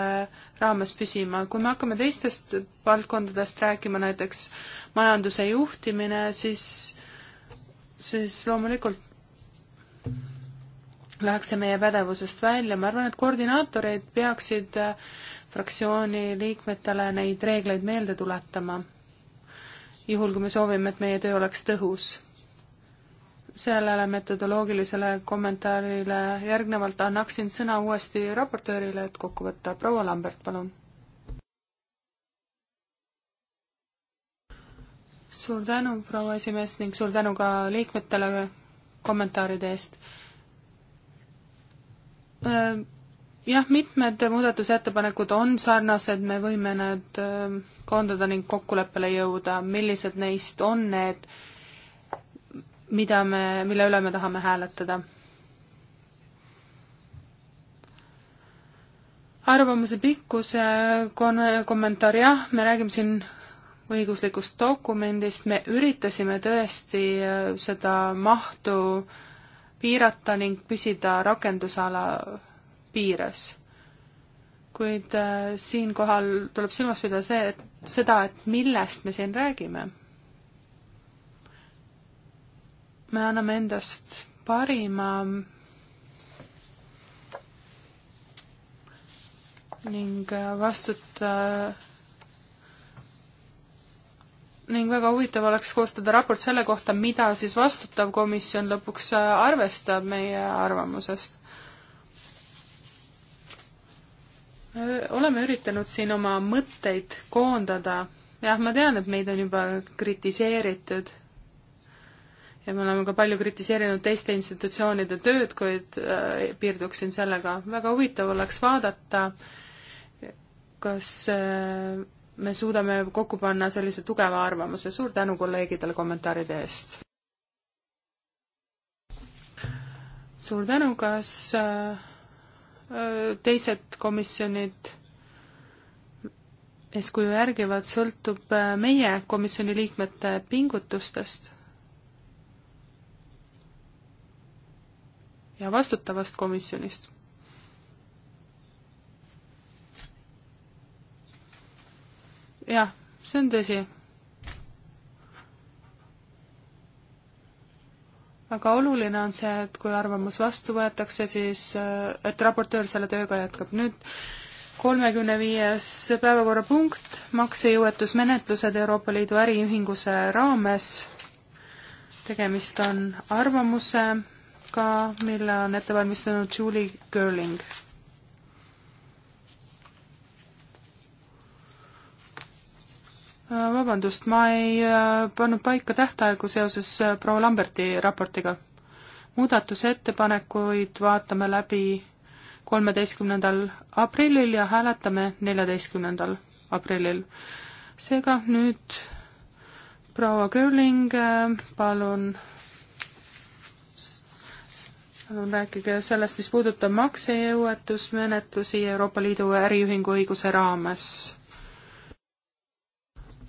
raames püsima. kui me hakkame teistest valdkondadest rääkima, näiteks majanduse juhtimine, siis, siis loomulikult läheks see meie pädevusest välja. ma arvan, et koordinaatorid peaksid fraktsiooni liikmetele neid reegleid meelde tuletama, juhul kui me soovime, et meie töö oleks tõhus sellele metodoloogilisele kommentaarile järgnevalt annaksin sõna uuesti raportöörile, et kokku võtta. proua Lambert, palun. suur tänu, proua esimees, ning suur tänu ka liikmetele kommentaaride eest. jah, mitmed muudatusettepanekud on sarnased, me võime need koondada ning kokkuleppele jõuda, millised neist on need mida me, mille üle me tahame hääletada. arvamuse pikkuse kon-, kommentaar jah, me räägime siin õiguslikust dokumendist, me üritasime tõesti äh, seda mahtu piirata ning püsida rakendusala piires. kuid äh, siinkohal tuleb silmas pidada see, et seda, et millest me siin räägime me anname endast parima ning äh, vastuta äh, ning väga huvitav oleks koostada raport selle kohta, mida siis vastutav komisjon lõpuks äh, arvestab meie arvamusest. oleme üritanud siin oma mõtteid koondada. jah, ma tean, et meid on juba kritiseeritud ja me oleme ka palju kritiseerinud teiste institutsioonide tööd, kuid äh, piirduksin sellega. väga huvitav oleks vaadata, kas äh, me suudame kokku panna sellise tugeva arvamuse. suur tänu kolleegidele kommentaaride eest! suur tänu, kas äh, teised komisjonid eeskuju järgivad, sõltub meie komisjoni liikmete pingutustest ja vastutavast komisjonist. jah, see on tõsi. väga oluline on see, et kui arvamus vastu võetakse, siis äh, et raportöör selle tööga jätkab. nüüd kolmekümne viies päevakorrapunkt, maksejõuetusmenetlused Euroopa Liidu äriühinguse raames. tegemist on arvamuse ka, mille on ette valmistanud Julie Girling. Äh, vabandust, ma ei äh, pannud paika tähtaegu seoses äh, proua Lamberti raportiga. muudatusettepanekuid vaatame läbi kolmeteistkümnendal aprillil ja hääletame neljateistkümnendal aprillil. seega nüüd proua Kööling, palun rääkige sellest, mis puudutab maksejõuetusmenetlusi Euroopa Liidu äriühingu õiguse raames.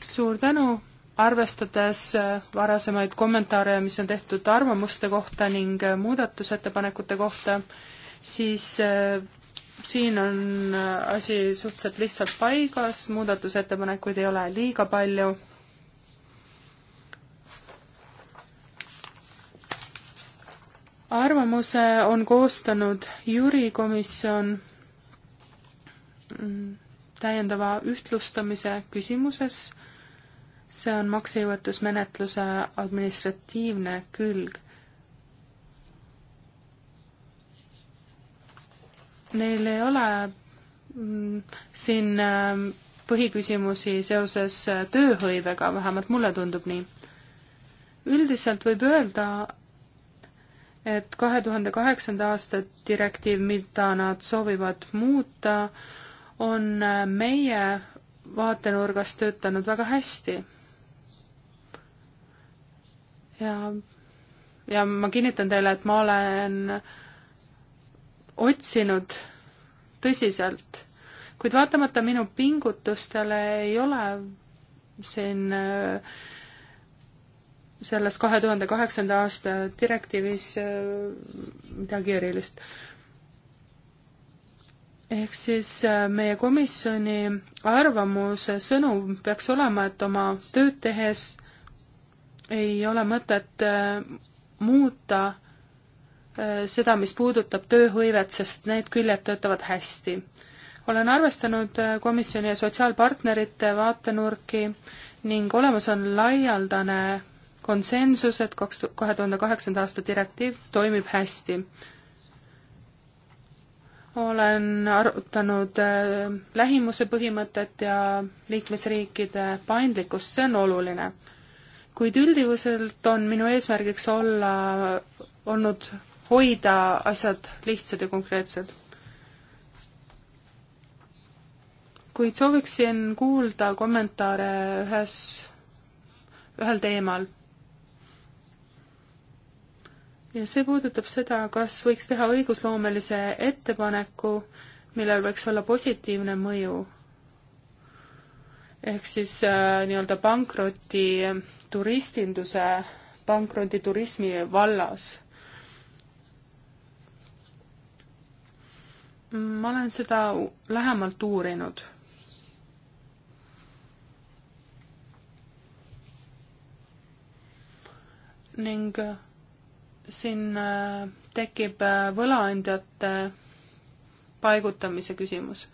suur tänu, arvestades varasemaid kommentaare, mis on tehtud arvamuste kohta ning muudatusettepanekute kohta, siis äh, siin on äh, asi suhteliselt lihtsalt paigas, muudatusettepanekuid ei ole liiga palju arvamuse on koostanud juurikomisjon täiendava ühtlustamise küsimuses. see on maksejõuetusmenetluse administratiivne külg. Neil ei ole mm, siin ähm, põhiküsimusi seoses äh, tööhõivega, vähemalt mulle tundub nii. üldiselt võib öelda, et kahe tuhande kaheksanda aasta direktiiv, mida nad soovivad muuta, on meie vaatenurgast töötanud väga hästi. ja, ja ma kinnitan teile, et ma olen otsinud tõsiselt, kuid vaatamata minu pingutustele ei ole siin äh, selles kahe tuhande kaheksanda aasta direktiivis äh, midagi erilist. ehk siis äh, meie komisjoni arvamuse sõnum peaks olema, et oma tööd tehes ei ole mõtet äh, muuta seda, mis puudutab tööhõivet, sest need küljed töötavad hästi. olen arvestanud komisjoni ja sotsiaalpartnerite vaatenurki ning olemas on laialdane konsensus, et kaks, kahe tuhande kaheksanda aasta direktiiv toimib hästi. olen arutanud äh, lähimuse põhimõtet ja liikmesriikide paindlikkust, see on oluline. kuid üldiselt on minu eesmärgiks olla, olnud hoida asjad lihtsad ja konkreetsed kuid sooviksin kuulda kommentaare ühes, ühel teemal ja see puudutab seda, kas võiks teha õigusloomelise ettepaneku, millel võiks olla positiivne mõju. ehk siis äh, nii-öelda pankroti turistinduse, pankrotiturismi vallas ma olen seda lähemalt uurinud. ning äh, siin äh, tekib äh, võlaandjate paigutamise küsimus.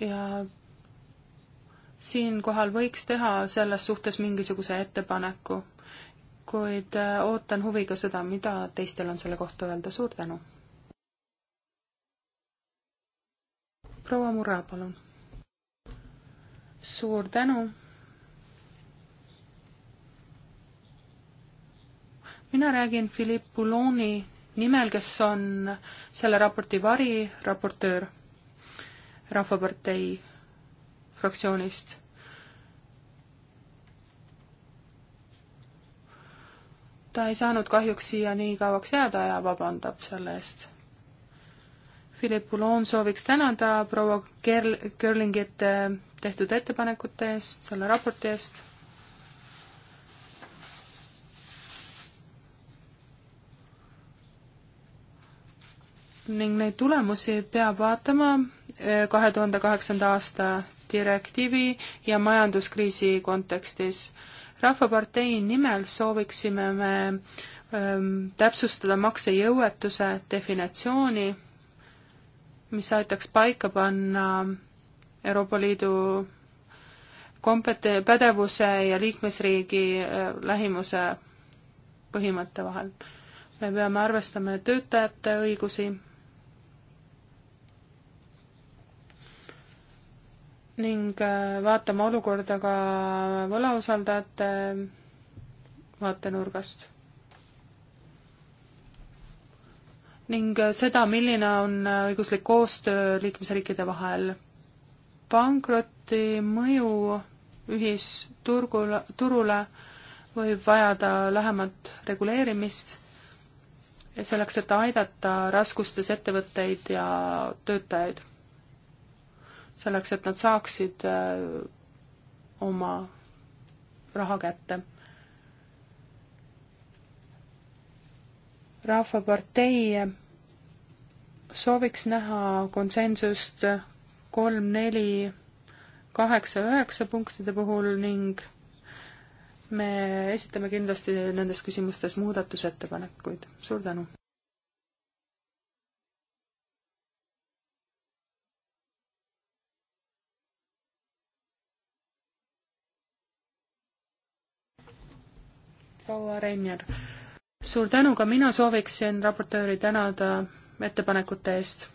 ja siinkohal võiks teha selles suhtes mingisuguse ettepaneku, kuid äh, ootan huviga seda, mida teistel on selle kohta öelda, suur tänu! proua Murra, palun! suur tänu! mina räägin Philippe Bouloni nimel, kes on selle raporti variraportöör Rahvapartei fraktsioonist. ta ei saanud kahjuks siia nii kauaks jääda ja vabandab selle eest. Philippe Boulon sooviks tänada proua Kerl-, Kerlingit tehtud ettepanekute eest, selle raporti eest ning neid tulemusi peab vaatama eh, kahe tuhande kaheksanda aasta direktiivi ja majanduskriisi kontekstis. rahvapartei nimel sooviksime me ähm, täpsustada maksejõuetuse definitsiooni, mis aitaks paika panna Euroopa Liidu kompete-, pädevuse ja liikmesriigi eh, lähimuse põhimõtte vahel. me peame arvestama töötajate õigusi ning äh, vaatame olukorda ka võlausaldajate vaatenurgast. ning äh, seda, milline on äh, õiguslik koostöö liikmesriikide vahel. pankroti mõju ühisturgule, turule võib vajada lähemat reguleerimist ja selleks, et aidata raskustes ettevõtteid ja töötajaid selleks, et nad saaksid äh, oma raha kätte. rahvapartei sooviks näha konsensust kolm, neli, kaheksa, üheksa punktide puhul ning me esitame kindlasti nendes küsimustes muudatusettepanekuid. suur tänu! proua Reinjar. suur tänu, ka mina sooviksin raportööri tänada ettepanekute eest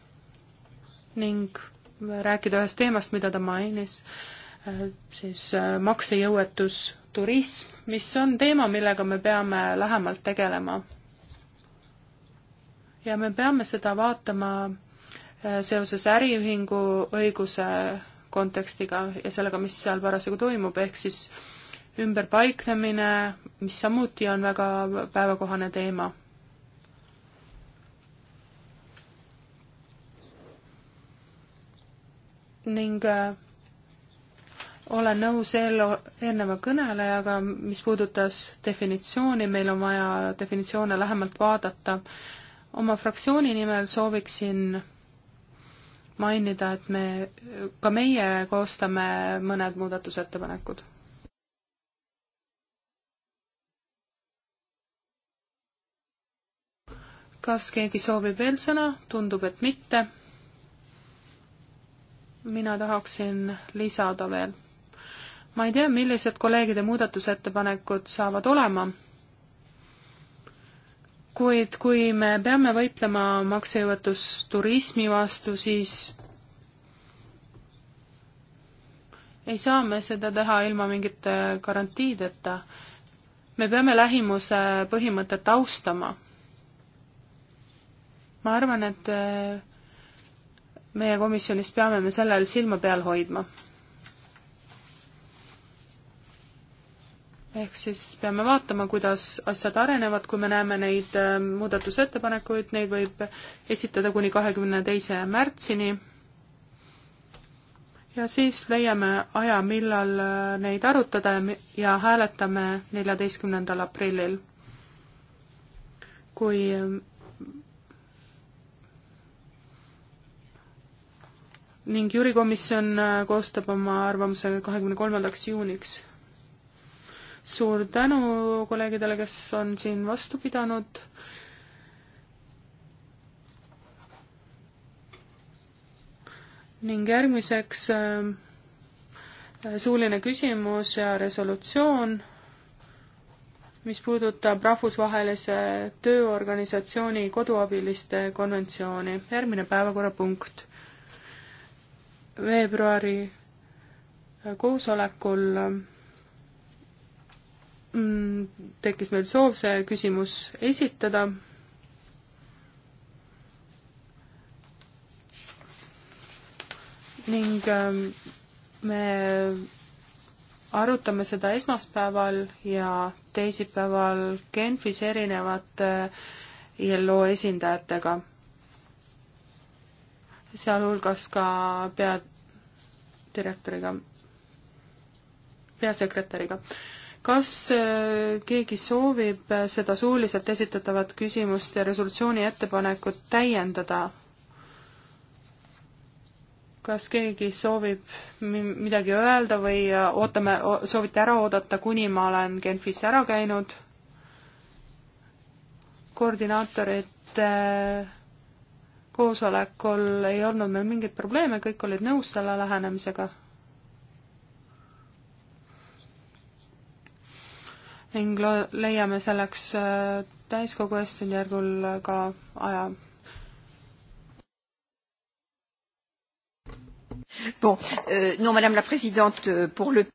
ning rääkida ühest teemast, mida ta mainis, äh, siis äh, maksejõuetus, turism, mis on teema, millega me peame lähemalt tegelema. ja me peame seda vaatama äh, seoses äriühingu õiguse kontekstiga ja sellega, mis seal parasjagu toimub, ehk siis äh, ümberpaiknemine, mis samuti on väga päevakohane teema. ning äh, olen nõus eel-, eelneva kõnelejaga, mis puudutas definitsiooni, meil on vaja definitsioone lähemalt vaadata. oma fraktsiooni nimel sooviksin mainida, et me, ka meie koostame mõned muudatusettepanekud. kas keegi soovib veel sõna? tundub, et mitte. mina tahaksin lisada veel. ma ei tea, millised kolleegide muudatusettepanekud saavad olema, kuid kui me peame võitlema maksejõuetusturismi vastu, siis ei saa me seda teha ilma mingite garantiideta. me peame lähimuse põhimõtet austama ma arvan, et äh, meie komisjonis peame me sellel silma peal hoidma. ehk siis peame vaatama, kuidas asjad arenevad, kui me näeme neid äh, muudatusettepanekuid, neid võib esitada kuni kahekümne teise märtsini ja siis leiame aja, millal äh, neid arutada ja hääletame neljateistkümnendal aprillil. kui ning juurikomisjon äh, koostab oma arvamuse kahekümne kolmandaks juuniks. suur tänu kolleegidele, kes on siin vastu pidanud. ning järgmiseks äh, suuline küsimus ja resolutsioon, mis puudutab Rahvusvahelise Tööorganisatsiooni koduabiliste konventsiooni. järgmine päevakorrapunkt veebruari koosolekul mm, tekkis meil soov see küsimus esitada. ning ähm, me arutame seda esmaspäeval ja teisipäeval Genfis erinevate ILO esindajatega sealhulgas ka peadirektoriga, peasekretäriga. kas äh, keegi soovib seda suuliselt esitatavat küsimust ja resolutsiooni ettepanekut täiendada? kas keegi soovib midagi öelda või äh, ootame, soovite ära oodata, kuni ma olen Genfis ära käinud? koordinaatorid äh, koosolekul ei olnud meil mingeid probleeme, kõik olid nõus selle lähenemisega. ning lo-, leiame selleks äh, täiskogu eestindjärgul ka aja. Bon, euh, non, Madame la Présidente, euh, pour le...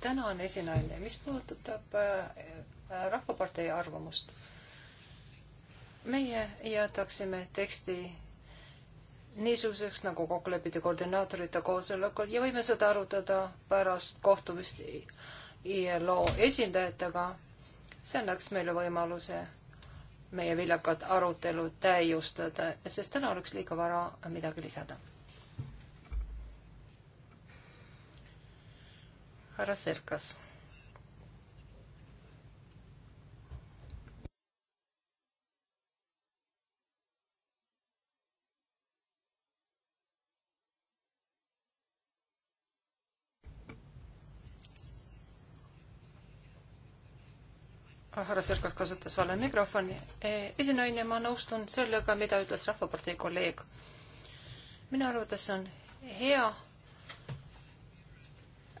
tänan esinaine, mis puudutab äh, äh Rahvapartei arvamust äh,, meie jätaksime teksti niisuguseks, nagu kokku lepiti koordinaatorite koosolekul ja võime seda arutada pärast kohtumist ILO esindajatega. see annaks meile võimaluse meie viljakat arutelu täiustada, sest täna oleks liiga vara midagi lisada. härra Serkas härra Sõrgas kasutas vale mikrofoni. E, esinaine, ma nõustun sellega, mida ütles Rahvapartei kolleeg. minu arvates on hea,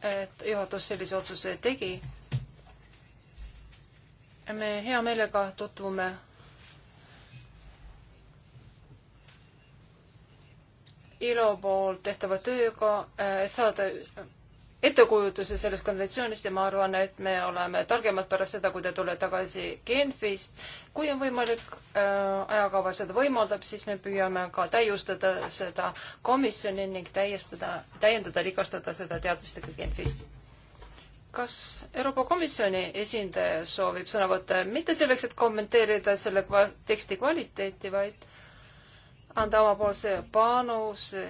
et juhatus sellise otsuse tegi. me hea meelega tutvume ILO poolt tehtava tööga, et saada ettekujutuse sellest konventsioonist ja ma arvan, et me oleme targemad pärast seda, kui te tulete tagasi Genfist. kui on võimalik äh,, ajakava seda võimaldab, siis me püüame ka täiustada seda komisjoni ning täiestada, täiendada, rikastada seda teadmistega Genfist. kas Euroopa Komisjoni esindaja soovib sõna võtta mitte selleks, et kommenteerida selle kva teksti kvaliteeti, vaid anda omapoolse panuse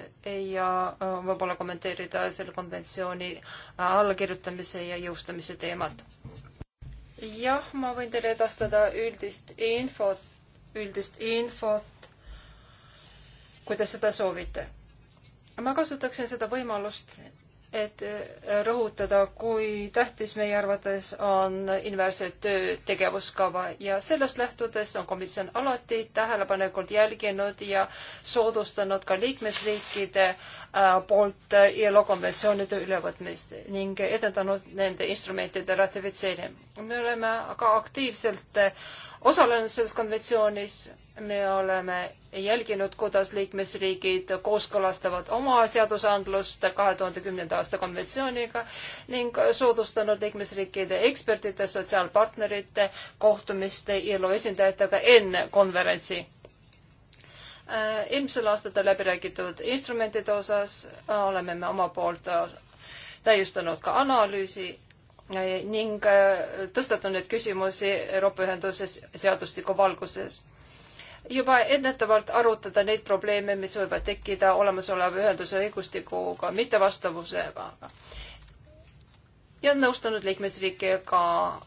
ja äh, võib-olla kommenteerida selle konventsiooni äh, allakirjutamise ja jõustamise teemat. jah, ma võin teile edastada üldist infot, üldist infot, kui te seda soovite. ma kasutaksin seda võimalust et äh, rõhutada, kui tähtis meie arvates on inverse töö tegevuskava ja sellest lähtudes on komisjon alati tähelepanelikult jälginud ja soodustanud ka liikmesriikide äh, poolt ILO konventsioonide ülevõtmist ning edendanud nende instrumentide ratifitseerimist. me oleme ka aktiivselt äh, osalenud selles konventsioonis. me oleme jälginud, kuidas liikmesriigid kooskõlastavad oma seadusandlust kahe tuhande kümnenda aasta konventsiooniga ning soodustanud liikmesriikide ekspertide, sotsiaalpartnerite kohtumiste ILO esindajatega enne konverentsi äh, eelmisel aastatel läbi räägitud instrumentide osas äh, oleme me oma poolt äh, täiustanud ka analüüsi ning äh, tõstatan nüüd küsimusi Euroopa Ühenduse seadustiku valguses. juba ennetavalt arutada neid probleeme, mis võivad tekkida olemasoleva ühenduse õigustikuga mittevastavusega. ja nõustanud liikmesriike ka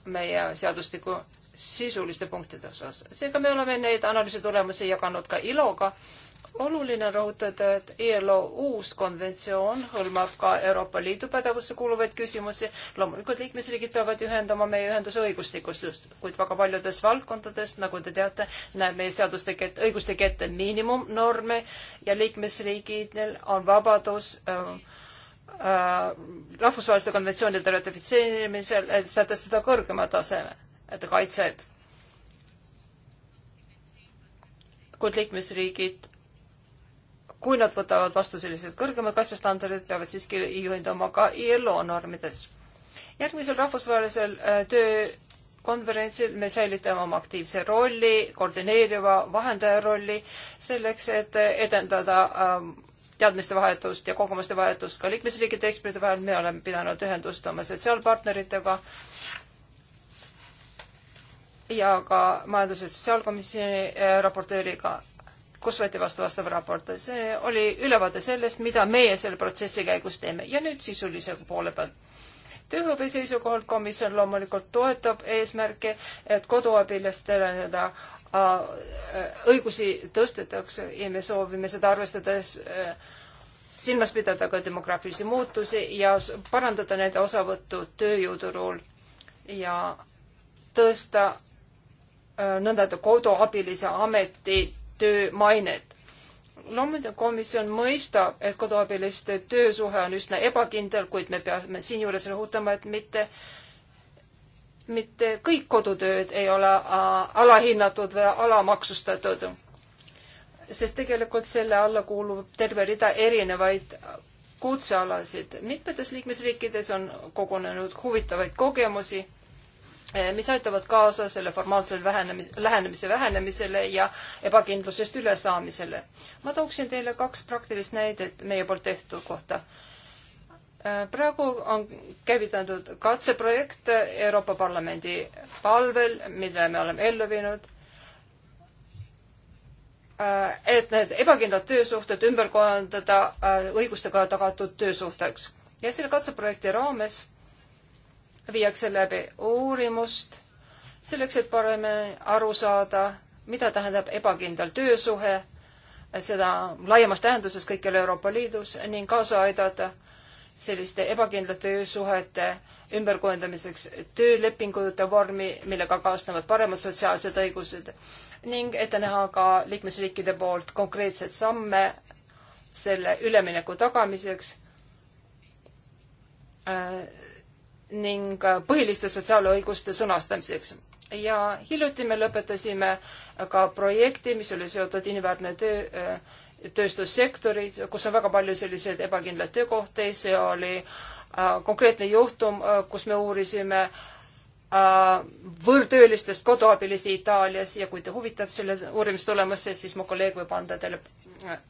meie seadustiku sisuliste punktide osas. seega me oleme neid analüüsi tulemusi jaganud ka ILO-ga oluline on rõhutada, et ILO uus konventsioon hõlmab ka Euroopa Liidu pädevusse kuuluvaid küsimusi. loomulikult liikmesriigid peavad ühendama meie ühenduse õigustikust, kuid väga paljudes valdkondades, nagu te teate, näeb meie seadustik, et õigustik ette miinimumnorme ja liikmesriigidel on vabadus äh, äh, rahvusvaheliste konventsioonide ratifitseerimisel sätestada kõrgema taseme kaitset kuid liikmesriigid kui nad võtavad vastu sellised kõrgemad kaitsestandardid, peavad siiski juhinduma ka ILO normides. järgmisel rahvusvahelisel äh, töökonverentsil me säilitame oma aktiivse rolli, koordineeriva vahendaja rolli, selleks et edendada ähm, teadmistevahetust ja kogumuste vahetust ka liikmesriikide ekspertide vahel, me oleme pidanud ühendust oma sotsiaalpartneritega ja ka Majandus- ja Sotsiaalkomisjoni äh, raportööriga kus võeti vastu vastav raport. see oli ülevaade sellest, mida meie selle protsessi käigus teeme ja nüüd sisulise poole pealt. tööhõive seisukohalt komisjon loomulikult toetab eesmärke, et koduabilistele nii-öelda äh, õigusi tõstetakse ja me soovime seda arvestades äh, silmas pidada ka demograafilisi muutusi ja parandada nende osavõttu tööjõuturul ja tõsta äh, nõnda-öelda koduabilise ameti töö mainet. loomulikult komisjon mõistab, et koduabiliste töösuhe on üsna ebakindel, kuid me peame siinjuures rõhutama, et mitte mitte kõik kodutööd ei ole äh, alahinnatud või alamaksustatud, sest tegelikult selle alla kuulub terve rida erinevaid kutsealasid. mitmetes liikmesriikides on kogunenud huvitavaid kogemusi Eh, mis aitavad kaasa selle formaalsele vähenemis, lähenemise vähenemisele ja ebakindlusest ülesaamisele. ma tooksin teile kaks praktilist näidet meie poolt tehtu kohta. Eh, praegu on käivitatud katseprojekt Euroopa Parlamendi palvel, mille me oleme ellu viinud, eh, et need ebakindlad töösuhted ümber kohandada õigustega tagatud töösuhteks. ja selle katseprojekti raames viiakse läbi uurimust selleks, et paremini aru saada, mida tähendab ebakindel töösuhe, seda laiemas tähenduses kõikjal Euroopa Liidus ning kaasa aidata selliste ebakindlate öösuhete ümberkujundamiseks töölepingute vormi, millega kaasnevad paremad sotsiaalsed õigused ning ette näha ka liikmesriikide poolt konkreetseid samme selle ülemineku tagamiseks äh, ning äh, põhiliste sotsiaalõiguste sõnastamiseks. ja hiljuti me lõpetasime ka projekti, mis oli seotud inimväärne töö, äh, tööstussektorid, kus on väga palju selliseid ebakindlaid töökohti, see oli äh, konkreetne juhtum, kus me uurisime võõrtöölistest koduabilisi Itaalias ja kui te huvitab selle uurimise tulemusse, siis mu kolleeg võib anda teile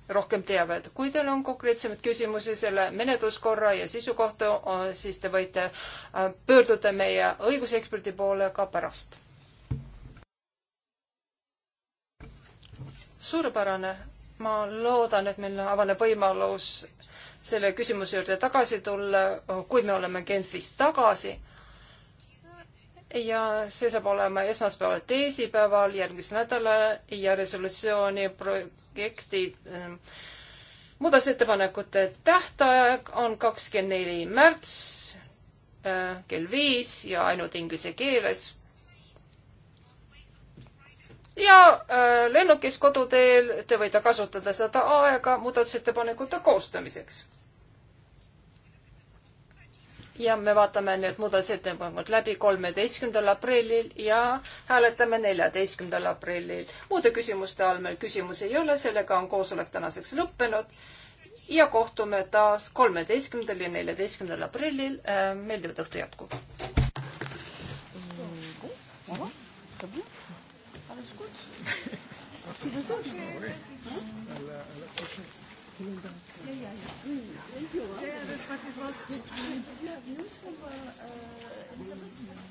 rohkem teavet. kui teil on konkreetsemaid küsimusi selle menetluskorra ja sisu kohta, siis te võite äh, pöörduda meie õiguseksperdi poole ka pärast. suurepärane, ma loodan, et meil avaneb võimalus selle küsimuse juurde tagasi tulla, kui me oleme Genfis tagasi ja see saab olema esmaspäeval, teisipäeval, järgmisel nädalal ja resolutsiooni pro-, projekti ähm, muudatusettepanekute tähtaeg on kakskümmend neli märts äh, kell viis ja ainult inglise keeles ja äh, lennukis koduteel te võite kasutada seda aega muudatusettepanekute koostamiseks ja me vaatame need muudatusettepanekud läbi kolmeteistkümnendal aprillil ja hääletame neljateistkümnendal aprillil. muude küsimuste all meil küsimusi ei ole, sellega on koosolek tänaseks lõppenud ja kohtume taas kolmeteistkümnendal ja neljateistkümnendal aprillil. Äh, meeldivat õhtu jätku! Vielen mm-hmm. Dank. Yeah, yeah, yeah. Mm, thank you. Yeah, that, but it was the, the views from uh, uh, Elizabeth.